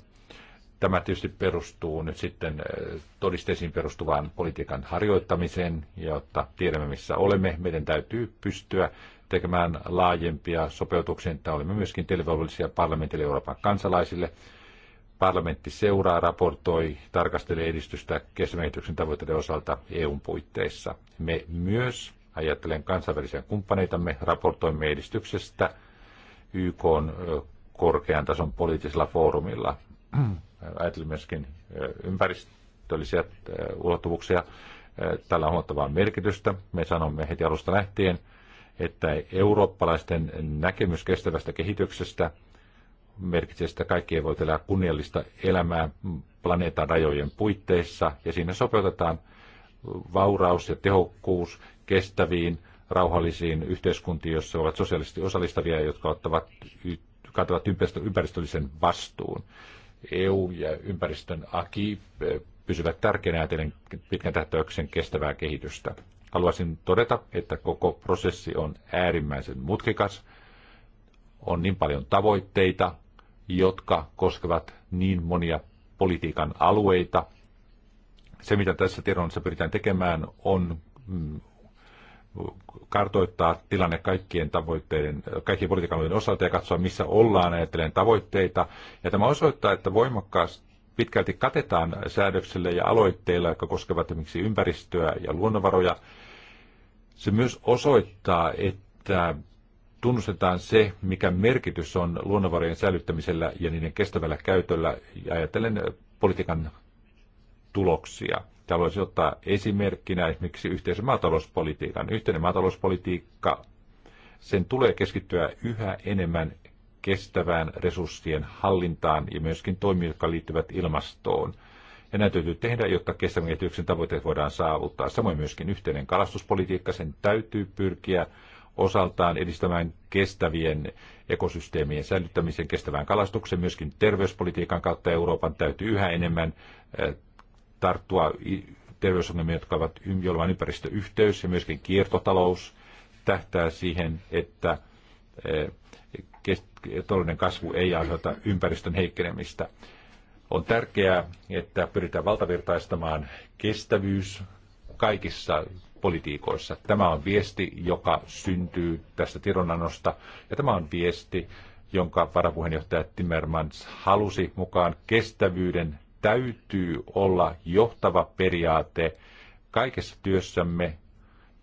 Tämä tietysti perustuu nyt sitten äh, todisteisiin perustuvaan politiikan harjoittamiseen, jotta tiedämme missä olemme. Meidän täytyy pystyä tekemään laajempia sopeutuksia, että olemme myöskin televelvollisia parlamentille Euroopan kansalaisille. Parlamentti seuraa, raportoi, tarkastelee edistystä kestävän tavoitteiden osalta EUn puitteissa. Me myös, ajattelen kansainvälisiä kumppaneitamme, raportoimme edistyksestä YK korkean tason poliittisella foorumilla – ajatellen myöskin ympäristöllisiä ulottuvuuksia. Tällä on huomattavaa merkitystä. Me sanomme heti alusta lähtien, että eurooppalaisten näkemys kestävästä kehityksestä merkitsee sitä ei voi elää kunniallista elämää planeetan rajojen puitteissa, ja siinä sopeutetaan vauraus ja tehokkuus kestäviin, rauhallisiin yhteiskuntiin, joissa ovat sosiaalisesti osallistavia, jotka ottavat, kantavat ympäristöllisen vastuun. EU ja ympäristön aki eh, pysyvät tärkeänä ajatellen pitkän tähtäyksen kestävää kehitystä. Haluaisin todeta, että koko prosessi on äärimmäisen mutkikas. On niin paljon tavoitteita, jotka koskevat niin monia politiikan alueita. Se, mitä tässä tiedonannossa pyritään tekemään, on mm, kartoittaa tilanne kaikkien tavoitteiden, kaikkien politiikan osalta ja katsoa, missä ollaan ajatellen tavoitteita. Ja tämä osoittaa, että voimakkaasti pitkälti katetaan säädöksillä ja aloitteilla, jotka koskevat esimerkiksi ympäristöä ja luonnonvaroja. Se myös osoittaa, että tunnustetaan se, mikä merkitys on luonnonvarojen säilyttämisellä ja niiden kestävällä käytöllä, ja ajatellen politiikan tuloksia. Ja haluaisin ottaa esimerkkinä esimerkiksi yhteisen maatalouspolitiikan. Yhteinen maatalouspolitiikka, sen tulee keskittyä yhä enemmän kestävään resurssien hallintaan ja myöskin toimiin, jotka liittyvät ilmastoon. Ja näitä täytyy tehdä, jotta kestävän kehityksen tavoitteet voidaan saavuttaa. Samoin myöskin yhteinen kalastuspolitiikka, sen täytyy pyrkiä osaltaan edistämään kestävien ekosysteemien säilyttämisen, kestävään kalastuksen, myöskin terveyspolitiikan kautta Euroopan täytyy yhä enemmän eh, tarttua terveysongelmiin, jotka ovat jollain ympäristöyhteys ja myöskin kiertotalous tähtää siihen, että eh, todellinen kasvu ei aiheuta ympäristön heikkenemistä. On tärkeää, että pyritään valtavirtaistamaan kestävyys kaikissa politiikoissa. Tämä on viesti, joka syntyy tästä tiedonannosta, ja tämä on viesti, jonka varapuheenjohtaja Timmermans halusi mukaan kestävyyden täytyy olla johtava periaate kaikessa työssämme,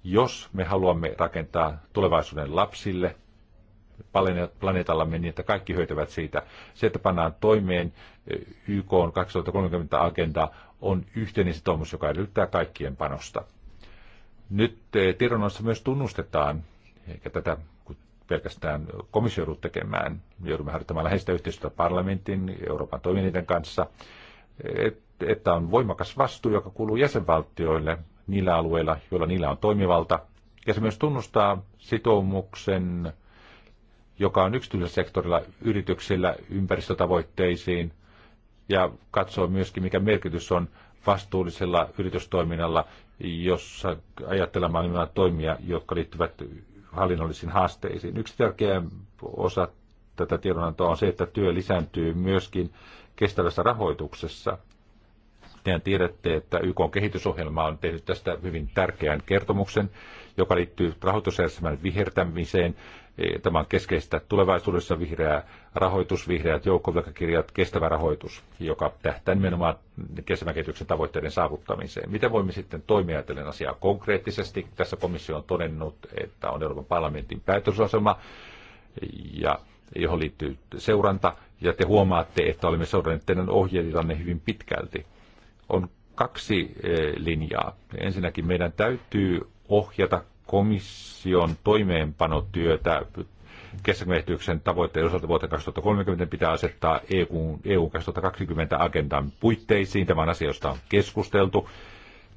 jos me haluamme rakentaa tulevaisuuden lapsille planeetallamme niin, että kaikki hyötyvät siitä. Se, että pannaan toimeen eh, YK 2030 agenda, on yhteinen sitoumus, joka edellyttää kaikkien panosta. Nyt eh, tiedonannossa myös tunnustetaan, eikä tätä pelkästään komissio joudut tekemään, me joudumme harjoittamaan läheistä yhteistyötä parlamentin, Euroopan toimijoiden kanssa – että on voimakas vastuu, joka kuuluu jäsenvaltioille niillä alueilla, joilla niillä on toimivalta. Ja se myös tunnustaa sitoumuksen, joka on yksityisellä sektorilla yrityksillä ympäristötavoitteisiin ja katsoo myöskin, mikä merkitys on vastuullisella yritystoiminnalla, jossa ajattelemaan nimenomaan toimia, jotka liittyvät hallinnollisiin haasteisiin. Yksi tärkeä osa tätä tiedonantoa on se, että työ lisääntyy myöskin kestävässä rahoituksessa. Tehän tiedätte, että YK kehitysohjelma on tehnyt tästä hyvin tärkeän kertomuksen, joka liittyy rahoitusjärjestelmän vihertämiseen. E, tämä on keskeistä tulevaisuudessa vihreää rahoitus, vihreät joukkovelkakirjat, kestävä rahoitus, joka tähtää nimenomaan kestävän kehityksen tavoitteiden saavuttamiseen. Miten voimme sitten toimia ajatellen asiaa konkreettisesti? Tässä komissio on todennut, että on Euroopan parlamentin päätösasema ja johon liittyy seuranta, ja te huomaatte, että olemme seuranneet teidän ohjeitanne hyvin pitkälti. On kaksi e, linjaa. Ensinnäkin meidän täytyy ohjata komission toimeenpanotyötä kestävyyskehityksen tavoitteiden osalta vuoteen 2030 pitää asettaa EU, EU 2020 agendan puitteisiin. Tämän asia, josta on keskusteltu.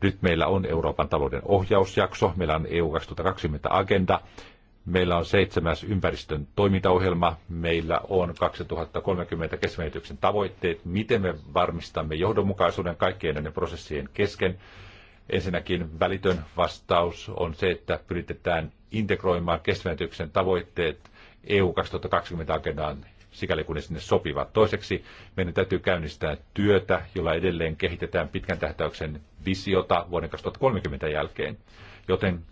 Nyt meillä on Euroopan talouden ohjausjakso, meillä on EU 2020 agenda Meillä on seitsemäs ympäristön toimintaohjelma. Meillä on 2030 kestävän tavoitteet. Miten me varmistamme johdonmukaisuuden kaikkien näiden prosessien kesken? Ensinnäkin välitön vastaus on se, että pyritetään integroimaan kestävän tavoitteet EU 2020-agendaan sikäli kun ne sinne sopivat. Toiseksi meidän täytyy käynnistää työtä, jolla edelleen kehitetään pitkän tähtäyksen visiota vuoden 2030 jälkeen. Joten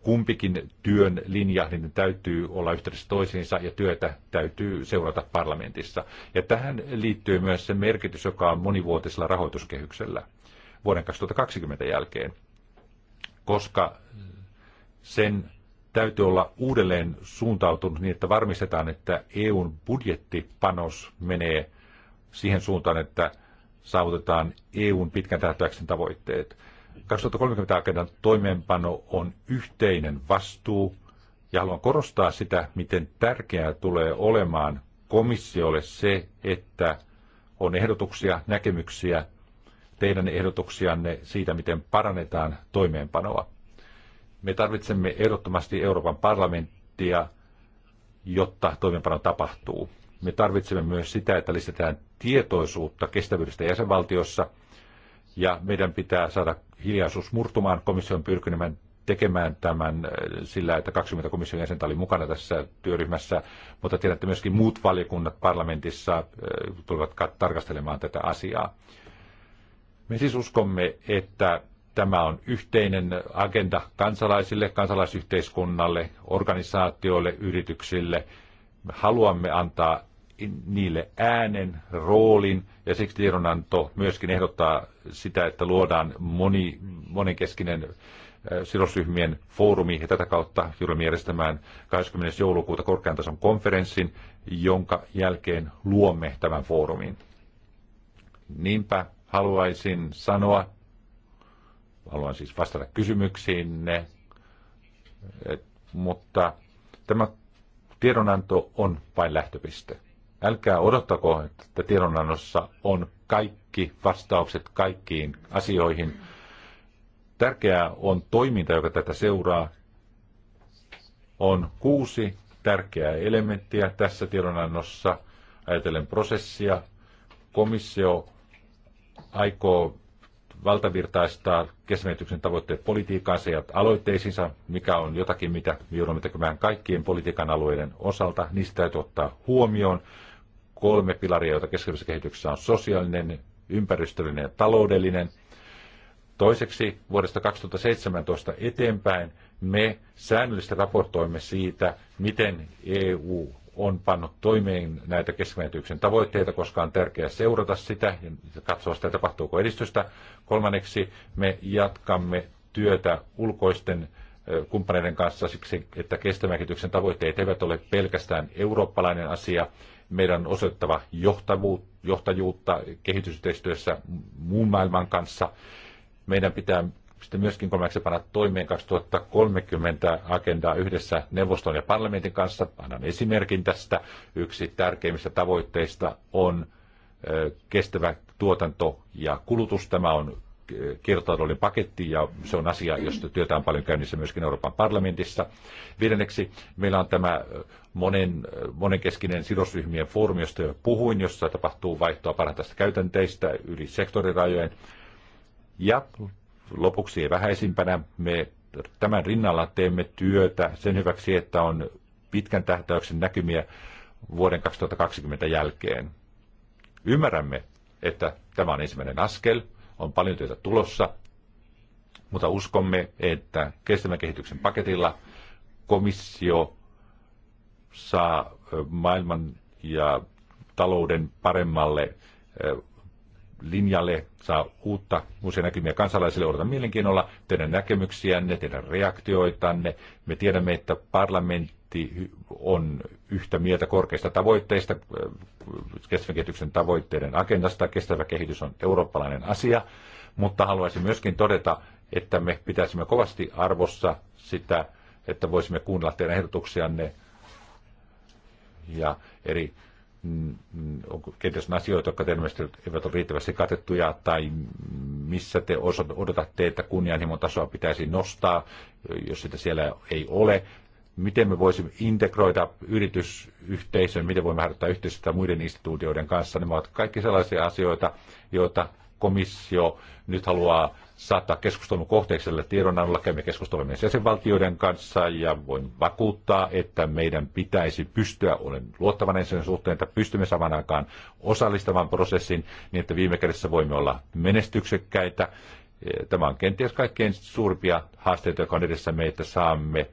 kumpikin työn linja, niin täytyy olla yhteydessä toisiinsa ja työtä täytyy seurata parlamentissa. Ja tähän liittyy myös se merkitys, joka on monivuotisella rahoituskehyksellä vuoden 2020 jälkeen, koska sen täytyy olla uudelleen suuntautunut niin, että varmistetaan, että EUn budjettipanos menee siihen suuntaan, että saavutetaan EUn pitkän tähtäyksen tavoitteet. 2030 agendan toimeenpano on yhteinen vastuu ja haluan korostaa sitä, miten tärkeää tulee olemaan komissiolle se, että on ehdotuksia, näkemyksiä, teidän ehdotuksianne siitä, miten parannetaan toimeenpanoa. Me tarvitsemme ehdottomasti Euroopan parlamenttia, jotta toimeenpano tapahtuu. Me tarvitsemme myös sitä, että lisätään tietoisuutta kestävyydestä jäsenvaltiossa – ja meidän pitää saada hiljaisuus murtumaan. Komission pyrkinemään tekemään tämän äh, sillä, että 20 komission jäsentä oli mukana tässä työryhmässä, mutta tiedän, että myöskin muut valiokunnat parlamentissa äh, tulevat tarkastelemaan tätä asiaa. Me siis uskomme, että tämä on yhteinen agenda kansalaisille, kansalaisyhteiskunnalle, organisaatioille, yrityksille. Me haluamme antaa niille äänen, roolin ja siksi tiedonanto myöskin ehdottaa sitä, että luodaan moni, monenkeskinen sidosryhmien foorumi ja tätä kautta joudumme järjestämään 20. joulukuuta korkean tason konferenssin, jonka jälkeen luomme tämän foorumin. Niinpä haluaisin sanoa, haluan siis vastata kysymyksiin, mutta tämä tiedonanto on vain lähtöpiste älkää odottako, että tiedonannossa on kaikki vastaukset kaikkiin asioihin. Tärkeää on toiminta, joka tätä seuraa. On kuusi tärkeää elementtiä tässä tiedonannossa. Ajatellen prosessia. Komissio aikoo valtavirtaistaa keskeytyksen tavoitteet politiikkaansa ja aloitteisiinsa, mikä on jotakin, mitä joudumme tekemään kaikkien politiikan alueiden osalta. Niistä täytyy ottaa huomioon kolme pilaria, joita kestävässä kehityksessä on sosiaalinen, ympäristöllinen ja taloudellinen. Toiseksi vuodesta 2017 eteenpäin me säännöllisesti raportoimme siitä, miten EU on pannut toimeen näitä keskimentyksen tavoitteita, koska on tärkeää seurata sitä ja katsoa sitä, tapahtuuko edistystä. Kolmanneksi me jatkamme työtä ulkoisten kumppaneiden kanssa siksi, että kestävän kehityksen tavoitteet eivät ole pelkästään eurooppalainen asia, meidän on osoittava johtajuutta kehitysyhteistyössä muun maailman kanssa. Meidän pitää sitten myöskin kolmeksi panna toimeen 2030 agendaa yhdessä neuvoston ja parlamentin kanssa. Annan esimerkin tästä. Yksi tärkeimmistä tavoitteista on kestävä tuotanto ja kulutus. Tämä on kiertotalouden paketti, ja se on asia, josta työtä on paljon käynnissä myöskin Euroopan parlamentissa. Viidenneksi meillä on tämä monen, monenkeskinen sidosryhmien foorumi, josta jo puhuin, jossa tapahtuu vaihtoa parhaista käytänteistä yli sektorirajojen. Ja lopuksi ja vähäisimpänä me tämän rinnalla teemme työtä sen hyväksi, että on pitkän tähtäyksen näkymiä vuoden 2020 jälkeen. Ymmärrämme, että tämä on ensimmäinen askel, on paljon työtä tulossa, mutta uskomme, että kestävän kehityksen paketilla komissio saa maailman ja talouden paremmalle linjalle, saa uutta uusia näkymiä kansalaisille. Odotan mielenkiinnolla teidän näkemyksiänne, teidän reaktioitanne. Me tiedämme, että parlamentti parlamentti on yhtä mieltä korkeista tavoitteista, äh, kestävän kehityksen tavoitteiden agendasta. Kestävä kehitys on eurooppalainen asia, mutta haluaisin myöskin todeta, että me pitäisimme kovasti arvossa sitä, että voisimme kuunnella teidän ehdotuksianne ja eri mm, kenties on asioita, jotka teidän mielestä eivät ole riittävästi katettuja, tai missä te odotatte, että kunnianhimon tasoa pitäisi nostaa, jos sitä siellä ei ole, miten me voisimme integroida yritysyhteisön, miten voimme harjoittaa yhteistyötä muiden instituutioiden kanssa. Ne ovat kaikki sellaisia asioita, joita komissio nyt haluaa saattaa keskustelun kohteeksi tiedonannolla. Käymme keskustelua myös jäsenvaltioiden kanssa ja voin vakuuttaa, että meidän pitäisi pystyä, olen luottavainen sen suhteen, että pystymme saman aikaan osallistamaan prosessin niin, että viime kädessä voimme olla menestyksekkäitä. Tämä on kenties kaikkein suurimpia haasteita, jotka on edessämme, että saamme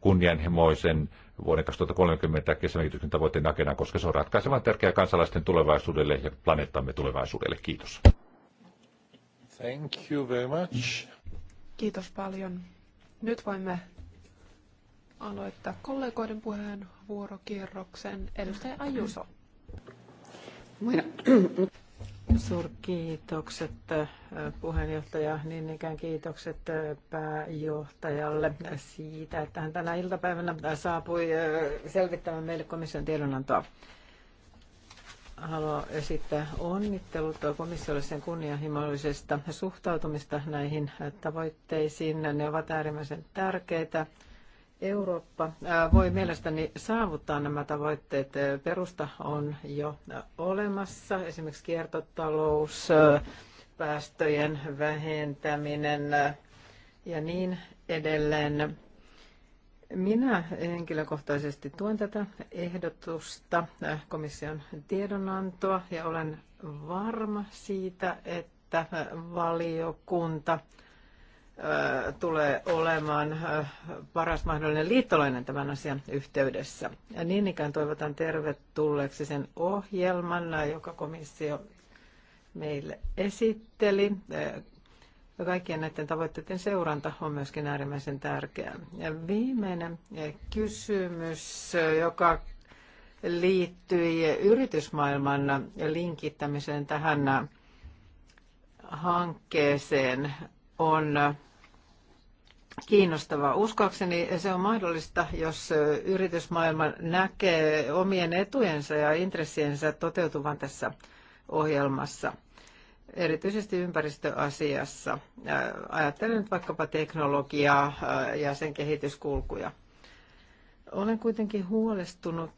kunnianhimoisen vuoden 2030 kesämekityksen tavoitteen agenda, koska se on ratkaisevan tärkeää kansalaisten tulevaisuudelle ja planeettamme tulevaisuudelle. Kiitos. Thank you very much. Kiitos paljon. Nyt voimme aloittaa kollegoiden puheen vuorokierroksen. Edustaja Ajuso. Kiitokset äh, puheenjohtaja, niin ikään kiitokset äh, pääjohtajalle siitä, että hän tänä iltapäivänä saapui äh, selvittämään meille komission tiedonantoa. Haluan esittää onnittelut komissiolle sen kunnianhimoisesta suhtautumista näihin tavoitteisiin. Ne ovat äärimmäisen tärkeitä Eurooppa voi mielestäni saavuttaa nämä tavoitteet. Perusta on jo olemassa, esimerkiksi kiertotalous, päästöjen vähentäminen ja niin edelleen. Minä henkilökohtaisesti tuen tätä ehdotusta, komission tiedonantoa, ja olen varma siitä, että valiokunta – tulee olemaan paras mahdollinen liittolainen tämän asian yhteydessä. Ja niin ikään toivotan tervetulleeksi sen ohjelman, joka komissio meille esitteli. Kaikkien näiden tavoitteiden seuranta on myöskin äärimmäisen tärkeää. Ja viimeinen e, kysymys, joka liittyi yritysmaailman linkittämiseen tähän hankkeeseen, on kiinnostava. Uskoakseni se on mahdollista, jos yritysmaailma näkee omien etujensa ja intressiensä toteutuvan tässä ohjelmassa, erityisesti ympäristöasiassa. Ajattelen nyt vaikkapa teknologiaa ja sen kehityskulkuja. Olen kuitenkin huolestunut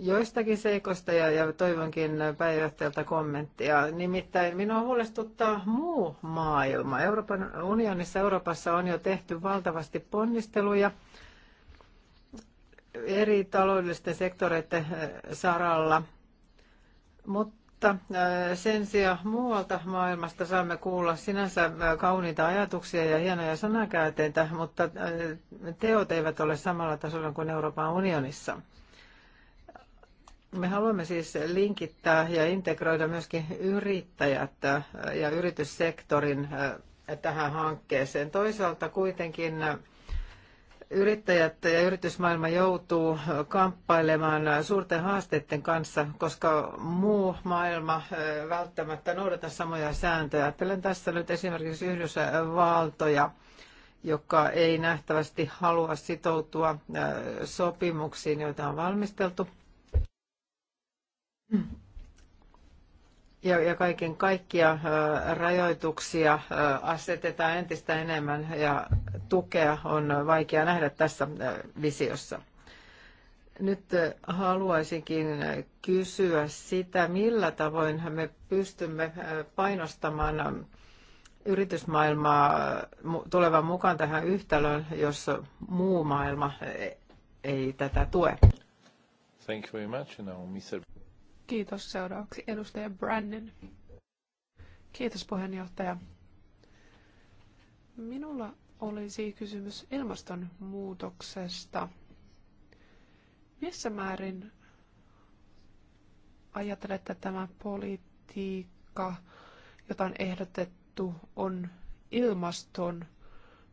joistakin seikosta ja, ja toivonkin pääjohtajalta kommenttia. Nimittäin minua huolestuttaa muu maailma. Euroopan unionissa, Euroopassa on jo tehty valtavasti ponnisteluja eri taloudellisten sektoreiden eh, saralla, mutta eh, sen sijaan muualta maailmasta saamme kuulla sinänsä eh, kauniita ajatuksia ja hienoja sanakäyteitä, mutta teot eivät ole samalla tasolla kuin Euroopan unionissa. Me haluamme siis linkittää ja integroida myöskin yrittäjät äh, ja yrityssektorin äh, tähän hankkeeseen. Toisaalta kuitenkin äh, yrittäjät ja yritysmaailma joutuu kamppailemaan suurten haasteiden kanssa, koska muu maailma välttämättä noudata samoja sääntöjä. Ajattelen tässä nyt esimerkiksi Yhdysvaltoja, joka ei nähtävästi halua sitoutua sopimuksiin, joita on valmisteltu ja, ja kaiken kaikkia rajoituksia asetetaan entistä enemmän ja tukea on vaikea nähdä tässä visiossa. Nyt haluaisinkin kysyä sitä, millä tavoin me pystymme painostamaan yritysmaailmaa tulevan mukaan tähän yhtälöön, jos muu maailma ei tätä tue. Thank you very much. Now, Mr. Kiitos seuraavaksi edustaja Brandon. Kiitos puheenjohtaja. Minulla olisi kysymys ilmastonmuutoksesta. Missä määrin ajattelet, että tämä politiikka, jota on ehdotettu, on ilmaston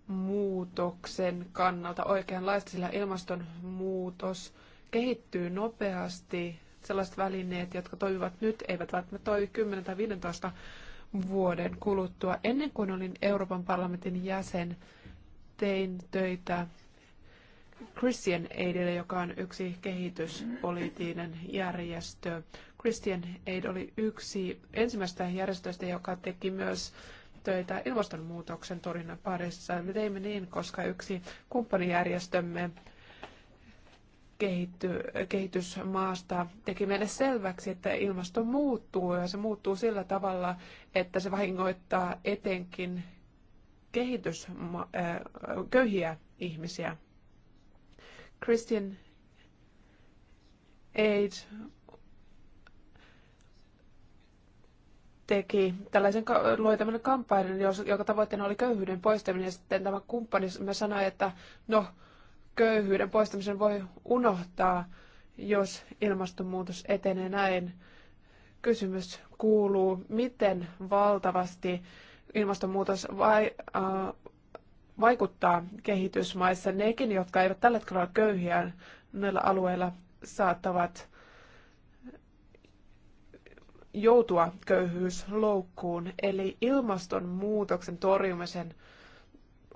muutoksen kannalta oikeanlaista, sillä ilmastonmuutos kehittyy nopeasti, sellaiset välineet, jotka toimivat nyt, eivät välttämättä toimi 10 tai 15 vuoden kuluttua. Ennen kuin olin Euroopan parlamentin jäsen, tein töitä Christian Aidille, joka on yksi kehityspoliittinen järjestö. Christian Aid oli yksi ensimmäistä järjestöistä, joka teki myös töitä ilmastonmuutoksen torjunnan parissa. Me teimme niin, koska yksi kumppanijärjestömme kehitty, kehitysmaasta teki meille selväksi, että ilmasto muuttuu ja se muuttuu sillä tavalla, että se vahingoittaa etenkin kehitysma- äh, köyhiä ihmisiä. Christian Aid teki tällaisen, loi tämmöinen kampanjan, joka tavoitteena oli köyhyyden poistaminen. Ja sitten tämä kumppani sanoi, että no, köyhyyden poistamisen voi unohtaa, jos ilmastonmuutos etenee näin. Kysymys kuuluu, miten valtavasti ilmastonmuutos vai, äh, vaikuttaa kehitysmaissa. Nekin, jotka eivät tällä hetkellä ole köyhiä näillä alueilla, saattavat joutua köyhyysloukkuun. Eli ilmastonmuutoksen torjumisen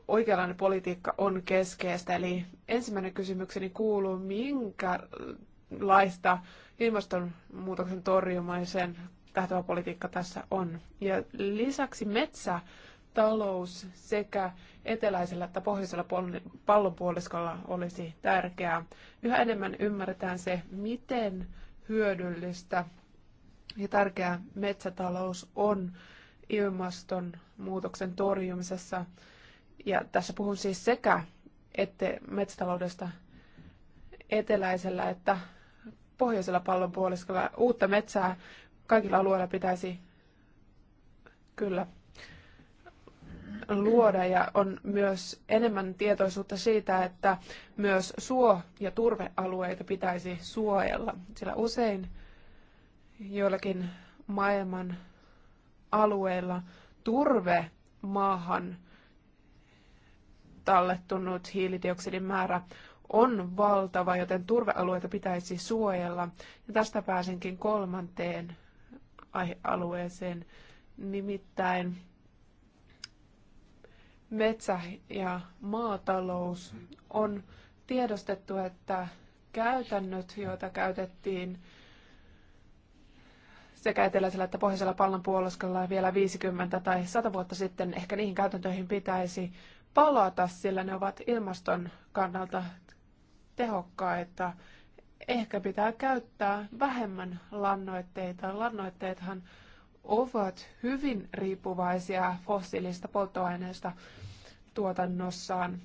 oikeanlainen politiikka on keskeistä. Eli ensimmäinen kysymykseni kuuluu, minkälaista ilmastonmuutoksen torjumaisen tähtävä politiikka tässä on. Ja lisäksi metsätalous sekä eteläisellä että pohjoisella pallonpuoliskolla olisi tärkeää. Yhä enemmän ymmärretään se, miten hyödyllistä ja tärkeää metsätalous on ilmastonmuutoksen torjumisessa. Ja tässä puhun siis sekä että metsätaloudesta eteläisellä että pohjoisella pallonpuoliskolla. Uutta metsää kaikilla alueilla pitäisi kyllä luoda ja on myös enemmän tietoisuutta siitä, että myös suo- ja turvealueita pitäisi suojella, sillä usein joillakin maailman alueilla turve maahan tallettunut hiilidioksidin määrä on valtava, joten turvealueita pitäisi suojella. Ja tästä pääsenkin kolmanteen aihealueeseen, nimittäin metsä- ja maatalous. On tiedostettu, että käytännöt, joita käytettiin sekä eteläisellä että pohjoisella pallonpuoliskolla vielä 50 tai 100 vuotta sitten, ehkä niihin käytäntöihin pitäisi palata, sillä ne ovat ilmaston kannalta tehokkaita. Ehkä pitää käyttää vähemmän lannoitteita. Lannoitteethan ovat hyvin riippuvaisia fossiilista polttoaineista tuotannossaan.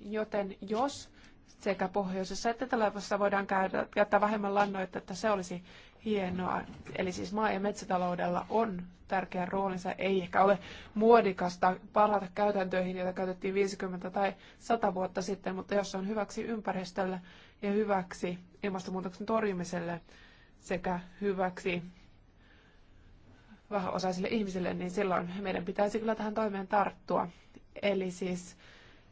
Joten jos sekä pohjoisessa että eteläosassa voidaan käyttää vähemmän lannoitetta, se olisi hienoa. Eli siis maa- ja metsätaloudella on tärkeä roolinsa. Ei ehkä ole muodikasta palata käytäntöihin, joita käytettiin 50 tai 100 vuotta sitten, mutta jos se on hyväksi ympäristölle ja hyväksi ilmastonmuutoksen torjumiselle sekä hyväksi vähäosaisille ihmisille, niin silloin meidän pitäisi kyllä tähän toimeen tarttua. Eli siis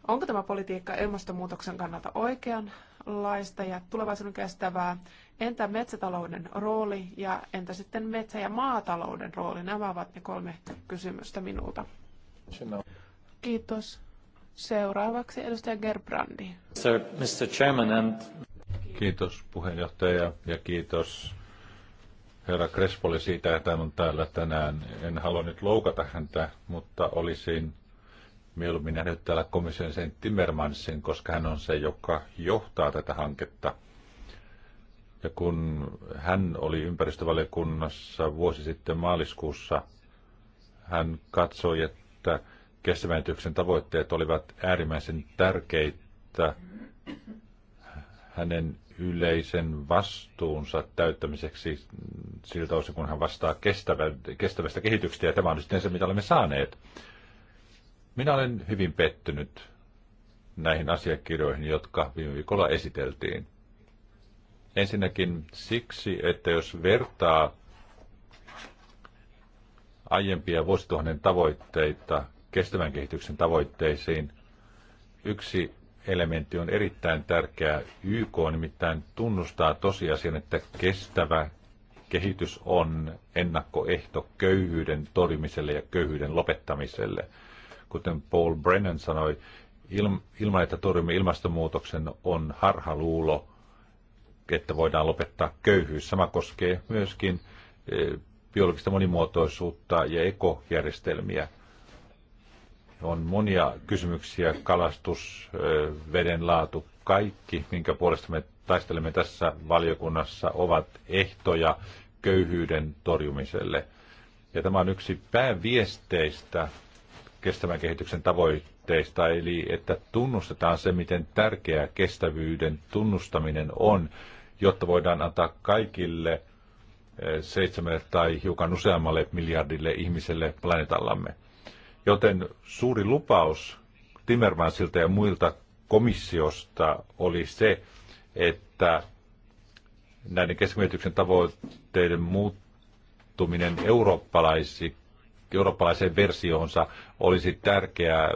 onko tämä politiikka ilmastonmuutoksen kannalta oikean laista ja tulevaisuuden kestävää? Entä metsätalouden rooli ja entä sitten metsä- ja maatalouden rooli? Nämä ovat ne kolme kysymystä minulta. Kiitos. Seuraavaksi edustaja Gerbrandi. Sir, Mr. Chairman and... Kiitos puheenjohtaja ja kiitos herra Krespoli siitä, että hän on täällä tänään. En halua nyt loukata häntä, mutta olisin mieluummin nähnyt täällä komission sen Timmermansin, koska hän on se, joka johtaa tätä hanketta. Ja kun hän oli ympäristövaliokunnassa vuosi sitten maaliskuussa, hän katsoi, että kestävän tavoitteet olivat äärimmäisen tärkeitä hänen yleisen vastuunsa täyttämiseksi siltä osin, kun hän vastaa kestävästä kehityksestä, ja tämä on sitten se, mitä olemme saaneet. Minä olen hyvin pettynyt näihin asiakirjoihin, jotka viime viikolla esiteltiin. Ensinnäkin siksi, että jos vertaa aiempia vuosituhannen tavoitteita kestävän kehityksen tavoitteisiin, yksi elementti on erittäin tärkeä. YK nimittäin tunnustaa tosiasian, että kestävä kehitys on ennakkoehto köyhyyden torjumiselle ja köyhyyden lopettamiselle – kuten Paul Brennan sanoi, ilman että torjumme ilmastonmuutoksen on harhaluulo, että voidaan lopettaa köyhyys. Sama koskee myöskin e, biologista monimuotoisuutta ja ekojärjestelmiä. On monia kysymyksiä, kalastus, e, veden laatu, kaikki, minkä puolesta me taistelemme tässä valiokunnassa, ovat ehtoja köyhyyden torjumiselle. Ja tämä on yksi pääviesteistä kestävän kehityksen tavoitteista, eli että tunnustetaan se, miten tärkeää kestävyyden tunnustaminen on, jotta voidaan antaa kaikille eh, seitsemälle tai hiukan useammalle miljardille ihmiselle planeetallamme. Joten suuri lupaus Timmermansilta ja muilta komissiosta oli se, että näiden keskimierityksen tavoitteiden muuttuminen eurooppalaisiksi eurooppalaiseen versioonsa olisi tärkeää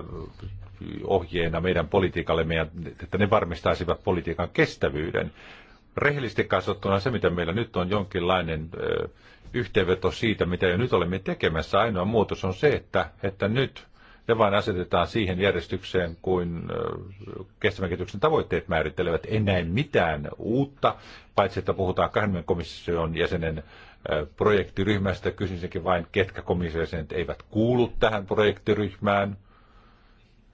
ohjeena meidän politiikalle, meidän että ne varmistaisivat politiikan kestävyyden. Rehellisesti katsottuna se, mitä meillä nyt on jonkinlainen ö, yhteenveto siitä, mitä jo nyt olemme tekemässä, ainoa muutos on se, että, että nyt ne vain asetetaan siihen järjestykseen, kuin kestävän kehityksen tavoitteet määrittelevät. En näe mitään uutta, paitsi että puhutaan kahden komission jäsenen projektiryhmästä. Kysyisinkin vain, ketkä komissiojäsenet eivät kuulu tähän projektiryhmään.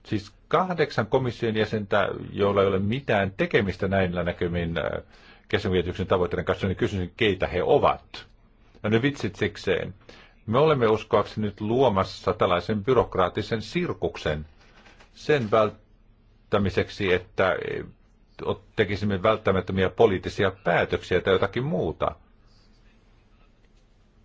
Siis kahdeksan komission jäsentä, joilla ei ole mitään tekemistä näillä näkymin kesävietyksen tavoitteiden kanssa, niin kysyisin, keitä he ovat. Ja no ne vitsit sikseen. Me olemme uskoakseni nyt luomassa tällaisen byrokraattisen sirkuksen sen välttämiseksi, että e, tekisimme välttämättömiä poliittisia päätöksiä tai jotakin muuta.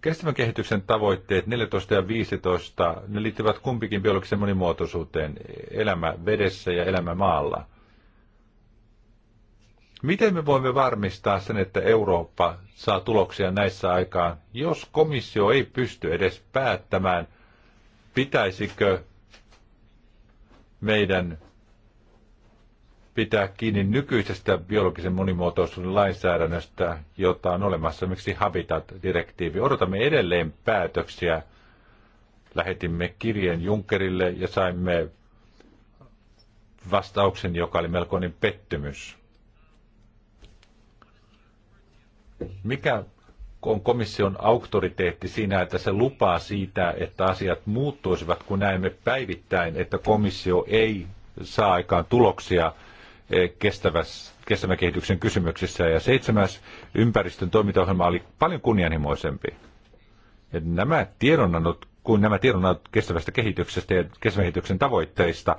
Kestävän kehityksen tavoitteet 14 ja 15, ne liittyvät kumpikin biologisen monimuotoisuuteen, elämä vedessä ja elämä maalla. Miten me voimme varmistaa sen, että Eurooppa saa tuloksia näissä aikaan, jos komissio ei pysty edes päättämään, pitäisikö meidän pitää kiinni nykyisestä biologisen monimuotoisuuden lainsäädännöstä, jota on olemassa miksi Habitat-direktiivi. Odotamme edelleen päätöksiä. Lähetimme kirjeen Junckerille ja saimme vastauksen, joka oli melkoinen pettymys. Mikä on komission auktoriteetti siinä, että se lupaa siitä, että asiat muuttuisivat, kun näemme päivittäin, että komissio ei saa aikaan tuloksia – kestävän kehityksen kysymyksissä. Ja seitsemäs ympäristön toimintaohjelma oli paljon kunnianhimoisempi. Ja nämä tiedonannot, kun nämä tiedonannot kestävästä kehityksestä ja kestävän kehityksen tavoitteista,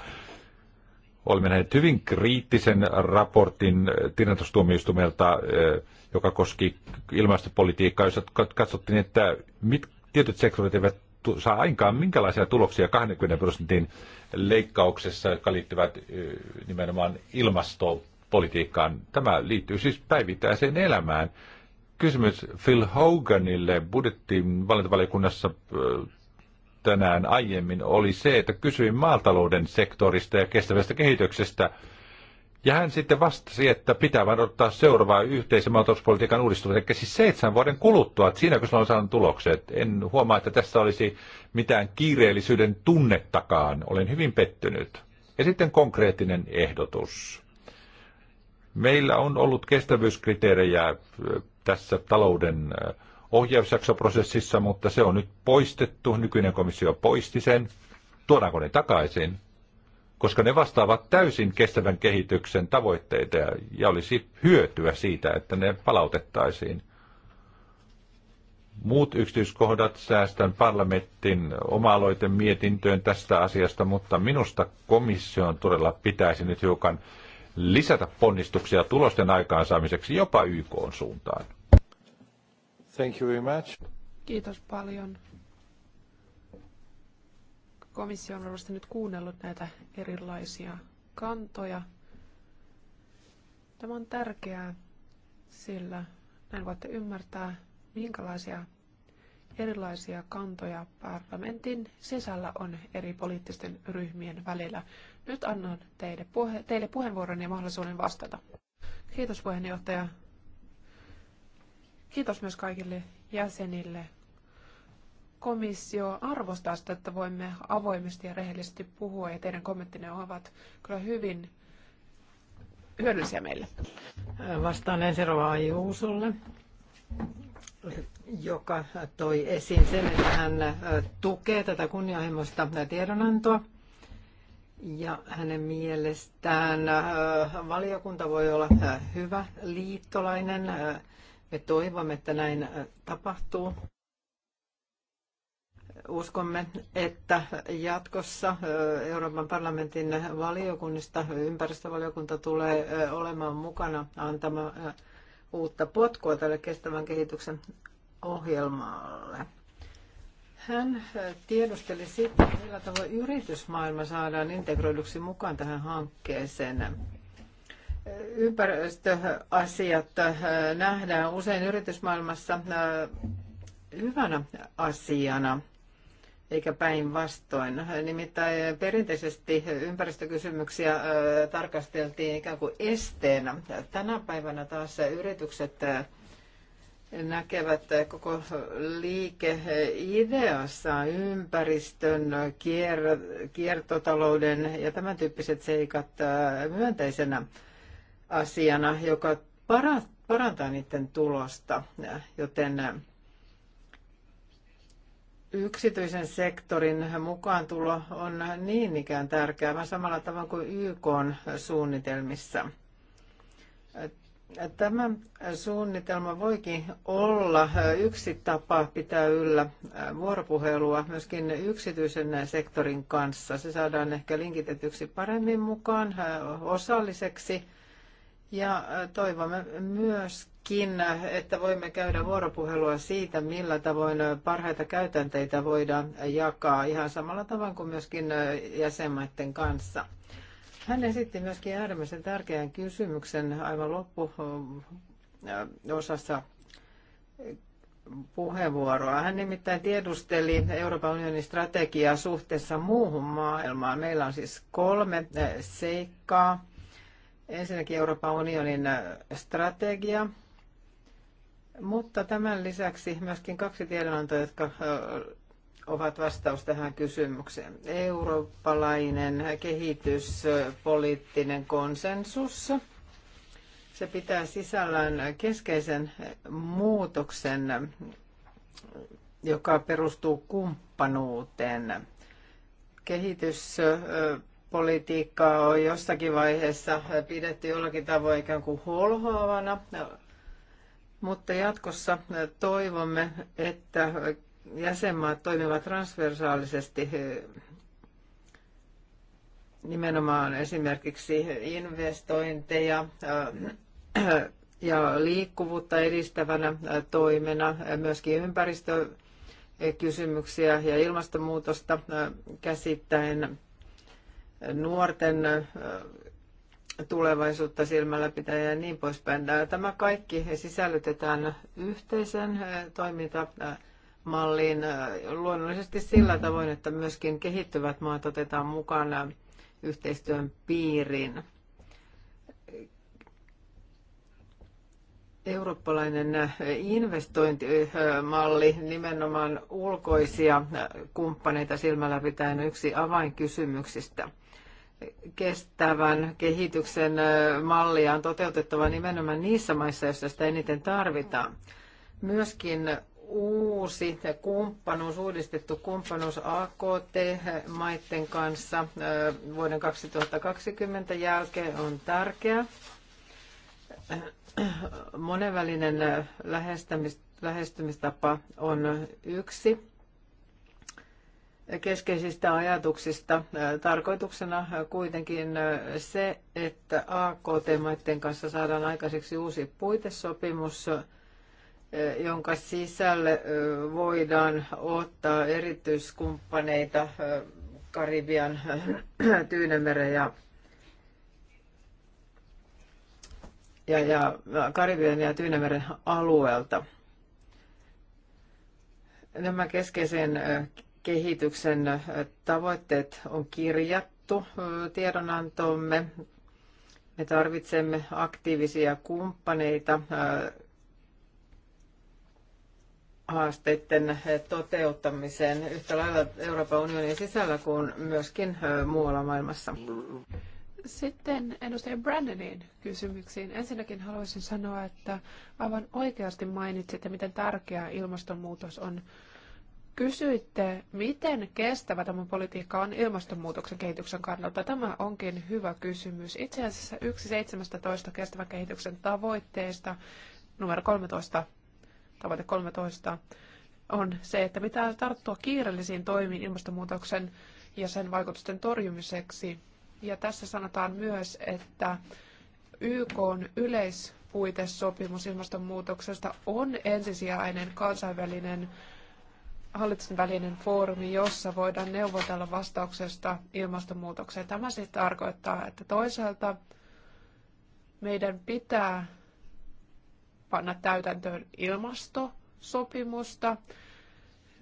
olemme nähneet hyvin kriittisen raportin tilintustuomioistumelta, eh, joka koski ilmastopolitiikkaa, jossa katsottiin, että mit, tietyt sektorit eivät saa aikaan minkälaisia tuloksia 20 prosentin leikkauksessa, jotka liittyvät nimenomaan ilmastopolitiikkaan. Tämä liittyy siis päivittäiseen elämään. Kysymys Phil Hoganille budjettiin valintavaliokunnassa tänään aiemmin oli se, että kysyin maatalouden sektorista ja kestävästä kehityksestä – ja hän sitten vastasi, että pitää vain odottaa seuraavaa yhteisen maatalouspolitiikan uudistumista, eli siis seitsemän vuoden kuluttua, että siinä kun on saanut tulokset. En huomaa, että tässä olisi mitään kiireellisyyden tunnettakaan. Olen hyvin pettynyt. Ja sitten konkreettinen ehdotus. Meillä on ollut kestävyyskriteerejä äh, tässä talouden äh, ohjausjaksoprosessissa, mutta se on nyt poistettu. Nykyinen komissio poisti sen. Tuodaanko ne takaisin? koska ne vastaavat täysin kestävän kehityksen tavoitteita ja olisi hyötyä siitä, että ne palautettaisiin. Muut yksityiskohdat säästän parlamentin oma mietintöön tästä asiasta, mutta minusta komission todella pitäisi nyt hiukan lisätä ponnistuksia tulosten aikaansaamiseksi jopa YK suuntaan. Thank you very much. Kiitos paljon. Komissio on varmasti nyt kuunnellut näitä erilaisia kantoja. Tämä on tärkeää, sillä näin voitte ymmärtää, minkälaisia erilaisia kantoja parlamentin sisällä on eri poliittisten ryhmien välillä. Nyt annan teille, puhe- teille puheenvuoron ja mahdollisuuden vastata. Kiitos puheenjohtaja. Kiitos myös kaikille jäsenille komissio arvostaa sitä, että voimme avoimesti ja rehellisesti puhua, ja teidän kommenttinne ovat kyllä hyvin hyödyllisiä meille. Vastaan ensin Rova Juusolle, joka toi esiin sen, että hän tukee tätä kunnianhimoista tiedonantoa. Ja hänen mielestään äh, valiokunta voi olla äh, hyvä liittolainen. Äh, me toivomme, että näin tapahtuu uskomme, että jatkossa Euroopan parlamentin valiokunnista ympäristövaliokunta tulee olemaan mukana antamaan uutta potkua tälle kestävän kehityksen ohjelmalle. Hän tiedusteli sitä, millä tavoin yritysmaailma saadaan integroiduksi mukaan tähän hankkeeseen. Ympäristöasiat nähdään usein yritysmaailmassa hyvänä asiana eikä päinvastoin. Nimittäin perinteisesti ympäristökysymyksiä tarkasteltiin ikään kuin esteenä. Tänä päivänä taas yritykset näkevät koko liikeideassa ympäristön, kier- kiertotalouden ja tämän tyyppiset seikat myönteisenä asiana, joka parantaa niiden tulosta, joten yksityisen sektorin mukaan tulo on niin ikään tärkeää, vaan samalla tavalla kuin YK on suunnitelmissa. Tämä suunnitelma voikin olla yksi tapa pitää yllä vuoropuhelua myöskin yksityisen sektorin kanssa. Se saadaan ehkä linkitetyksi paremmin mukaan osalliseksi ja toivomme myöskin, kin että voimme käydä vuoropuhelua siitä, millä tavoin parhaita käytänteitä voidaan jakaa ihan samalla tavalla kuin myöskin jäsenmaiden kanssa. Hän esitti myöskin äärimmäisen tärkeän kysymyksen aivan loppuosassa puheenvuoroa. Hän nimittäin tiedusteli Euroopan unionin strategiaa suhteessa muuhun maailmaan. Meillä on siis kolme seikkaa. Ensinnäkin Euroopan unionin strategia, mutta tämän lisäksi myöskin kaksi tiedonantoa, jotka ovat vastaus tähän kysymykseen. Eurooppalainen kehityspoliittinen konsensus. Se pitää sisällään keskeisen muutoksen, joka perustuu kumppanuuteen. Kehityspolitiikkaa on jossakin vaiheessa pidetty jollakin tavoin ikään kuin holhoavana, mutta jatkossa toivomme, että jäsenmaat toimivat transversaalisesti nimenomaan esimerkiksi investointeja ja liikkuvuutta edistävänä toimena, myöskin ympäristökysymyksiä ja ilmastonmuutosta käsittäen nuorten tulevaisuutta silmällä pitäen ja niin poispäin. Tämä kaikki sisällytetään yhteisen äh, toimintamalliin äh, luonnollisesti sillä tavoin, että myöskin kehittyvät maat otetaan mukaan äh, yhteistyön piiriin. Eurooppalainen investointimalli nimenomaan ulkoisia kumppaneita silmällä pitäen yksi avainkysymyksistä kestävän kehityksen mallia on toteutettava nimenomaan niissä maissa, joissa sitä eniten tarvitaan. Myöskin uusi kumppanuus, uudistettu kumppanuus AKT-maiden kanssa vuoden 2020 jälkeen on tärkeä. Monenvälinen lähestymistapa on yksi keskeisistä ajatuksista. Tarkoituksena kuitenkin se, että AKT-maiden kanssa saadaan aikaiseksi uusi puitesopimus, jonka sisälle voidaan ottaa erityiskumppaneita Karibian, Tyynemeren ja, ja, ja Karibian ja Tyynemeren alueelta. Nämä keskeisen kehityksen tavoitteet on kirjattu tiedonantomme. Me tarvitsemme aktiivisia kumppaneita haasteiden toteuttamiseen yhtä lailla Euroopan unionin sisällä kuin myöskin muualla maailmassa. Sitten edustaja Brandonin kysymyksiin. Ensinnäkin haluaisin sanoa, että aivan oikeasti että miten tärkeää ilmastonmuutos on Kysyitte, miten kestävä tämä politiikka on ilmastonmuutoksen kehityksen kannalta. Tämä onkin hyvä kysymys. Itse asiassa yksi 17 kestävän kehityksen tavoitteesta, numero 13, tavoite 13, on se, että mitä tarttua kiireellisiin toimiin ilmastonmuutoksen ja sen vaikutusten torjumiseksi. Ja tässä sanotaan myös, että YK on yleispuitesopimus ilmastonmuutoksesta on ensisijainen kansainvälinen hallitusten välinen foorumi, jossa voidaan neuvotella vastauksesta ilmastonmuutokseen. Tämä siis tarkoittaa, että toisaalta meidän pitää panna täytäntöön ilmastosopimusta,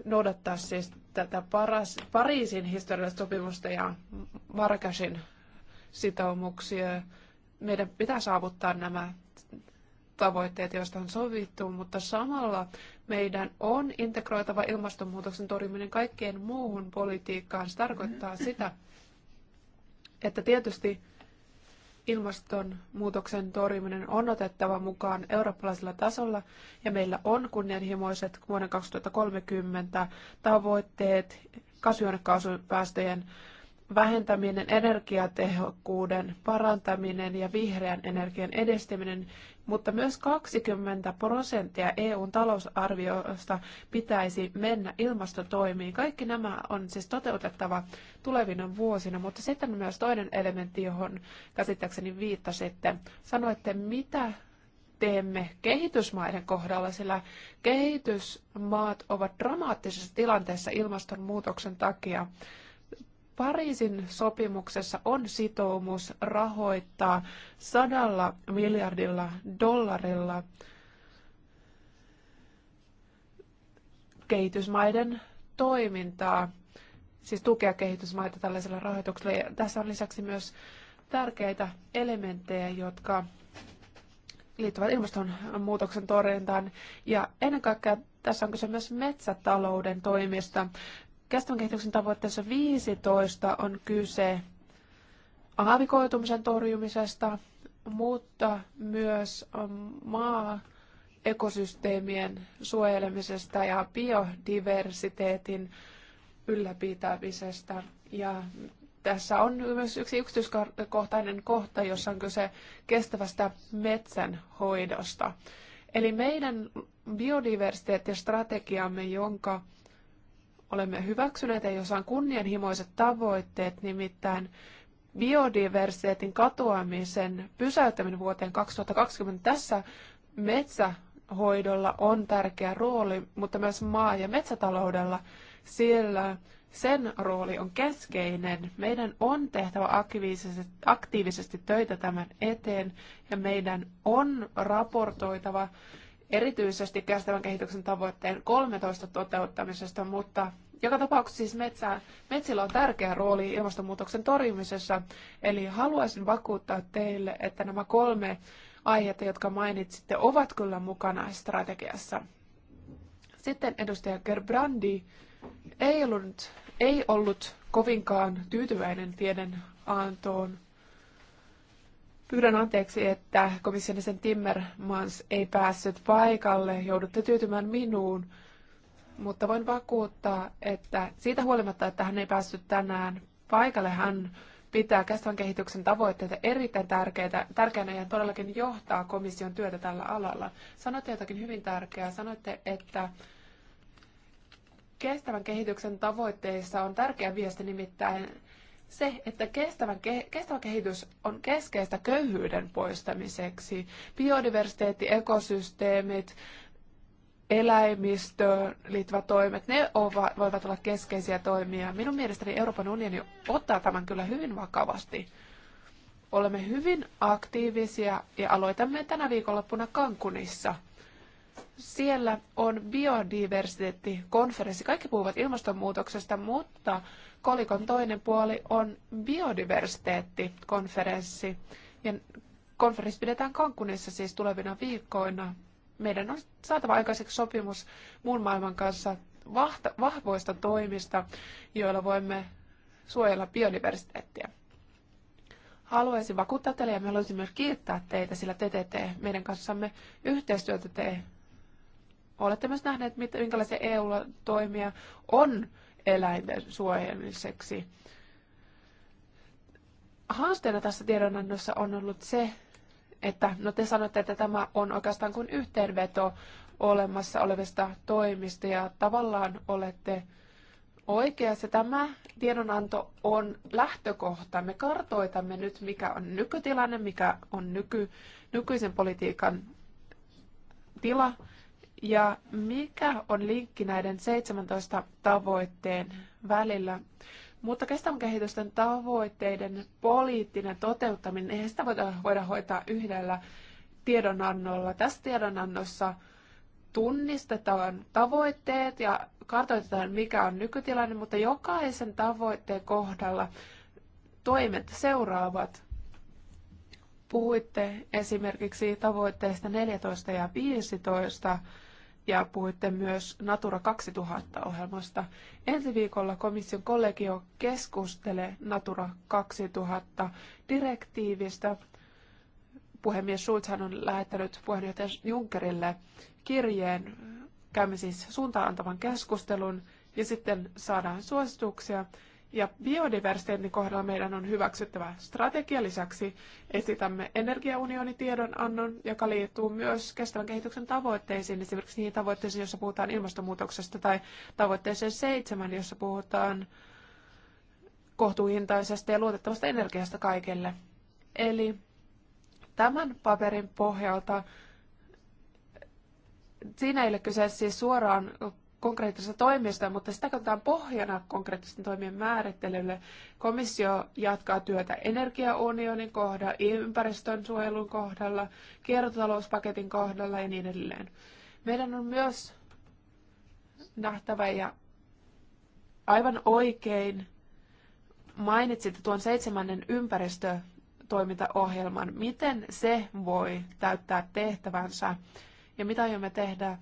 noudattaa siis tätä paras, Pariisin historiallista sopimusta ja Marrakeshin sitoumuksia. Meidän pitää saavuttaa nämä tavoitteet, joista on sovittu, mutta samalla meidän on integroitava ilmastonmuutoksen torjuminen kaikkeen muuhun politiikkaan. Se tarkoittaa sitä, että tietysti ilmastonmuutoksen torjuminen on otettava mukaan eurooppalaisella tasolla ja meillä on kunnianhimoiset vuoden 2030 tavoitteet kasvihuonekaasupäästöjen vähentäminen, energiatehokkuuden parantaminen ja vihreän energian edistäminen, mutta myös 20 prosenttia EUn talousarviosta pitäisi mennä ilmastotoimiin. Kaikki nämä on siis toteutettava tulevina vuosina, mutta sitten myös toinen elementti, johon käsittääkseni viittasitte. Sanoitte, mitä teemme kehitysmaiden kohdalla, sillä kehitysmaat ovat dramaattisessa tilanteessa ilmastonmuutoksen takia. Pariisin sopimuksessa on sitoumus rahoittaa sadalla miljardilla dollarilla kehitysmaiden toimintaa, siis tukea kehitysmaita tällaisella rahoituksella. Ja tässä on lisäksi myös tärkeitä elementtejä, jotka liittyvät ilmastonmuutoksen torjuntaan. Ja ennen kaikkea tässä on kyse myös metsätalouden toimista kestävän kehityksen tavoitteessa 15 on kyse aavikoitumisen torjumisesta, mutta myös ähm, maa ekosysteemien suojelemisesta ja biodiversiteetin ylläpitämisestä. Ja tässä on myös yksi yksityiskohtainen kohta, jossa on kyse kestävästä metsänhoidosta. Eli meidän biodiversiteettistrategiamme, jonka olemme hyväksyneet ei osaan kunnianhimoiset tavoitteet, nimittäin biodiversiteetin katoamisen pysäyttäminen vuoteen 2020. Tässä metsähoidolla on tärkeä rooli, mutta myös maa- ja metsätaloudella, sillä sen rooli on keskeinen. Meidän on tehtävä aktiivisesti, aktiivisesti töitä tämän eteen ja meidän on raportoitava erityisesti kestävän kehityksen tavoitteen 13 toteuttamisesta, mutta joka tapauksessa siis metsää, metsillä on tärkeä rooli ilmastonmuutoksen torjumisessa. Eli haluaisin vakuuttaa teille, että nämä kolme aihetta, jotka mainitsitte, ovat kyllä mukana strategiassa. Sitten edustaja Gerbrandi ei ollut, ei ollut kovinkaan tyytyväinen tiedonantoon Pyydän anteeksi, että komission Timmermans ei päässyt paikalle. Joudutte tyytymään minuun. Mutta voin vakuuttaa, että siitä huolimatta, että hän ei päässyt tänään paikalle, hän pitää kestävän kehityksen tavoitteita erittäin tärkeitä, tärkeänä ja todellakin johtaa komission työtä tällä alalla. Sanoitte jotakin hyvin tärkeää. Sanoitte, että kestävän kehityksen tavoitteissa on tärkeä viesti nimittäin se, että kestävä, kestävä kehitys on keskeistä köyhyyden poistamiseksi. Biodiversiteetti, ekosysteemit, eläimistöön liittyvät toimet, ne ovat, voivat olla keskeisiä toimia. Minun mielestäni Euroopan unioni ottaa tämän kyllä hyvin vakavasti. Olemme hyvin aktiivisia ja aloitamme tänä viikonloppuna Kankunissa. Siellä on biodiversiteettikonferenssi. Kaikki puhuvat ilmastonmuutoksesta, mutta kolikon toinen puoli on biodiversiteettikonferenssi. Ja konferenssi pidetään Cancunissa siis tulevina viikkoina. Meidän on saatava aikaiseksi sopimus muun maailman kanssa vahvoista toimista, joilla voimme suojella biodiversiteettiä. Haluaisin vakuuttaa teille ja me haluaisin myös kiittää teitä, sillä te teette meidän kanssamme yhteistyötä te olette myös nähneet, minkälaisia EU-toimia on eläinten suojelmiseksi. Haasteena tässä tiedonannossa on ollut se, että no te sanotte, että tämä on oikeastaan kuin yhteenveto olemassa olevista toimista ja tavallaan olette oikeassa. Tämä tiedonanto on lähtökohta. Me kartoitamme nyt, mikä on nykytilanne, mikä on nyky, nykyisen politiikan tila ja mikä on linkki näiden 17 tavoitteen välillä? Mutta kestävän kehitysten tavoitteiden poliittinen toteuttaminen, eihän sitä voida, voida hoitaa yhdellä tiedonannolla. Tässä tiedonannossa tunnistetaan tavoitteet ja kartoitetaan, mikä on nykytilanne, mutta jokaisen tavoitteen kohdalla toimet seuraavat. Puhuitte esimerkiksi tavoitteista 14 ja 15, ja puhuitte myös Natura 2000-ohjelmasta. Ensi viikolla komission kollegio keskustelee Natura 2000-direktiivistä. Puhemies Schulzhan on lähettänyt puheenjohtaja Junckerille kirjeen. Käymme siis suuntaan antavan keskustelun ja sitten saadaan suosituksia. Ja biodiversiteetin kohdalla meidän on hyväksyttävä strategia. Lisäksi esitämme energiaunionitiedonannon, joka liittyy myös kestävän kehityksen tavoitteisiin, esimerkiksi niihin tavoitteisiin, joissa puhutaan ilmastonmuutoksesta, tai tavoitteeseen seitsemän, jossa puhutaan kohtuuhintaisesta ja luotettavasta energiasta kaikille. Eli tämän paperin pohjalta siinä ei ole kyse siis suoraan konkreettisista toimista, mutta sitä katsotaan pohjana konkreettisten toimien määrittelylle. Komissio jatkaa työtä energiaunionin kohdalla, ympäristön suojelun kohdalla, kiertotalouspaketin kohdalla ja niin edelleen. Meidän on myös nähtävä ja aivan oikein mainitsit tuon seitsemännen ympäristötoimintaohjelman. Miten se voi täyttää tehtävänsä ja mitä aiomme tehdä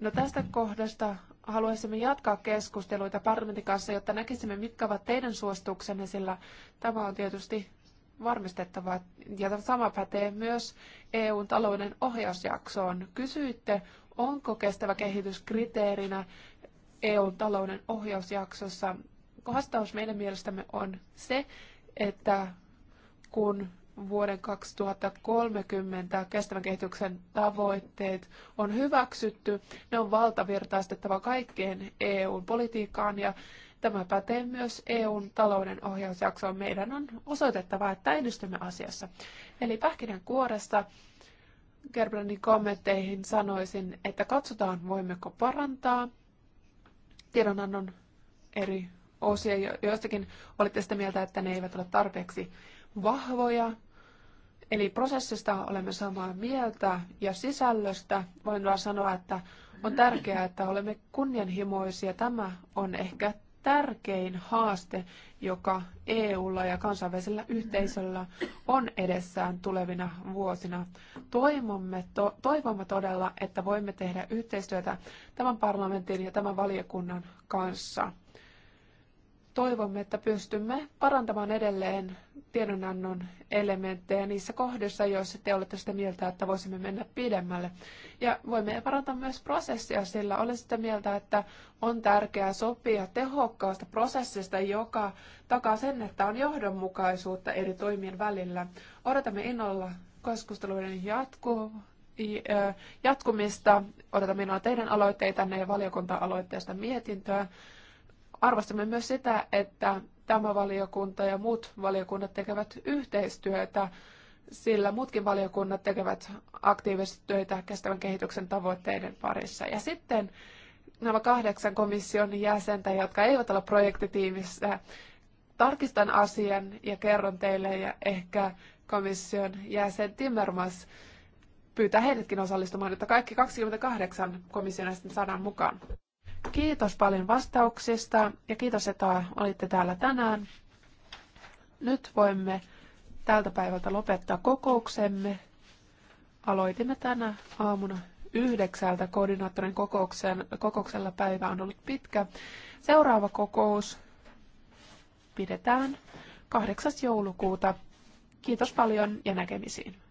No tästä kohdasta haluaisimme jatkaa keskusteluita parlamentin kanssa, jotta näkisimme, mitkä ovat teidän suosituksenne, sillä tämä on tietysti varmistettava. Ja sama pätee myös EUn talouden ohjausjaksoon. Kysyitte, onko kestävä kehitys kriteerinä EUn talouden ohjausjaksossa. Vastaus meidän mielestämme on se, että kun vuoden 2030 kestävän kehityksen tavoitteet on hyväksytty. Ne on valtavirtaistettava kaikkeen EUn politiikkaan ja tämä pätee myös EUn talouden ohjausjaksoon. Meidän on osoitettava, että edistymme asiassa. Eli kuoresta Gerbrandin kommentteihin sanoisin, että katsotaan voimmeko parantaa tiedonannon eri osia. Joistakin olitte sitä mieltä, että ne eivät ole tarpeeksi vahvoja. Eli prosessista olemme samaa mieltä ja sisällöstä voin vaan sanoa, että on tärkeää, että olemme kunnianhimoisia. Tämä on ehkä tärkein haaste, joka EUlla ja kansainvälisellä yhteisöllä on edessään tulevina vuosina. Toivomme, to, toivomme todella, että voimme tehdä yhteistyötä tämän parlamentin ja tämän valiokunnan kanssa toivomme, että pystymme parantamaan edelleen tiedonannon elementtejä niissä kohdissa, joissa te olette sitä mieltä, että voisimme mennä pidemmälle. Ja voimme parantaa myös prosessia, sillä olen sitä mieltä, että on tärkeää sopia tehokkaasta prosessista, joka takaa sen, että on johdonmukaisuutta eri toimien välillä. Odotamme innolla keskusteluiden jatkuu, jatkumista. Odotamme innolla teidän aloitteitanne ja valiokunta-aloitteesta mietintöä arvostamme myös sitä, että tämä valiokunta ja muut valiokunnat tekevät yhteistyötä, sillä muutkin valiokunnat tekevät aktiivisesti töitä kestävän kehityksen tavoitteiden parissa. Ja sitten nämä kahdeksan komission jäsentä, jotka eivät ole projektitiimissä, tarkistan asian ja kerron teille ja ehkä komission jäsen Timmermans pyytää heidätkin osallistumaan, että kaikki 28 komission jäsen saadaan mukaan. Kiitos paljon vastauksista ja kiitos, että olitte täällä tänään. Nyt voimme tältä päivältä lopettaa kokouksemme. Aloitimme tänä aamuna yhdeksältä koordinaattorin kokouksen, kokouksella päivä on ollut pitkä. Seuraava kokous pidetään 8. joulukuuta. Kiitos paljon ja näkemisiin.